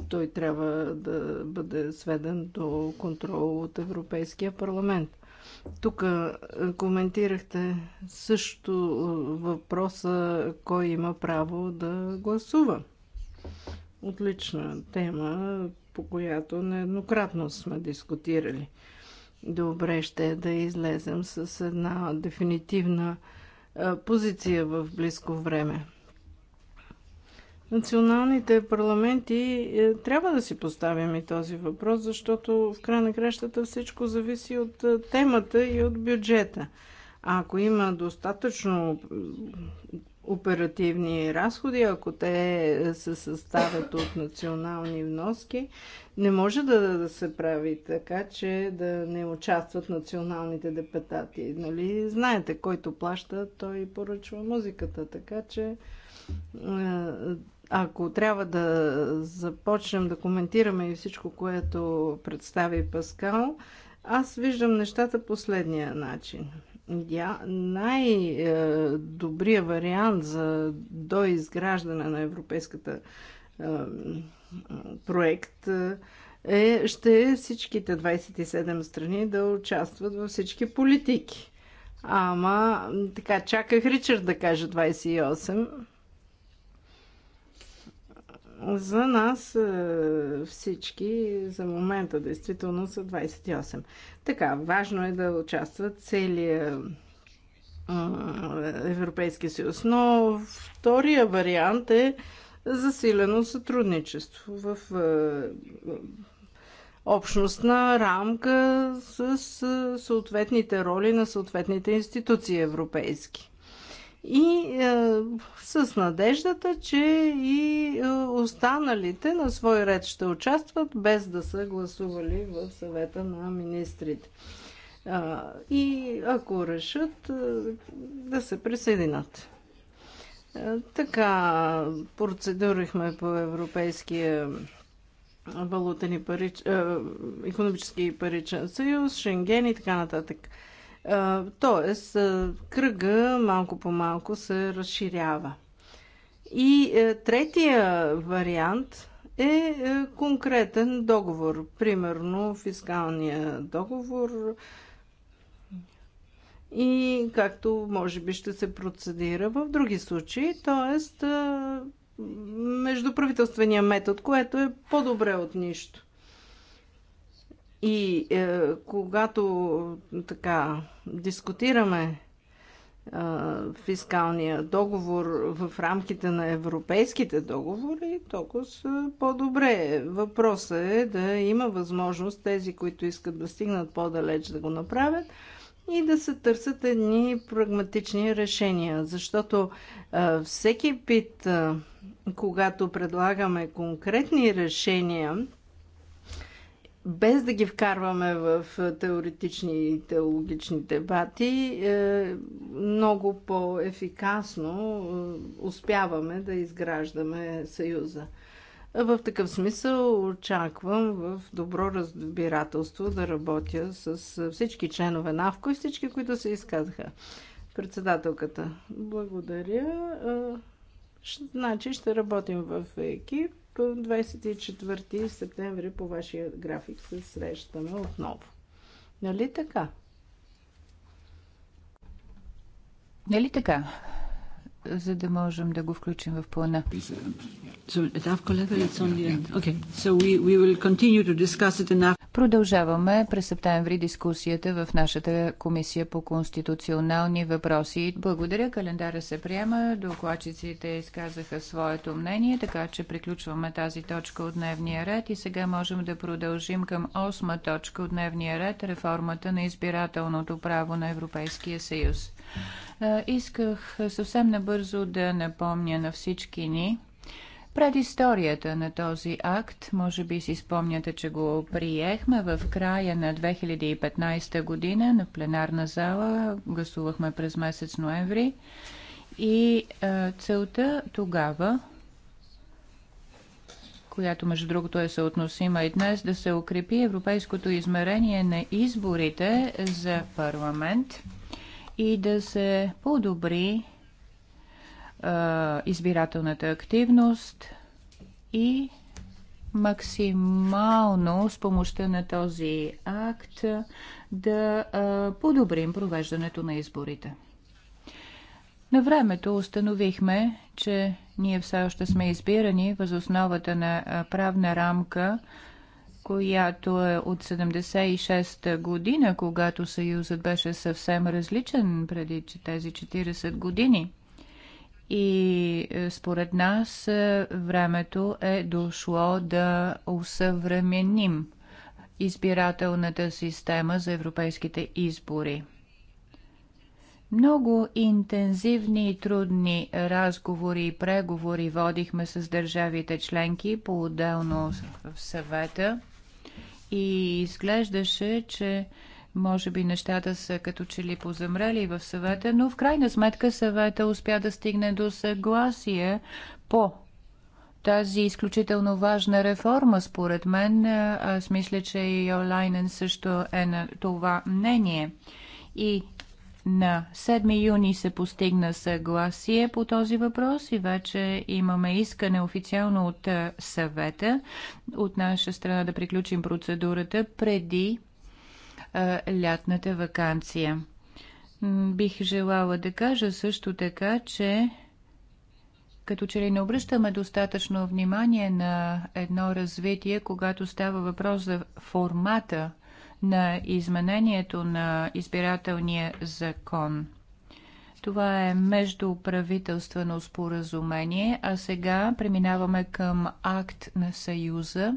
той трябва да бъде сведен до контрол от Европейския парламент. Тук е, коментирахте също е, въпроса кой има право да гласува. Отлична тема, по която нееднократно сме дискутирали. Добре ще е да излезем с една дефинитивна е, позиция в близко време националните парламенти е, трябва да си поставим и този въпрос, защото в край на кращата всичко зависи от е, темата и от бюджета. А ако има достатъчно оперативни разходи, ако те е, се съставят от национални вноски, не може да, да се прави така, че да не участват националните депутати. Нали? Знаете, който плаща, той поръчва музиката, така че ако трябва да започнем да коментираме и всичко, което представи Паскал, аз виждам нещата последния начин. Най-добрият вариант за доизграждане на европейската е, проект е, ще е всичките 27 страни да участват във всички политики. Ама, така, чаках Ричард да каже 28. За нас е, всички за момента действително са 28. Така, важно е да участват целия е, Европейски съюз. Но втория вариант е засилено сътрудничество в е, общностна рамка с съответните роли на съответните институции европейски и е, с надеждата, че и е, останалите на свой ред ще участват, без да са гласували в съвета на министрите. Е, и ако решат, е, да се присъединят. Е, така процедурихме по Европейския валутен и парич, е, економически и паричен съюз, Шенген и така нататък. Тоест, кръга малко по малко се разширява. И е, третия вариант е, е конкретен договор. Примерно фискалния договор и както може би ще се процедира в други случаи, т.е. междуправителствения метод, което е по-добре от нищо. И е, когато така дискутираме е, фискалния договор в рамките на европейските договори, толкова по-добре. Въпросът е да има възможност тези, които искат да стигнат по-далеч, да го направят и да се търсят едни прагматични решения. Защото а, е, всеки пит, а, е, когато предлагаме конкретни решения, без да ги вкарваме в теоретични и теологични дебати, е, много по-ефикасно е, успяваме да изграждаме Съюза. В такъв смисъл очаквам в добро разбирателство да работя с всички членове на АВКО и всички, които се изказаха. Председателката, благодаря. Е, значи ще работим в екип към 24 септември по вашия график се срещаме отново. Нали така? Нали така? за да можем да го включим в плана. Продължаваме през септември дискусията в нашата комисия по конституционални въпроси. Благодаря, календара се приема, докладчиците изказаха своето мнение, така че приключваме тази точка от дневния ред и сега можем да продължим към осма точка от дневния ред – реформата на избирателното право на Европейския съюз. Е, исках съвсем набързо да напомня на всички ни, предисторията на този акт. Може би си спомняте, че го приехме в края на 2015 година на пленарна зала. Гласувахме през месец ноември. И е, целта тогава, която между другото е съотносима и днес, да се укрепи европейското измерение на изборите за парламент – и да се подобри а, избирателната активност и максимално с помощта на този акт да а, подобрим провеждането на изборите. На времето установихме, че ние все още сме избирани въз основата на правна рамка – която е от 76-та година, когато Съюзът беше съвсем различен преди тези 40 години. И е, според нас е, времето е дошло да усъвременим избирателната система за европейските избори. Много интензивни и трудни разговори и преговори водихме с държавите членки по-отделно в съвета и изглеждаше, че може би нещата са като че ли позамрели в съвета, но в крайна сметка съвета успя да стигне до съгласие по тази изключително важна реформа, според мен. Аз мисля, че и Олайнен също е на това мнение. И на 7 юни се постигна съгласие по този въпрос и вече имаме искане официално от е, съвета от наша страна да приключим процедурата преди а, е, лятната вакансия. Бих желала да кажа също така, че като че ли не обръщаме достатъчно внимание на едно развитие, когато става въпрос за формата на изменението на избирателния закон. Това е междуправителствено споразумение, а сега преминаваме към акт на Съюза,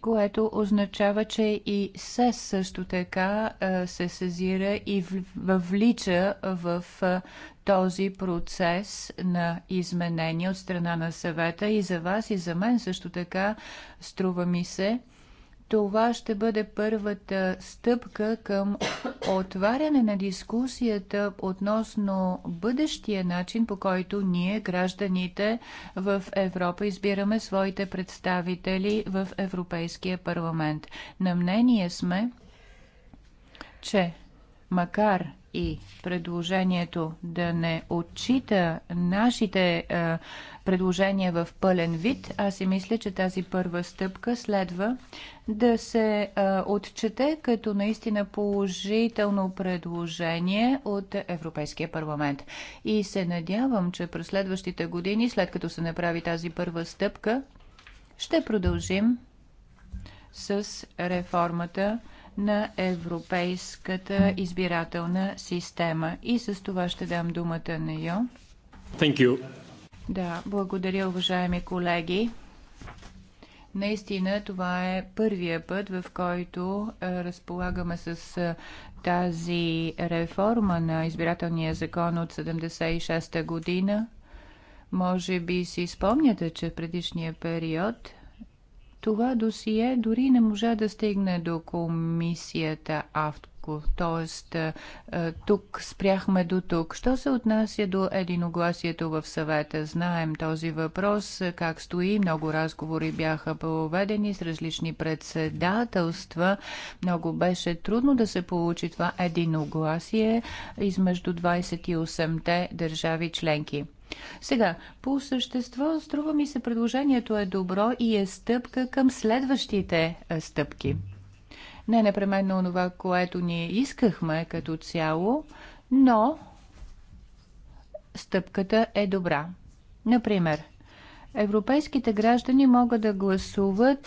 което означава, че и СЕС също така се сезира и въвлича в този процес на изменение от страна на съвета. И за вас, и за мен също така струва ми се – това ще бъде първата стъпка към отваряне на дискусията относно бъдещия начин, по който ние, гражданите в Европа, избираме своите представители в Европейския парламент. На мнение сме, че макар и предложението да не отчита нашите е, предложения в пълен вид, аз си мисля, че тази първа стъпка следва да се е, отчете като наистина положително предложение от Европейския парламент. И се надявам, че през следващите години, след като се направи тази първа стъпка, ще продължим с реформата на Европейската избирателна система. И с това ще дам думата на Йо. Thank you. Да, благодаря, уважаеми колеги. Наистина това е първия път, в който е, разполагаме с е, тази реформа на избирателния закон от 76-та година. Може би си спомняте, че в предишния период това досие дори не можа да стигне до комисията авто Тоест, е, е, тук спряхме до тук. Що се отнася до единогласието в съвета? Знаем този въпрос, е, как стои. Много разговори бяха проведени с различни председателства. Много беше трудно да се получи това единогласие измежду 28-те държави членки. Сега, по същество, струва ми се, предложението е добро и е стъпка към следващите е, стъпки. Не непременно това, което ние искахме като цяло, но стъпката е добра. Например, Европейските граждани могат да гласуват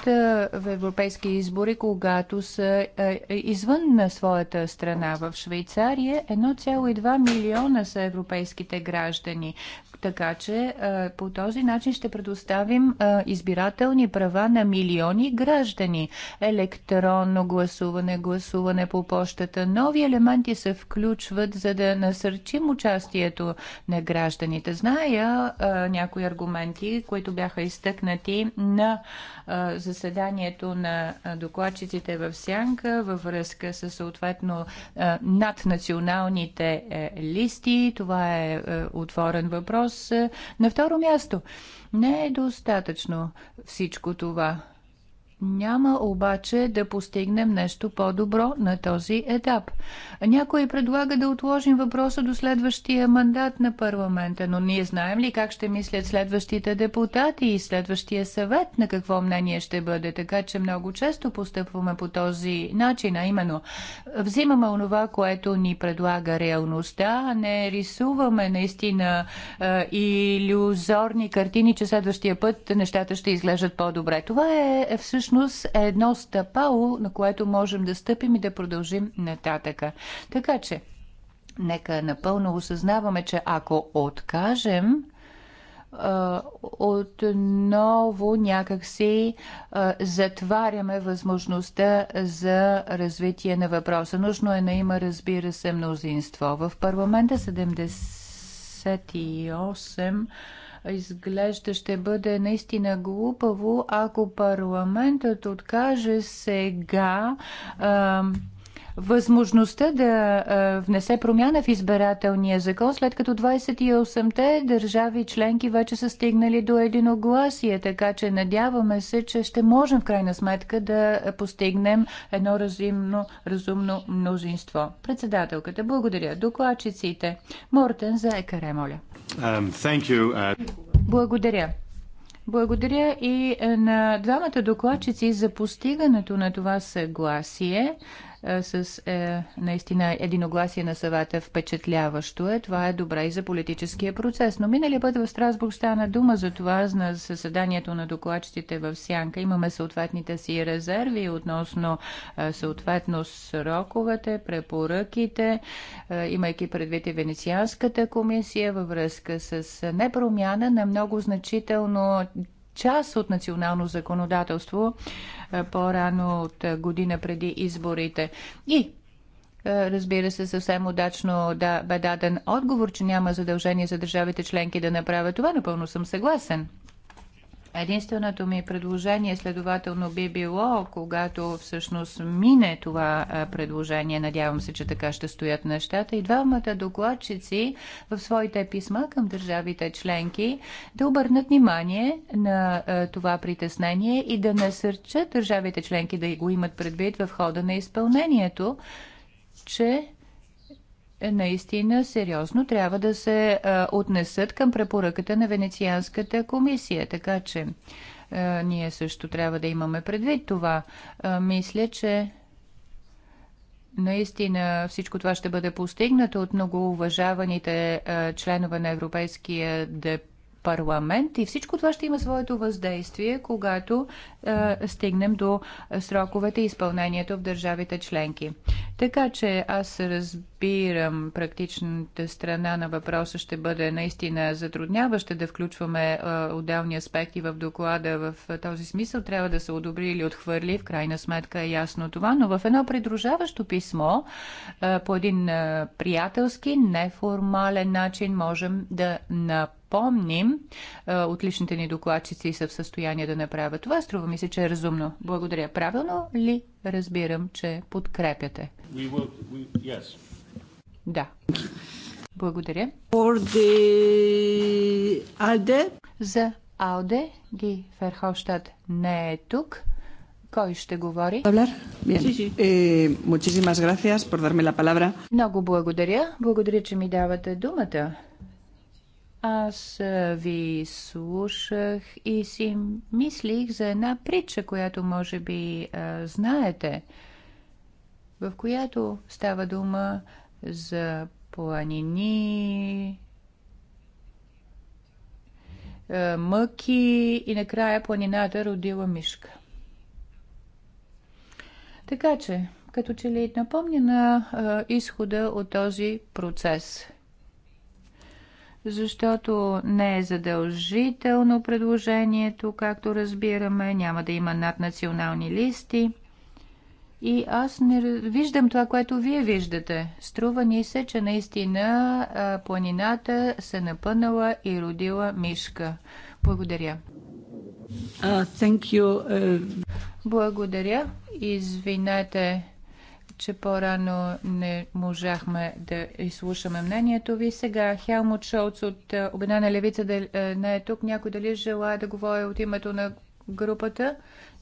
в европейски избори, когато са извън на своята страна. В Швейцария 1,2 милиона са европейските граждани. Така че по този начин ще предоставим избирателни права на милиони граждани. Електронно гласуване, гласуване по почтата. Нови елементи се включват, за да насърчим участието на гражданите. Зная някои аргументи, които които бяха изтъкнати на заседанието на докладчиците в Сянка във връзка с съответно наднационалните е, листи. Това е, е отворен въпрос. На второ място, не е достатъчно всичко това. Няма обаче да постигнем нещо по-добро на този етап. Някой предлага да отложим въпроса до следващия мандат на парламента, но ние знаем ли как ще мислят следващите депутати и следващия съвет, на какво мнение ще бъде, така че много често постъпваме по този начин, а именно взимаме онова, което ни предлага реалността, а не рисуваме наистина е, иллюзорни картини, че следващия път нещата ще изглеждат по-добре. Това е всъщност всъщност е едно стъпало, на което можем да стъпим и да продължим нататъка. Така че, нека напълно осъзнаваме, че ако откажем, отново някакси затваряме възможността за развитие на въпроса. Нужно е на има, разбира се, мнозинство. В парламента 78 Изглежда ще бъде наистина глупаво, ако парламентът откаже сега. А, възможността да внесе промяна в избирателния закон, след като 28-те държави членки вече са стигнали до единогласие, така че надяваме се, че ще можем в крайна сметка да постигнем едно разумно, разумно мнозинство. Председателката, благодаря. Докладчиците. Мортен за екаре, моля. Um, uh, благодаря. Благодаря и е, на двамата докладчици за постигането на това съгласие е, с е, наистина единогласие на съвета впечатляващо е. Това е добре и за политическия процес. Но минали път в Страсбург стана дума за това на съседанието на докладчите в Сянка. Имаме съответните си резерви относно е, съответно сроковете, препоръките, е, имайки предвид и Венецианската комисия във връзка с е, непромяна на много значително част от национално законодателство е, по-рано от е, година преди изборите. И е, Разбира се, съвсем удачно да бе даден отговор, че няма задължение за държавите членки да направят това. Напълно съм съгласен. Единственото ми предложение следователно би било, когато всъщност мине това предложение, надявам се, че така ще стоят нещата, и двамата докладчици в своите писма към държавите членки да обърнат внимание на това притеснение и да насърчат държавите членки да го имат предвид в хода на изпълнението, че наистина сериозно трябва да се отнесат към препоръката на Венецианската комисия. Така че ние също трябва да имаме предвид това. Мисля, че наистина всичко това ще бъде постигнато от много уважаваните членове на Европейския депутат парламент и всичко това ще има своето въздействие, когато е, стигнем до сроковете и изпълнението в държавите членки. Така че аз разбирам практичната страна на въпроса ще бъде наистина затрудняваща да включваме е, отделни аспекти в доклада. В този смисъл трябва да се одобри или отхвърли, в крайна сметка е ясно това, но в едно придружаващо писмо е, по един е, приятелски, неформален начин можем да направим помним, отличните ни докладчици са в състояние да направят това. Струва ми се, че е разумно. Благодаря. Правилно ли разбирам, че подкрепяте? We will, we, yes. Да. Благодаря. For the ALDE. За Алде Ги Ферхолштад не е тук. Кой ще говори? Е, Много благодаря. Благодаря, че ми давате думата. Аз ви слушах и си мислих за една притча, която може би а, знаете, в която става дума за планини, мъки и накрая планината родила мишка. Така че, като че ли напомня на а, изхода от този процес – защото не е задължително предложението, както разбираме, няма да има наднационални листи. И аз не виждам това, което вие виждате. Струва ни се, че наистина планината се напънала и родила мишка. Благодаря. Uh, thank you. Uh... Благодаря. Извинете че по-рано не можахме да изслушаме мнението ви. Сега Хелмут Шолц от е, Обедена левица да е, не е тук. Някой дали желая да говоря от името на групата?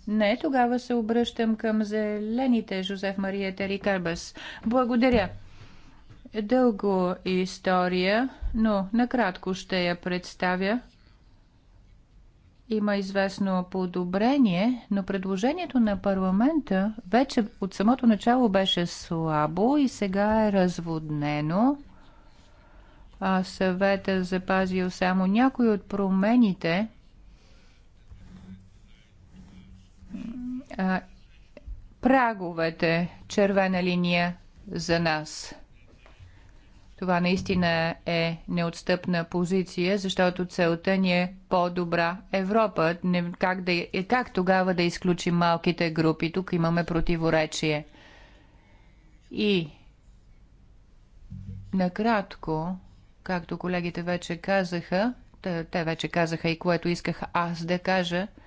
Не, тогава се обръщам към зелените Жозеф Мария Карбас. Благодаря. Дълго история, но накратко ще я представя има известно подобрение, но предложението на парламента вече от самото начало беше слабо и сега е разводнено. А съвета запазил само някои от промените. А, праговете, червена линия за нас – това наистина е неотстъпна позиция, защото целта ни е по-добра Европа. Не, как, да, е, как тогава да изключим малките групи? Тук имаме противоречие. И накратко, както колегите вече казаха, те, те вече казаха и което исках аз да кажа –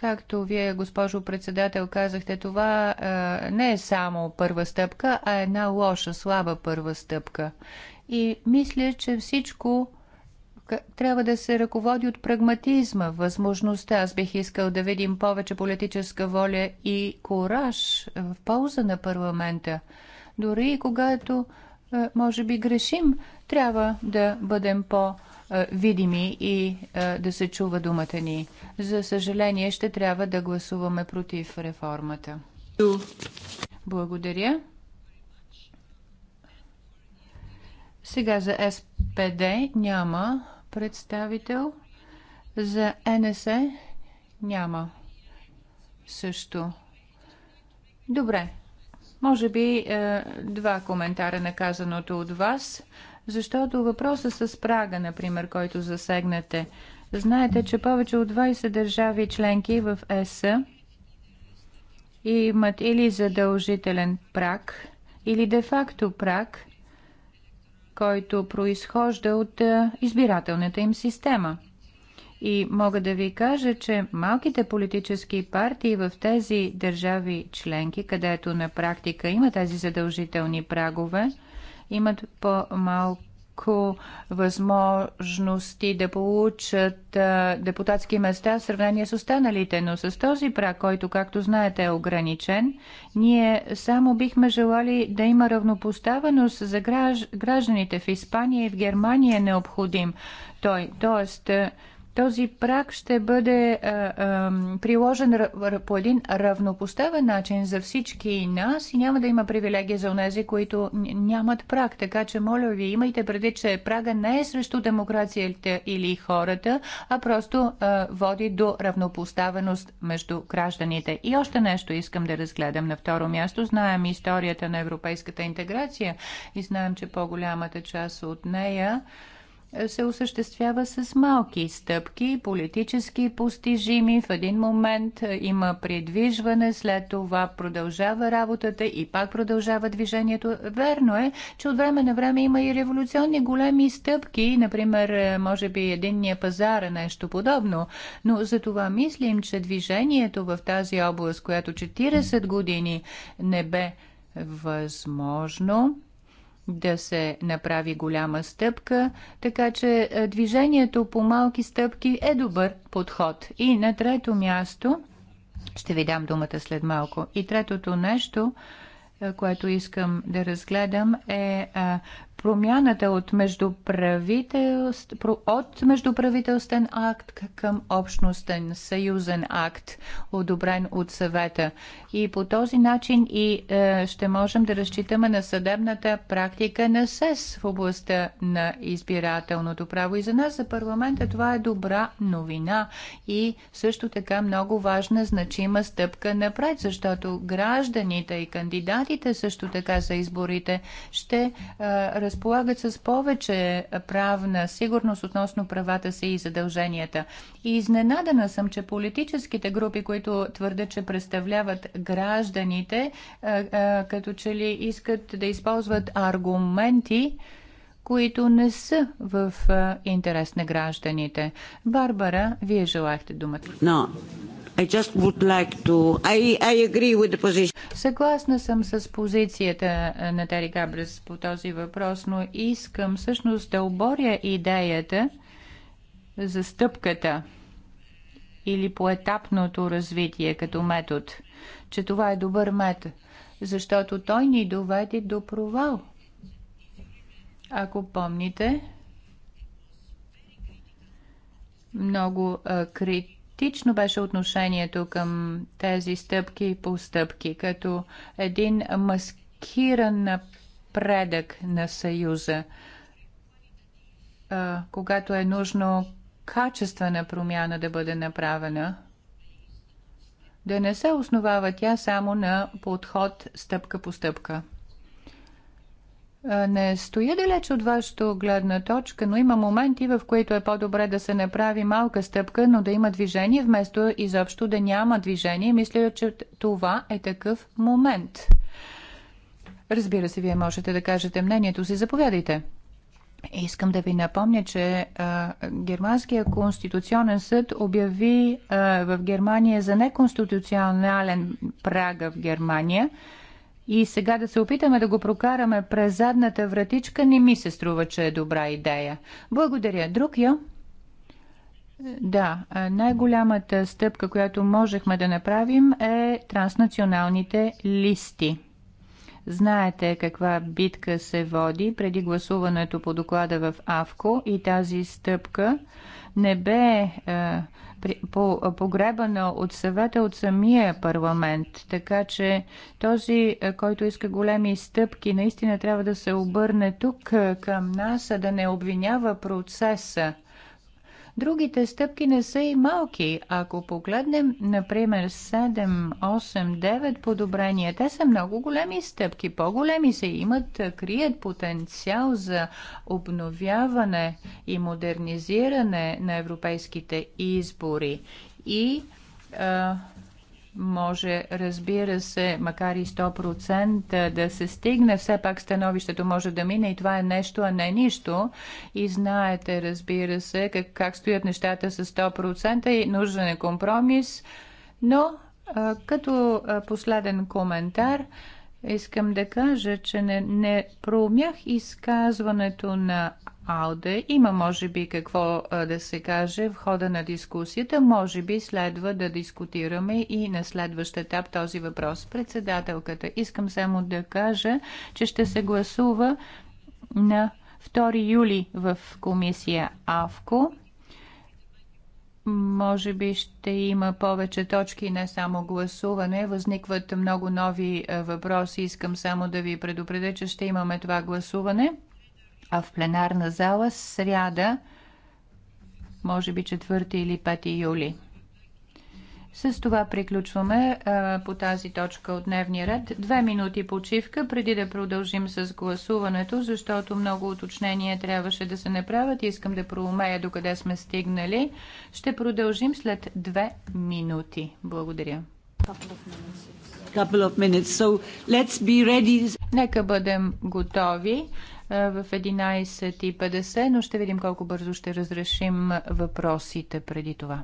Както вие, госпожо председател, казахте, това а, не е само първа стъпка, а една лоша, слаба първа стъпка. И мисля, че всичко трябва да се ръководи от прагматизма, възможността. Аз бих искал да видим повече политическа воля и кораж в полза на парламента. Дори и когато, може би, грешим, трябва да бъдем по- е, видими и е, да се чува думата ни. За съжаление ще трябва да гласуваме против реформата. Благодаря. Сега за СПД няма представител. За НС няма също. Добре. Може би е, два коментара на казаното от вас. Защото въпроса с прага, например, който засегнате, знаете, че повече от 20 държави членки в ЕС имат или задължителен праг, или де-факто праг, който произхожда от избирателната им система. И мога да ви кажа, че малките политически партии в тези държави членки, където на практика има тези задължителни прагове, имат по-малко възможности да получат депутатски места в сравнение с останалите, но с този прак, който, както знаете, е ограничен, ние само бихме желали да има равнопоставеност за гражданите в Испания и в Германия е необходим той. Тоест, този прак ще бъде а, е, а, е, приложен по един равнопоставен начин за всички нас и няма да има привилегия за онези, които нямат прак. Така че, моля ви, имайте преди, че прага не е срещу демокрацията или хората, а просто а, е, води до равнопоставеност между гражданите. И още нещо искам да разгледам на второ място. Знаем историята на европейската интеграция и знаем, че по-голямата част от нея се осъществява с малки стъпки, политически постижими. В един момент е, има придвижване, след това продължава работата и пак продължава движението. Верно е, че от време на време има и революционни големи стъпки, например, е, може би единния пазар, нещо подобно. Но за това мислим, че движението в тази област, която 40 години не бе възможно, да се направи голяма стъпка, така че е, движението по малки стъпки е добър подход. И на трето място, ще ви дам думата след малко. И третото нещо, е, което искам да разгледам е, е промяната от, междуправителств... от междуправителствен акт към общностен съюзен акт, одобрен от съвета. И по този начин и е, ще можем да разчитаме на съдебната практика на СЕС в областта на избирателното право. И за нас, за парламента, това е добра новина и също така много важна, значима стъпка напред, защото гражданите и кандидатите също така за изборите ще е, разполагат с повече правна сигурност относно правата си и задълженията. И изненадана съм, че политическите групи, които твърдят, че представляват гражданите, е, е, като че ли искат да използват аргументи, които не са в е, интерес на гражданите. Барбара, вие желахте думата. No. I just would like to... I, I agree with the position. Съгласна съм с позицията на Тари Габрес по този въпрос, но искам всъщност да оборя идеята за стъпката или поетапното развитие като метод, че това е добър метод, защото той ни доведе до провал. Ако помните, много а, крит скептично беше отношението към тези стъпки и постъпки, като един маскиран напредък на Съюза, когато е нужно качествена промяна да бъде направена, да не се основава тя само на подход стъпка по стъпка не стоя далеч от вашето гледна точка, но има моменти, в които е по-добре да се направи малка стъпка, но да има движение, вместо изобщо да няма движение. Мисля, че това е такъв момент. Разбира се, вие можете да кажете мнението си. Заповядайте. Искам да ви напомня, че а, Германския конституционен съд обяви а, в Германия за неконституционален прага в Германия – и сега да се опитаме да го прокараме през задната вратичка не ми се струва, че е добра идея. Благодаря. Друг я? Да, най-голямата стъпка, която можехме да направим е транснационалните листи. Знаете каква битка се води преди гласуването по доклада в АВКО и тази стъпка не бе е, погребана от съвета от самия парламент. Така че този, е, който иска големи стъпки, наистина трябва да се обърне тук е, към нас, а да не обвинява процеса Другите стъпки не са и малки. Ако погледнем, например, 7, 8, 9 подобрения, те са много големи стъпки. По-големи се имат, крият потенциал за обновяване и модернизиране на европейските избори. И а, може, разбира се, макар и 100% да се стигне, все пак становището може да мине и това е нещо, а не нищо. И знаете, разбира се, как, как стоят нещата с 100% и нужен е компромис. Но а, като а, последен коментар, искам да кажа, че не, не проумях изказването на АЛДЕ. Има, може би, какво да се каже в хода на дискусията. Може би следва да дискутираме и на следващ етап този въпрос. Председателката, искам само да кажа, че ще се гласува на 2 юли в комисия АВКО. Може би ще има повече точки, не само гласуване. Възникват много нови въпроси. Искам само да ви предупредя, че ще имаме това гласуване а в пленарна зала сряда, може би 4 или 5 юли. С това приключваме а, по тази точка от дневния ред. Две минути почивка преди да продължим с гласуването, защото много уточнения трябваше да се направят. Искам да проумея докъде сме стигнали. Ще продължим след две минути. Благодаря. So, Нека бъдем готови в 11.50, но ще видим колко бързо ще разрешим въпросите преди това.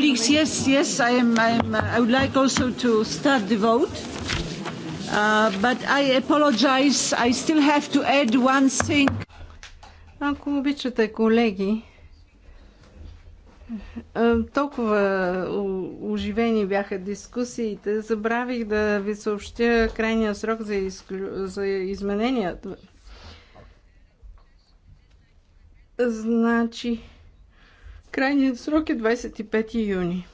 colleagues, yes, yes, I, am, I, am, I would like also to start the vote. Uh, but I apologize, I still have to add one thing. Ако обичате, колеги, е, толкова оживени бяха дискусиите, забравих да ви съобщя крайния срок за, изклю... за измененията. Значи, Крайният срок е 25 юни.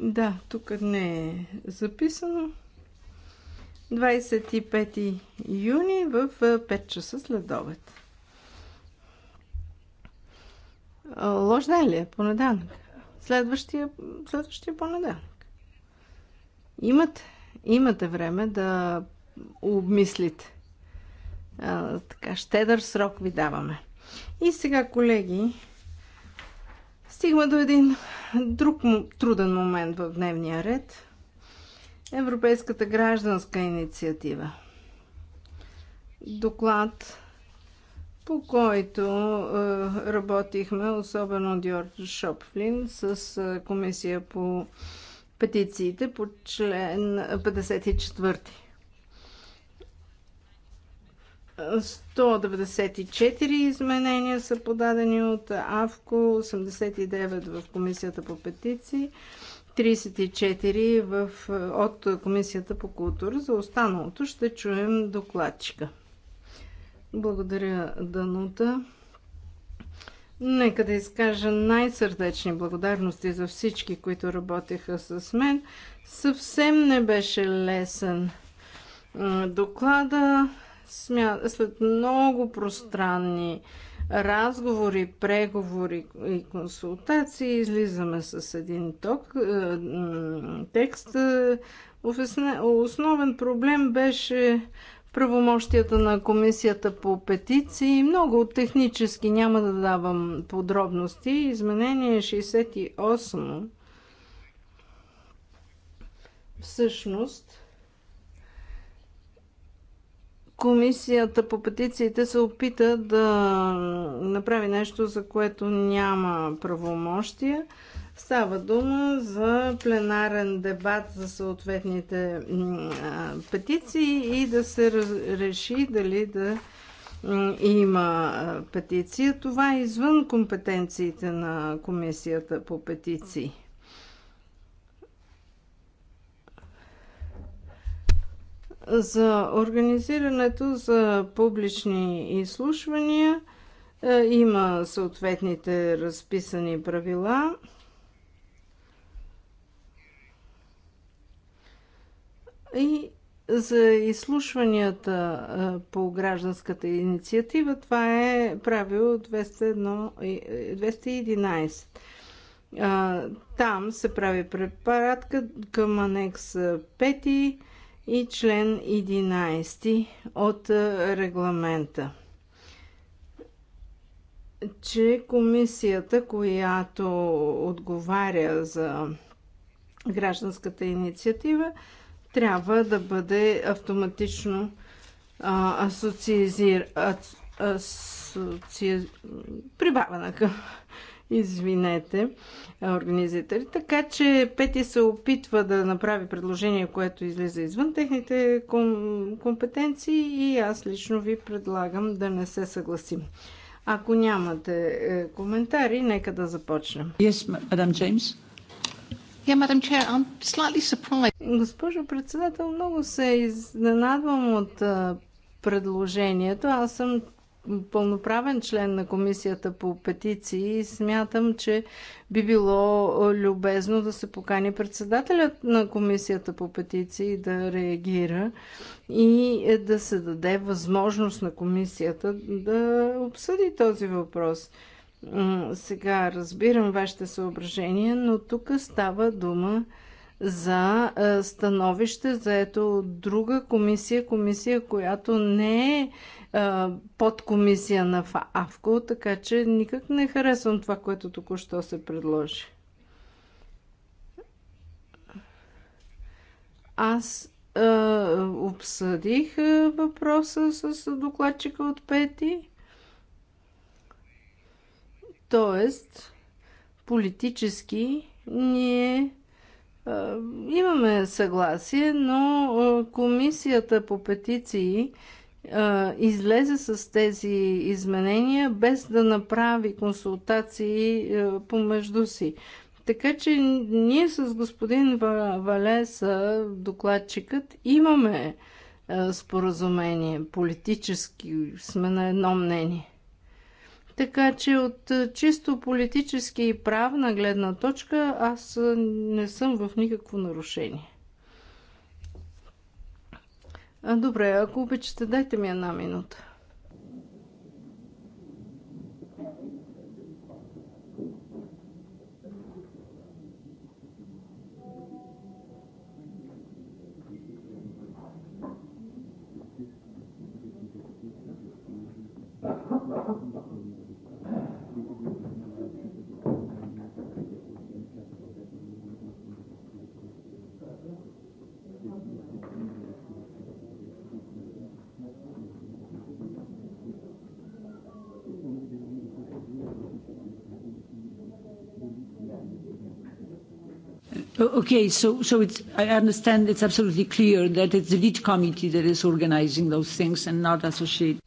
Да, тук не е записано. 25 юни в 5 часа след обед. Лош ден ли е? Понеделник. Следващия, следващия понеделник. Имате, имате време да обмислите. А, така, щедър срок ви даваме. И сега, колеги, стигма до един друг труден момент в дневния ред. Европейската гражданска инициатива. Доклад, по който е, работихме, особено Дьордж Шопфлин, с е, комисия по петициите по член 54. 194 изменения са подадени от АВКО, 89 в Комисията по петиции, 34 в, от Комисията по култура. За останалото ще чуем докладчика. Благодаря, Данута. Нека да изкажа най-сърдечни благодарности за всички, които работеха с мен. Съвсем не беше лесен доклада. След много пространни разговори, преговори и консултации излизаме с един ток, е, текст. Е, основен проблем беше правомощията на комисията по петиции. Много технически няма да давам подробности. Изменение 68 всъщност Комисията по петициите се опита да направи нещо, за което няма правомощия. Става дума за пленарен дебат за съответните петиции и да се реши дали да има петиция. Това е извън компетенциите на Комисията по петиции. За организирането за публични изслушвания е, има съответните разписани правила. И за изслушванията е, по гражданската инициатива това е правило 201, 211. Е, там се прави препаратка към анекс 5 и член 11 от регламента че комисията, която отговаря за гражданската инициатива, трябва да бъде автоматично асоциизирана асоци... прибавена към извинете, организатори. Така че Пети се опитва да направи предложение, което излиза извън техните ком- компетенции и аз лично ви предлагам да не се съгласим. Ако нямате е, коментари, нека да започнем. Yes, Madam James. Yeah, Madam Chair, I'm slightly surprised. Госпожо председател, много се изненадвам от предложението. Аз съм пълноправен член на комисията по петиции и смятам, че би било любезно да се покани председателят на комисията по петиции да реагира и е, да се даде възможност на комисията да обсъди този въпрос. Сега разбирам вашите съображения, но тук става дума за е, становище, за ето друга комисия, комисия, която не е, е под комисия на АВКО, така че никак не харесвам това, което току-що се предложи. Аз е, обсъдих е, въпроса с докладчика от Пети. Тоест, политически ние е, имаме съгласие, но е, комисията по петиции е, излезе с тези изменения без да направи консултации помежду си. Така че ние с господин Валеса, докладчикът, имаме споразумение политически, сме на едно мнение. Така че от е, чисто политически и правна гледна точка аз е, не съм в никакво нарушение. Добре, ако обичате, дайте ми една минута. Uh, okay, so, so it's, I understand it's absolutely clear that it's the lead committee that is organizing those things and not associate.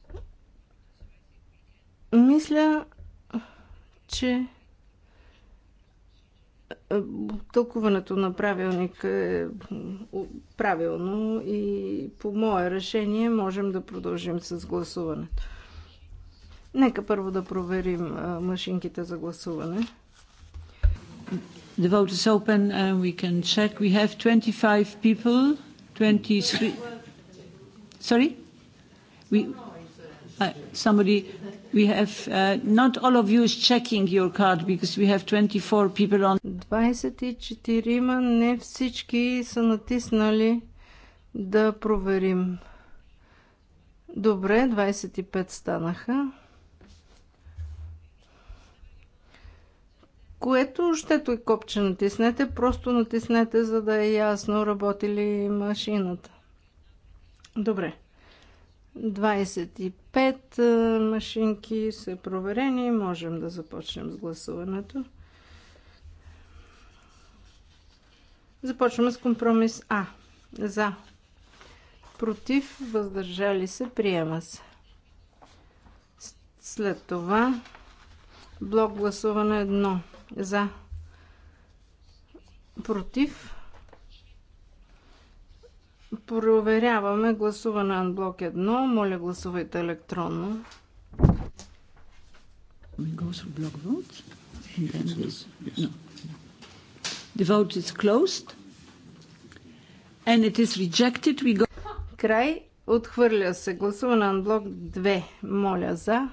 Мисля, че тълкуването на правилник е правилно и по мое решение можем да продължим с гласуването. Нека първо да проверим машинките за гласуване. The vote is open, and we can check. We have 25 people, 23. Sorry? We, uh, somebody, we have, not all of you is checking your card because we have 24 people on. 24-ма, не всички са натиснали да проверим. Добре, 25 станаха. което щето и копче натиснете, просто натиснете, за да е ясно работи ли машината. Добре. 25 машинки са проверени. Можем да започнем с гласуването. Започваме с компромис А. За. Против. Въздържали се. Приема се. След това блок гласуване 1. За. Против. Проверяваме гласуване на блок 1. Моля, гласувайте електронно. We go through block And then this. No. The vote is closed. And it is rejected. We go... Край. Отхвърля се. Гласуване на блок 2. Моля за.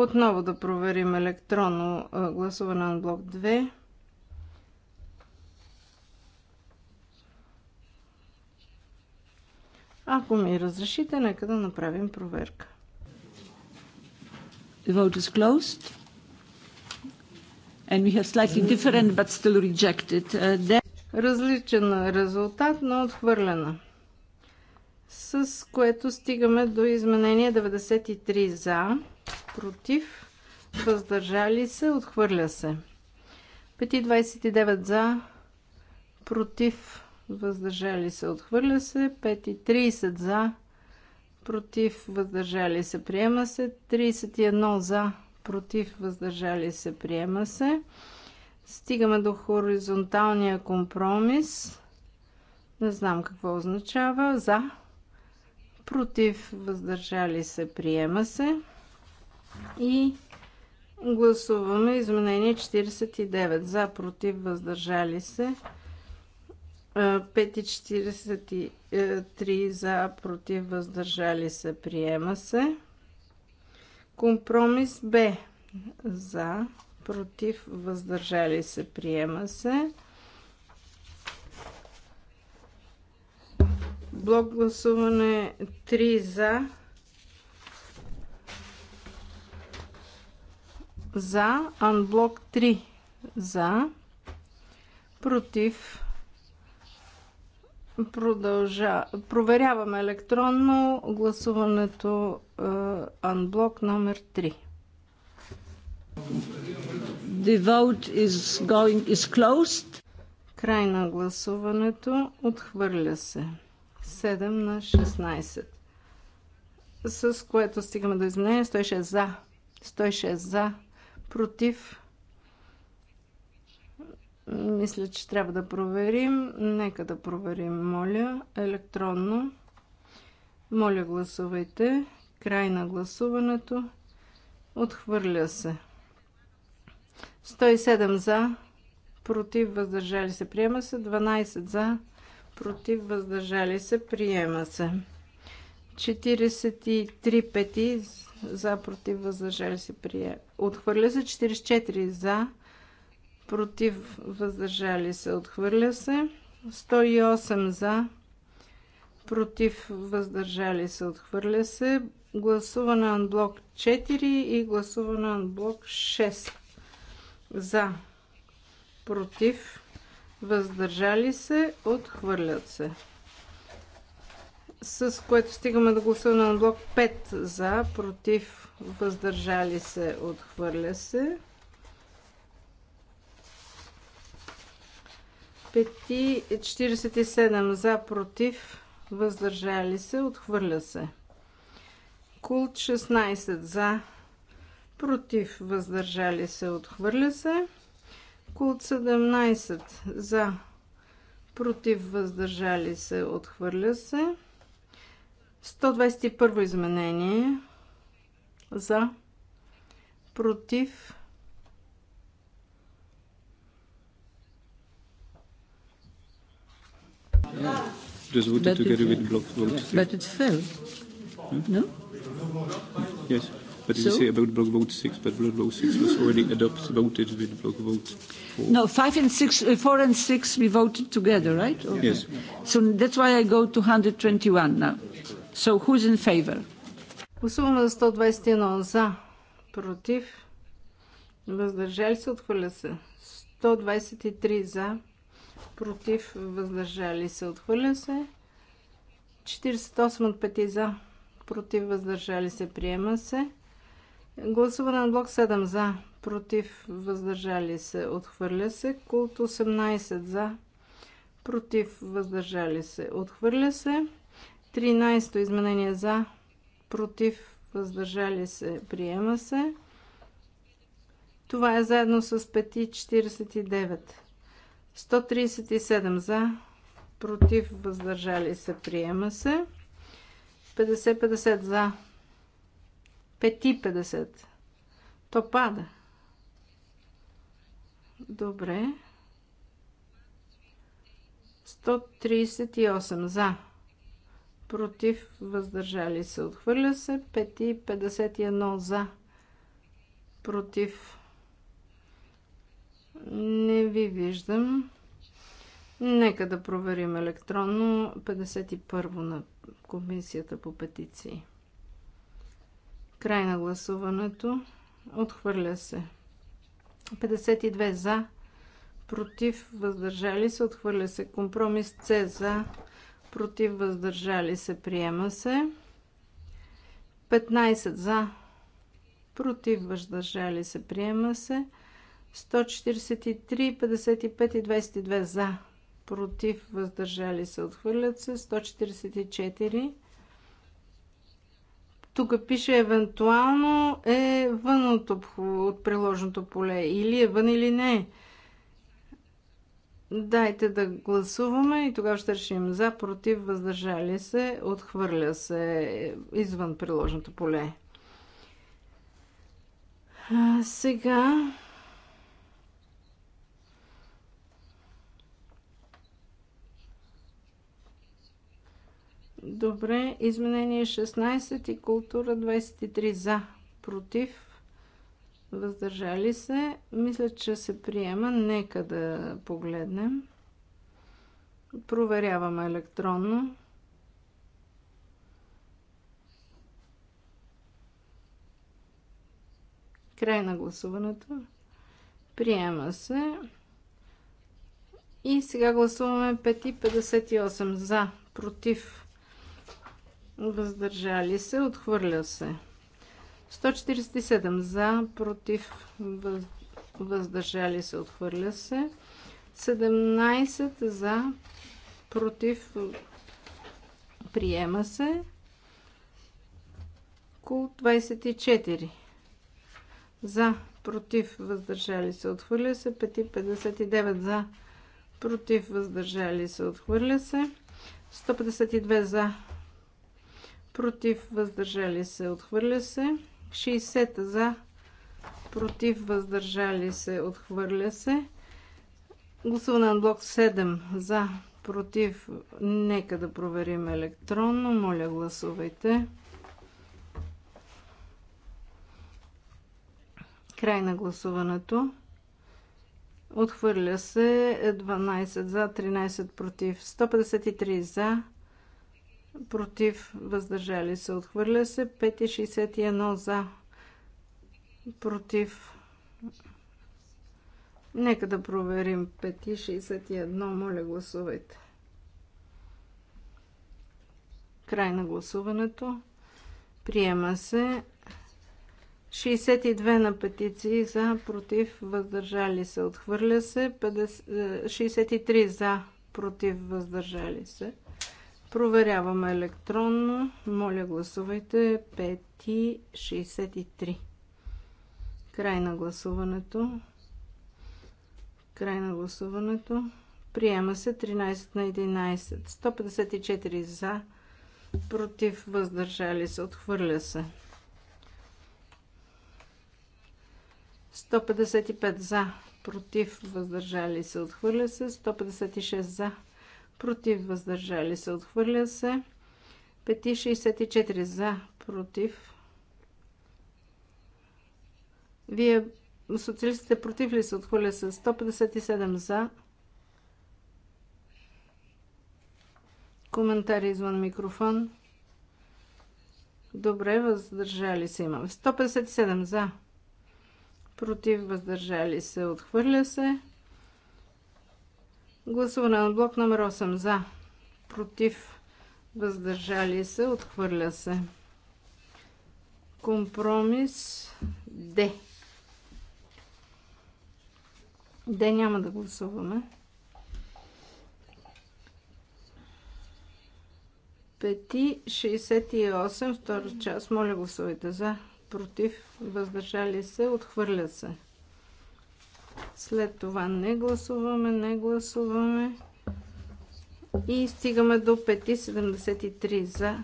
Отново да проверим електронно гласуване на блок 2. Ако ми разрешите, нека да направим проверка. The vote is closed. And we have slightly different, but still rejected. Uh, then... Различен резултат, но отхвърлена. С което стигаме до изменение 93 за против, въздържали се, отхвърля се. 5,29 за, против, въздържали се, отхвърля се. 5,30 за, против, въздържали се, приема се. 31 за, против, въздържали се, приема се. Стигаме до хоризонталния компромис. Не знам какво означава. За, против, въздържали се, приема се. И гласуваме изменение 49. За, против, въздържали се. 5,43 за, против, въздържали се, приема се. Компромис Б за, против, въздържали се, приема се. Блок гласуване 3 за, за, анблок 3 за, против, продължа. Проверяваме електронно гласуването е, анблок номер 3. The vote is going is closed. Край на гласуването отхвърля се. 7 на 16. С което стигаме до изменение 106 за. 106 за против. Мисля, че трябва да проверим. Нека да проверим, моля, електронно. Моля, гласувайте. Край на гласуването. Отхвърля се. 107 за, против, въздържали се, приема се. 12 за, против, въздържали се, приема се. 43 пети за, против, въздържали се, прие. Отхвърля се 44 за, против, въздържали се, отхвърля се. 108 за, против, въздържали се, отхвърля се. Гласуване на блок 4 и гласуване на блок 6. За, против, въздържали се, отхвърлят се с което стигаме до гласуване на блок 5 за, против, въздържали се, отхвърля се. Пети 47 за, против, въздържали се, отхвърля се. Култ 16 за, против, въздържали се, отхвърля се. Култ 17 за, против, въздържали се, отхвърля се. 121 изменение за против Just voted together with block vote. But it fell. No? Yes. But did so? you say about block vote six? But block vote six was already adopted, voted with block vote. Four. No, five and six, uh, four and six, we voted together, right? Okay. Yes. So that's why I go to 121 now. So who's in favor? Гласуваме за 121 за, против, въздържали се, отхвърля се. 123 за, против, въздържали се, отхвърля се. 48 от 5 за, против, въздържали се, приема се. Гласуване на блок 7 за, против, въздържали се, отхвърля се. Култ 18 за, против, въздържали се, отхвърля се. 13-то изменение за, против, въздържали се, приема се. Това е заедно с 5,49. 137 за, против, въздържали се, приема се. 50-50 за, 5,50. То пада. Добре. 138 за против, въздържали се, отхвърля се. 5 и 51 за, против. Не ви виждам. Нека да проверим електронно 51 на комисията по петиции. Край на гласуването. Отхвърля се. 52 за, против, въздържали се, отхвърля се. Компромис С за, против въздържали се, приема се. 15 за, против въздържали се, приема се. 143, 55 и 22 за, против въздържали се, отхвърлят се. 144 тук пише евентуално е вън от, от приложното поле. Или е вън, или не е. Дайте да гласуваме и тогава ще решим за, против, въздържали се, отхвърля се извън приложното поле. А, сега... Добре, изменение 16 и култура 23 за, против, въздържали се. Мисля, че се приема. Нека да погледнем. Проверяваме електронно. Край на гласуването. Приема се. И сега гласуваме 5,58 за, против, въздържали се, отхвърля се. 147 за, против, въздържали се, отхвърля се. 17 за, против, приема се. Кул 24 за, против, въздържали се, отхвърля се. 559 за, против, въздържали се, отхвърля се. 152 за, против, въздържали се, отхвърля се. 60 за, против, въздържали се, отхвърля се. Гласуване на блок 7 за, против, нека да проверим електронно. Моля, гласувайте. Край на гласуването. Отхвърля се 12 за, 13 против, 153 за, против, въздържали се, отхвърля се. 5,61 за, против. Нека да проверим 5,61, моля гласувайте. Край на гласуването. Приема се 62 на петиции за, против, въздържали се, отхвърля се. 53 63 за, против, въздържали се. Проверяваме електронно. Моля гласувайте 5.63. Край на гласуването. Край на гласуването. Приема се 13 на 11. 154 за. Против въздържали се. Отхвърля се. 155 за. Против въздържали се. Отхвърля се. 156 за против, въздържали се, отхвърля се. 5,64 за, против. Вие, социалистите, против ли се, отхвърля се. 157 за. Коментари извън микрофон. Добре, въздържали се имаме. 157 за. Против, въздържали се, отхвърля се. Гласуване на блок номер 8 за, против, въздържали се, отхвърля се. Компромис Д. Д няма да гласуваме. Пети 68, втора част. Моля гласувайте за, против, въздържали се, отхвърля се. След това не гласуваме, не гласуваме. И стигаме до 5,73 за,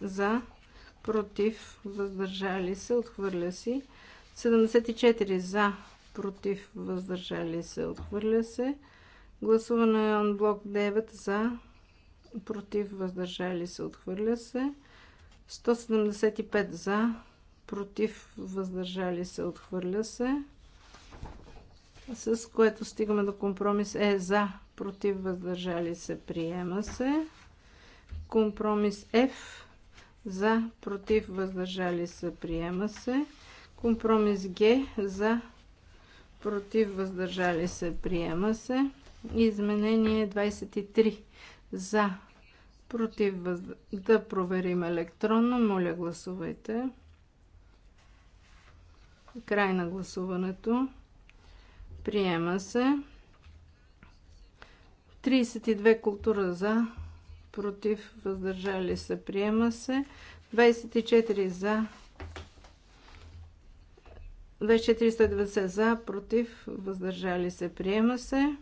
за, против, въздържали се, отхвърля си. 74 за, против, въздържали се, отхвърля се. Гласуване е блок 9 за, против, въздържали се, отхвърля се. 175 за, против, въздържали се, отхвърля се с което стигаме до компромис е за, против, въздържали се, приема се. Компромис F за, против, въздържали се, приема се. Компромис Г за, против, въздържали се, приема се. Изменение 23 за, против, въз... да проверим електронно. Моля, гласувайте. Край на гласуването. Приема се. 32 култура за, против, въздържали се, приема се. 24 за, 2490 за, против, въздържали се, приема се.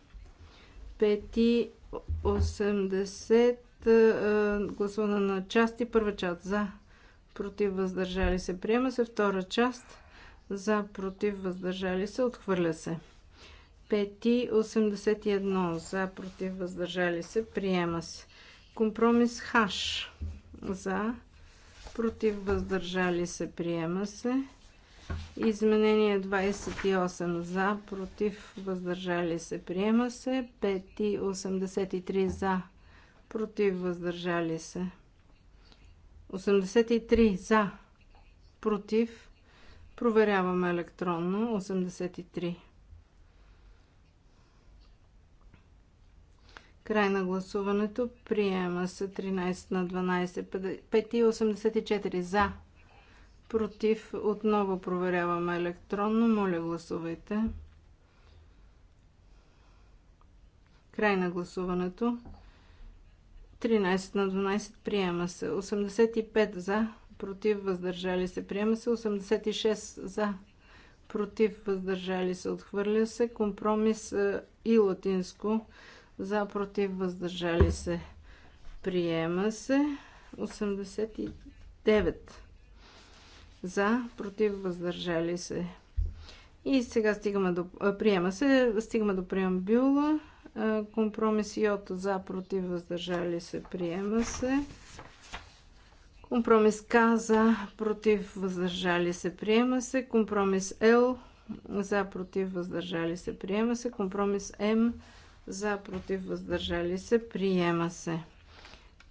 580 гласуване на части, първа част за, против, въздържали се, приема се. Втора част за, против, въздържали се, отхвърля се. 5,81 за, против, въздържали се, приема се. Компромис хаш за, против, въздържали се, приема се. Изменение 28 за, против, въздържали се, приема се. 5,83 за, против, въздържали се. 83 за, против, проверяваме електронно. 83. Край на гласуването. Приема се 13 на 12. 5,84 за. Против. Отново проверяваме електронно. Моля, гласувайте. Край на гласуването. 13 на 12 приема се. 85 за, против, въздържали се. Приема се. 86 за, против, въздържали се. Отхвърля се. Компромис е, и латинско за против въздържали се приема се 89 за против въздържали се и сега стигаме до приема се стигаме до преамбюла компромис Йота за против въздържали се приема се Компромис К за против въздържали се приема се. Компромис Л за против въздържали се приема се. Компромис М за против въздържали се, приема се.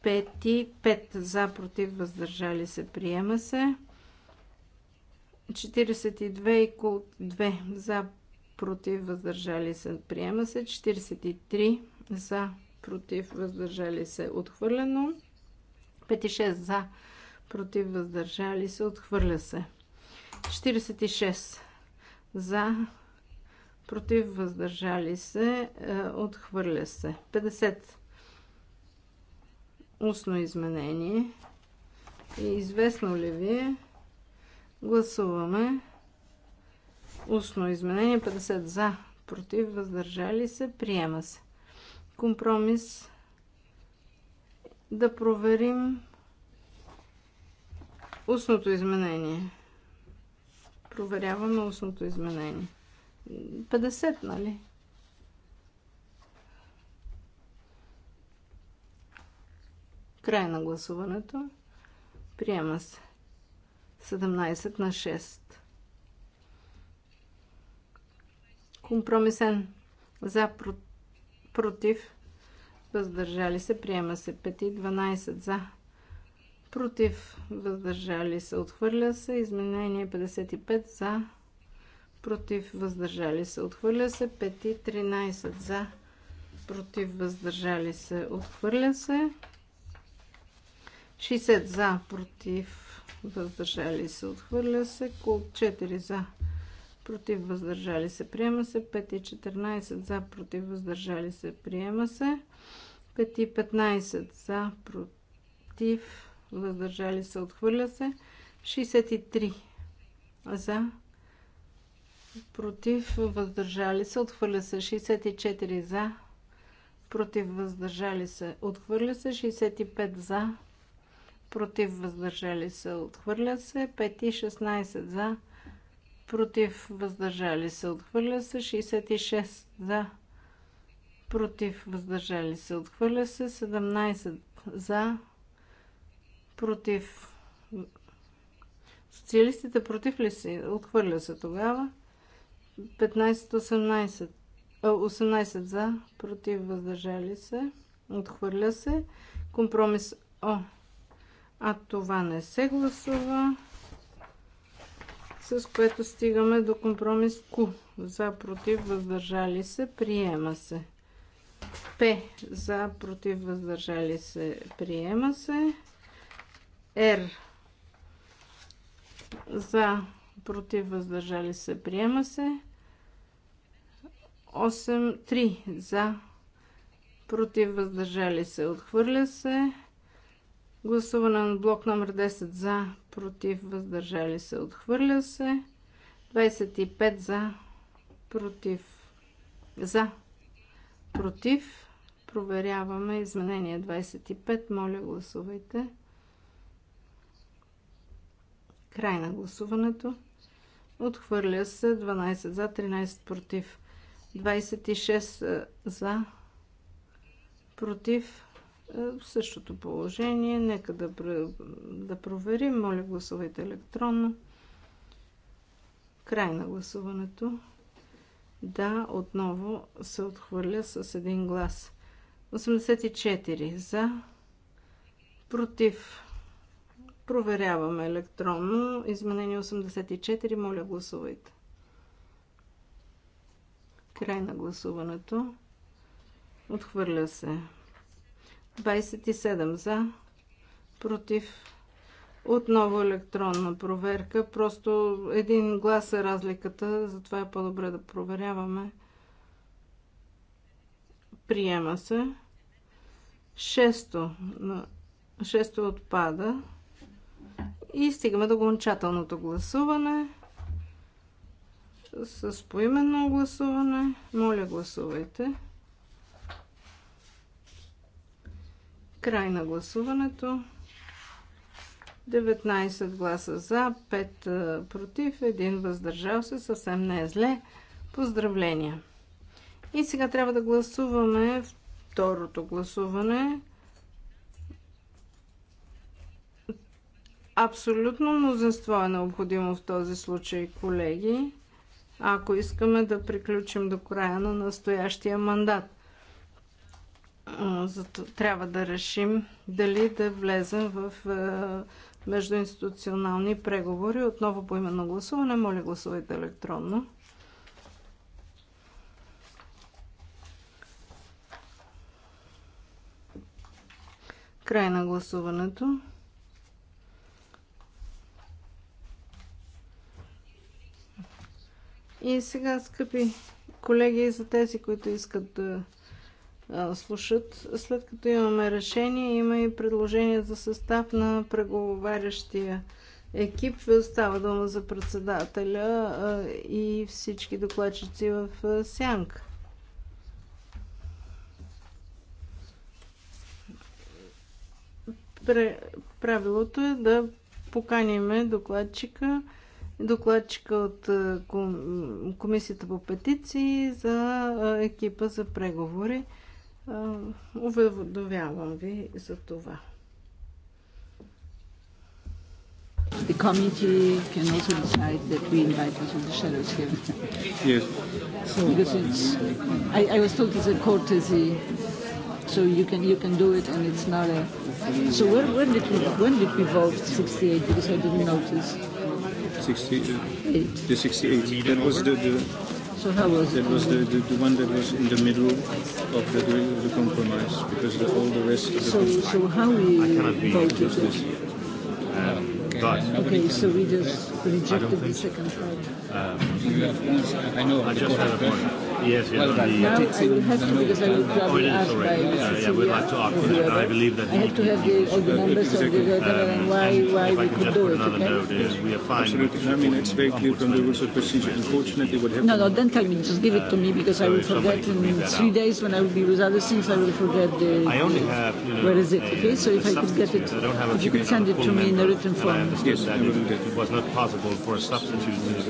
5 и 5 за против въздържали се, приема се. 42 и 2 за против въздържали се, приема се. 43 за против въздържали се, отхвърлено. 5 и 6 за против въздържали се, отхвърля се. 46 за против, въздържали се, е, отхвърля се. 50. Устно изменение. И известно ли ви е? Гласуваме. Устно изменение 50 за, против, въздържали се, приема се. Компромис. Да проверим устното изменение. Проверяваме устното изменение. 50, нали? Край на гласуването. Приема се. 17 на 6. Компромисен. За, против. Въздържали се. Приема се. 5 и 12 за. Против. Въздържали се. Отхвърля се. Изменение 55 за против въздържали се, отхвърля се. 5 и 13 за, против въздържали се, отхвърля се. 60 за, против въздържали се, отхвърля се. Кул 4 за, против въздържали се, приема се. 5 и 14 за, против въздържали се, приема се. 5 и 15 за, против въздържали се, отхвърля се. 63 за, против против, въздържали се, отхвърля се 64 за, против, въздържали се, отхвърля се 65 за, против, въздържали се, отхвърля се 5 и 16 за, против, въздържали се, отхвърля се 66 за, против, въздържали се, отхвърля се 17 за, против, Социалистите против ли си? Отхвърля се тогава. 15-18. 18 за, против, въздържали се. Отхвърля се. Компромис О. А това не се гласува. С което стигаме до компромис Q. За, против, въздържали се. Приема се. П. За, против, въздържали се. Приема се. Р. За, против, въздържали се. Приема се. 8-3 за, против, въздържали се, отхвърля се. Гласуване на блок номер 10 за, против, въздържали се, отхвърля се. 25 за, против, за, против. Проверяваме изменение 25. Моля, гласувайте. Край на гласуването. Отхвърля се 12 за, 13 против. 26 е, за, против, в е, същото положение. Нека да, да проверим. Моля, гласувайте електронно. Край на гласуването. Да, отново се отхвърля с един глас. 84 за, против. Проверяваме електронно. Изменение 84. Моля, гласувайте. Край на гласуването. Отхвърля се. 27 за. Против. Отново електронна проверка. Просто един глас е разликата, затова е по-добре да проверяваме. Приема се. Шесто. Шесто отпада. И стигаме до окончателното гласуване с поименно гласуване. Моля, гласувайте. Край на гласуването. 19 гласа за, 5 против, 1 въздържал се. Съвсем не е зле. Поздравления! И сега трябва да гласуваме второто гласуване. Абсолютно мнозинство е необходимо в този случай, колеги ако искаме да приключим до края на настоящия мандат. Зато трябва да решим дали да влезем в междуинституционални преговори. Отново по именно гласуване. Моля, гласувайте електронно. Край на гласуването. И сега, скъпи колеги, за тези, които искат да слушат, след като имаме решение, има и предложение за състав на преговарящия екип. Става дума за председателя и всички докладчици в Сянг. Правилото е да поканиме докладчика докладчика от Комисията по петиции за екипа за преговори. Уведомявам ви за това. The committee can also decide that we invite to the shadows here. Yes. So because it's, I, I was told it's a courtesy, so you can you can do it, and it's not a. So where, when did we, when did we vote 68? Because I didn't notice. 68. The 68. That was the, the so how was that was the, the, the one that was in the middle of the, the, the compromise because the, all the rest. Of the so so how we I cannot be voted. Um, okay, so we just rejected the second part. Um, I know. I just had a point. Yes, yes. Well, the, it's I will have to because I will travel. Oh, it is already. Uh, yeah, we'd like to ask for that. I believe that. I have to have the, all the numbers of the whatever and why why we could do it. Okay. Note, is we are fine. Absolutely. I mean, it's very clear from the rules of procedure. Unfortunately, what happened. No, no. Don't tell me. Just give it to me because I will forget in three days when I will be with other things. I will forget the. I only have. You know, where is it? Okay. So if I could get it, if you could send it to me in a written form. Yes, I will do that. It was not possible for a substitute to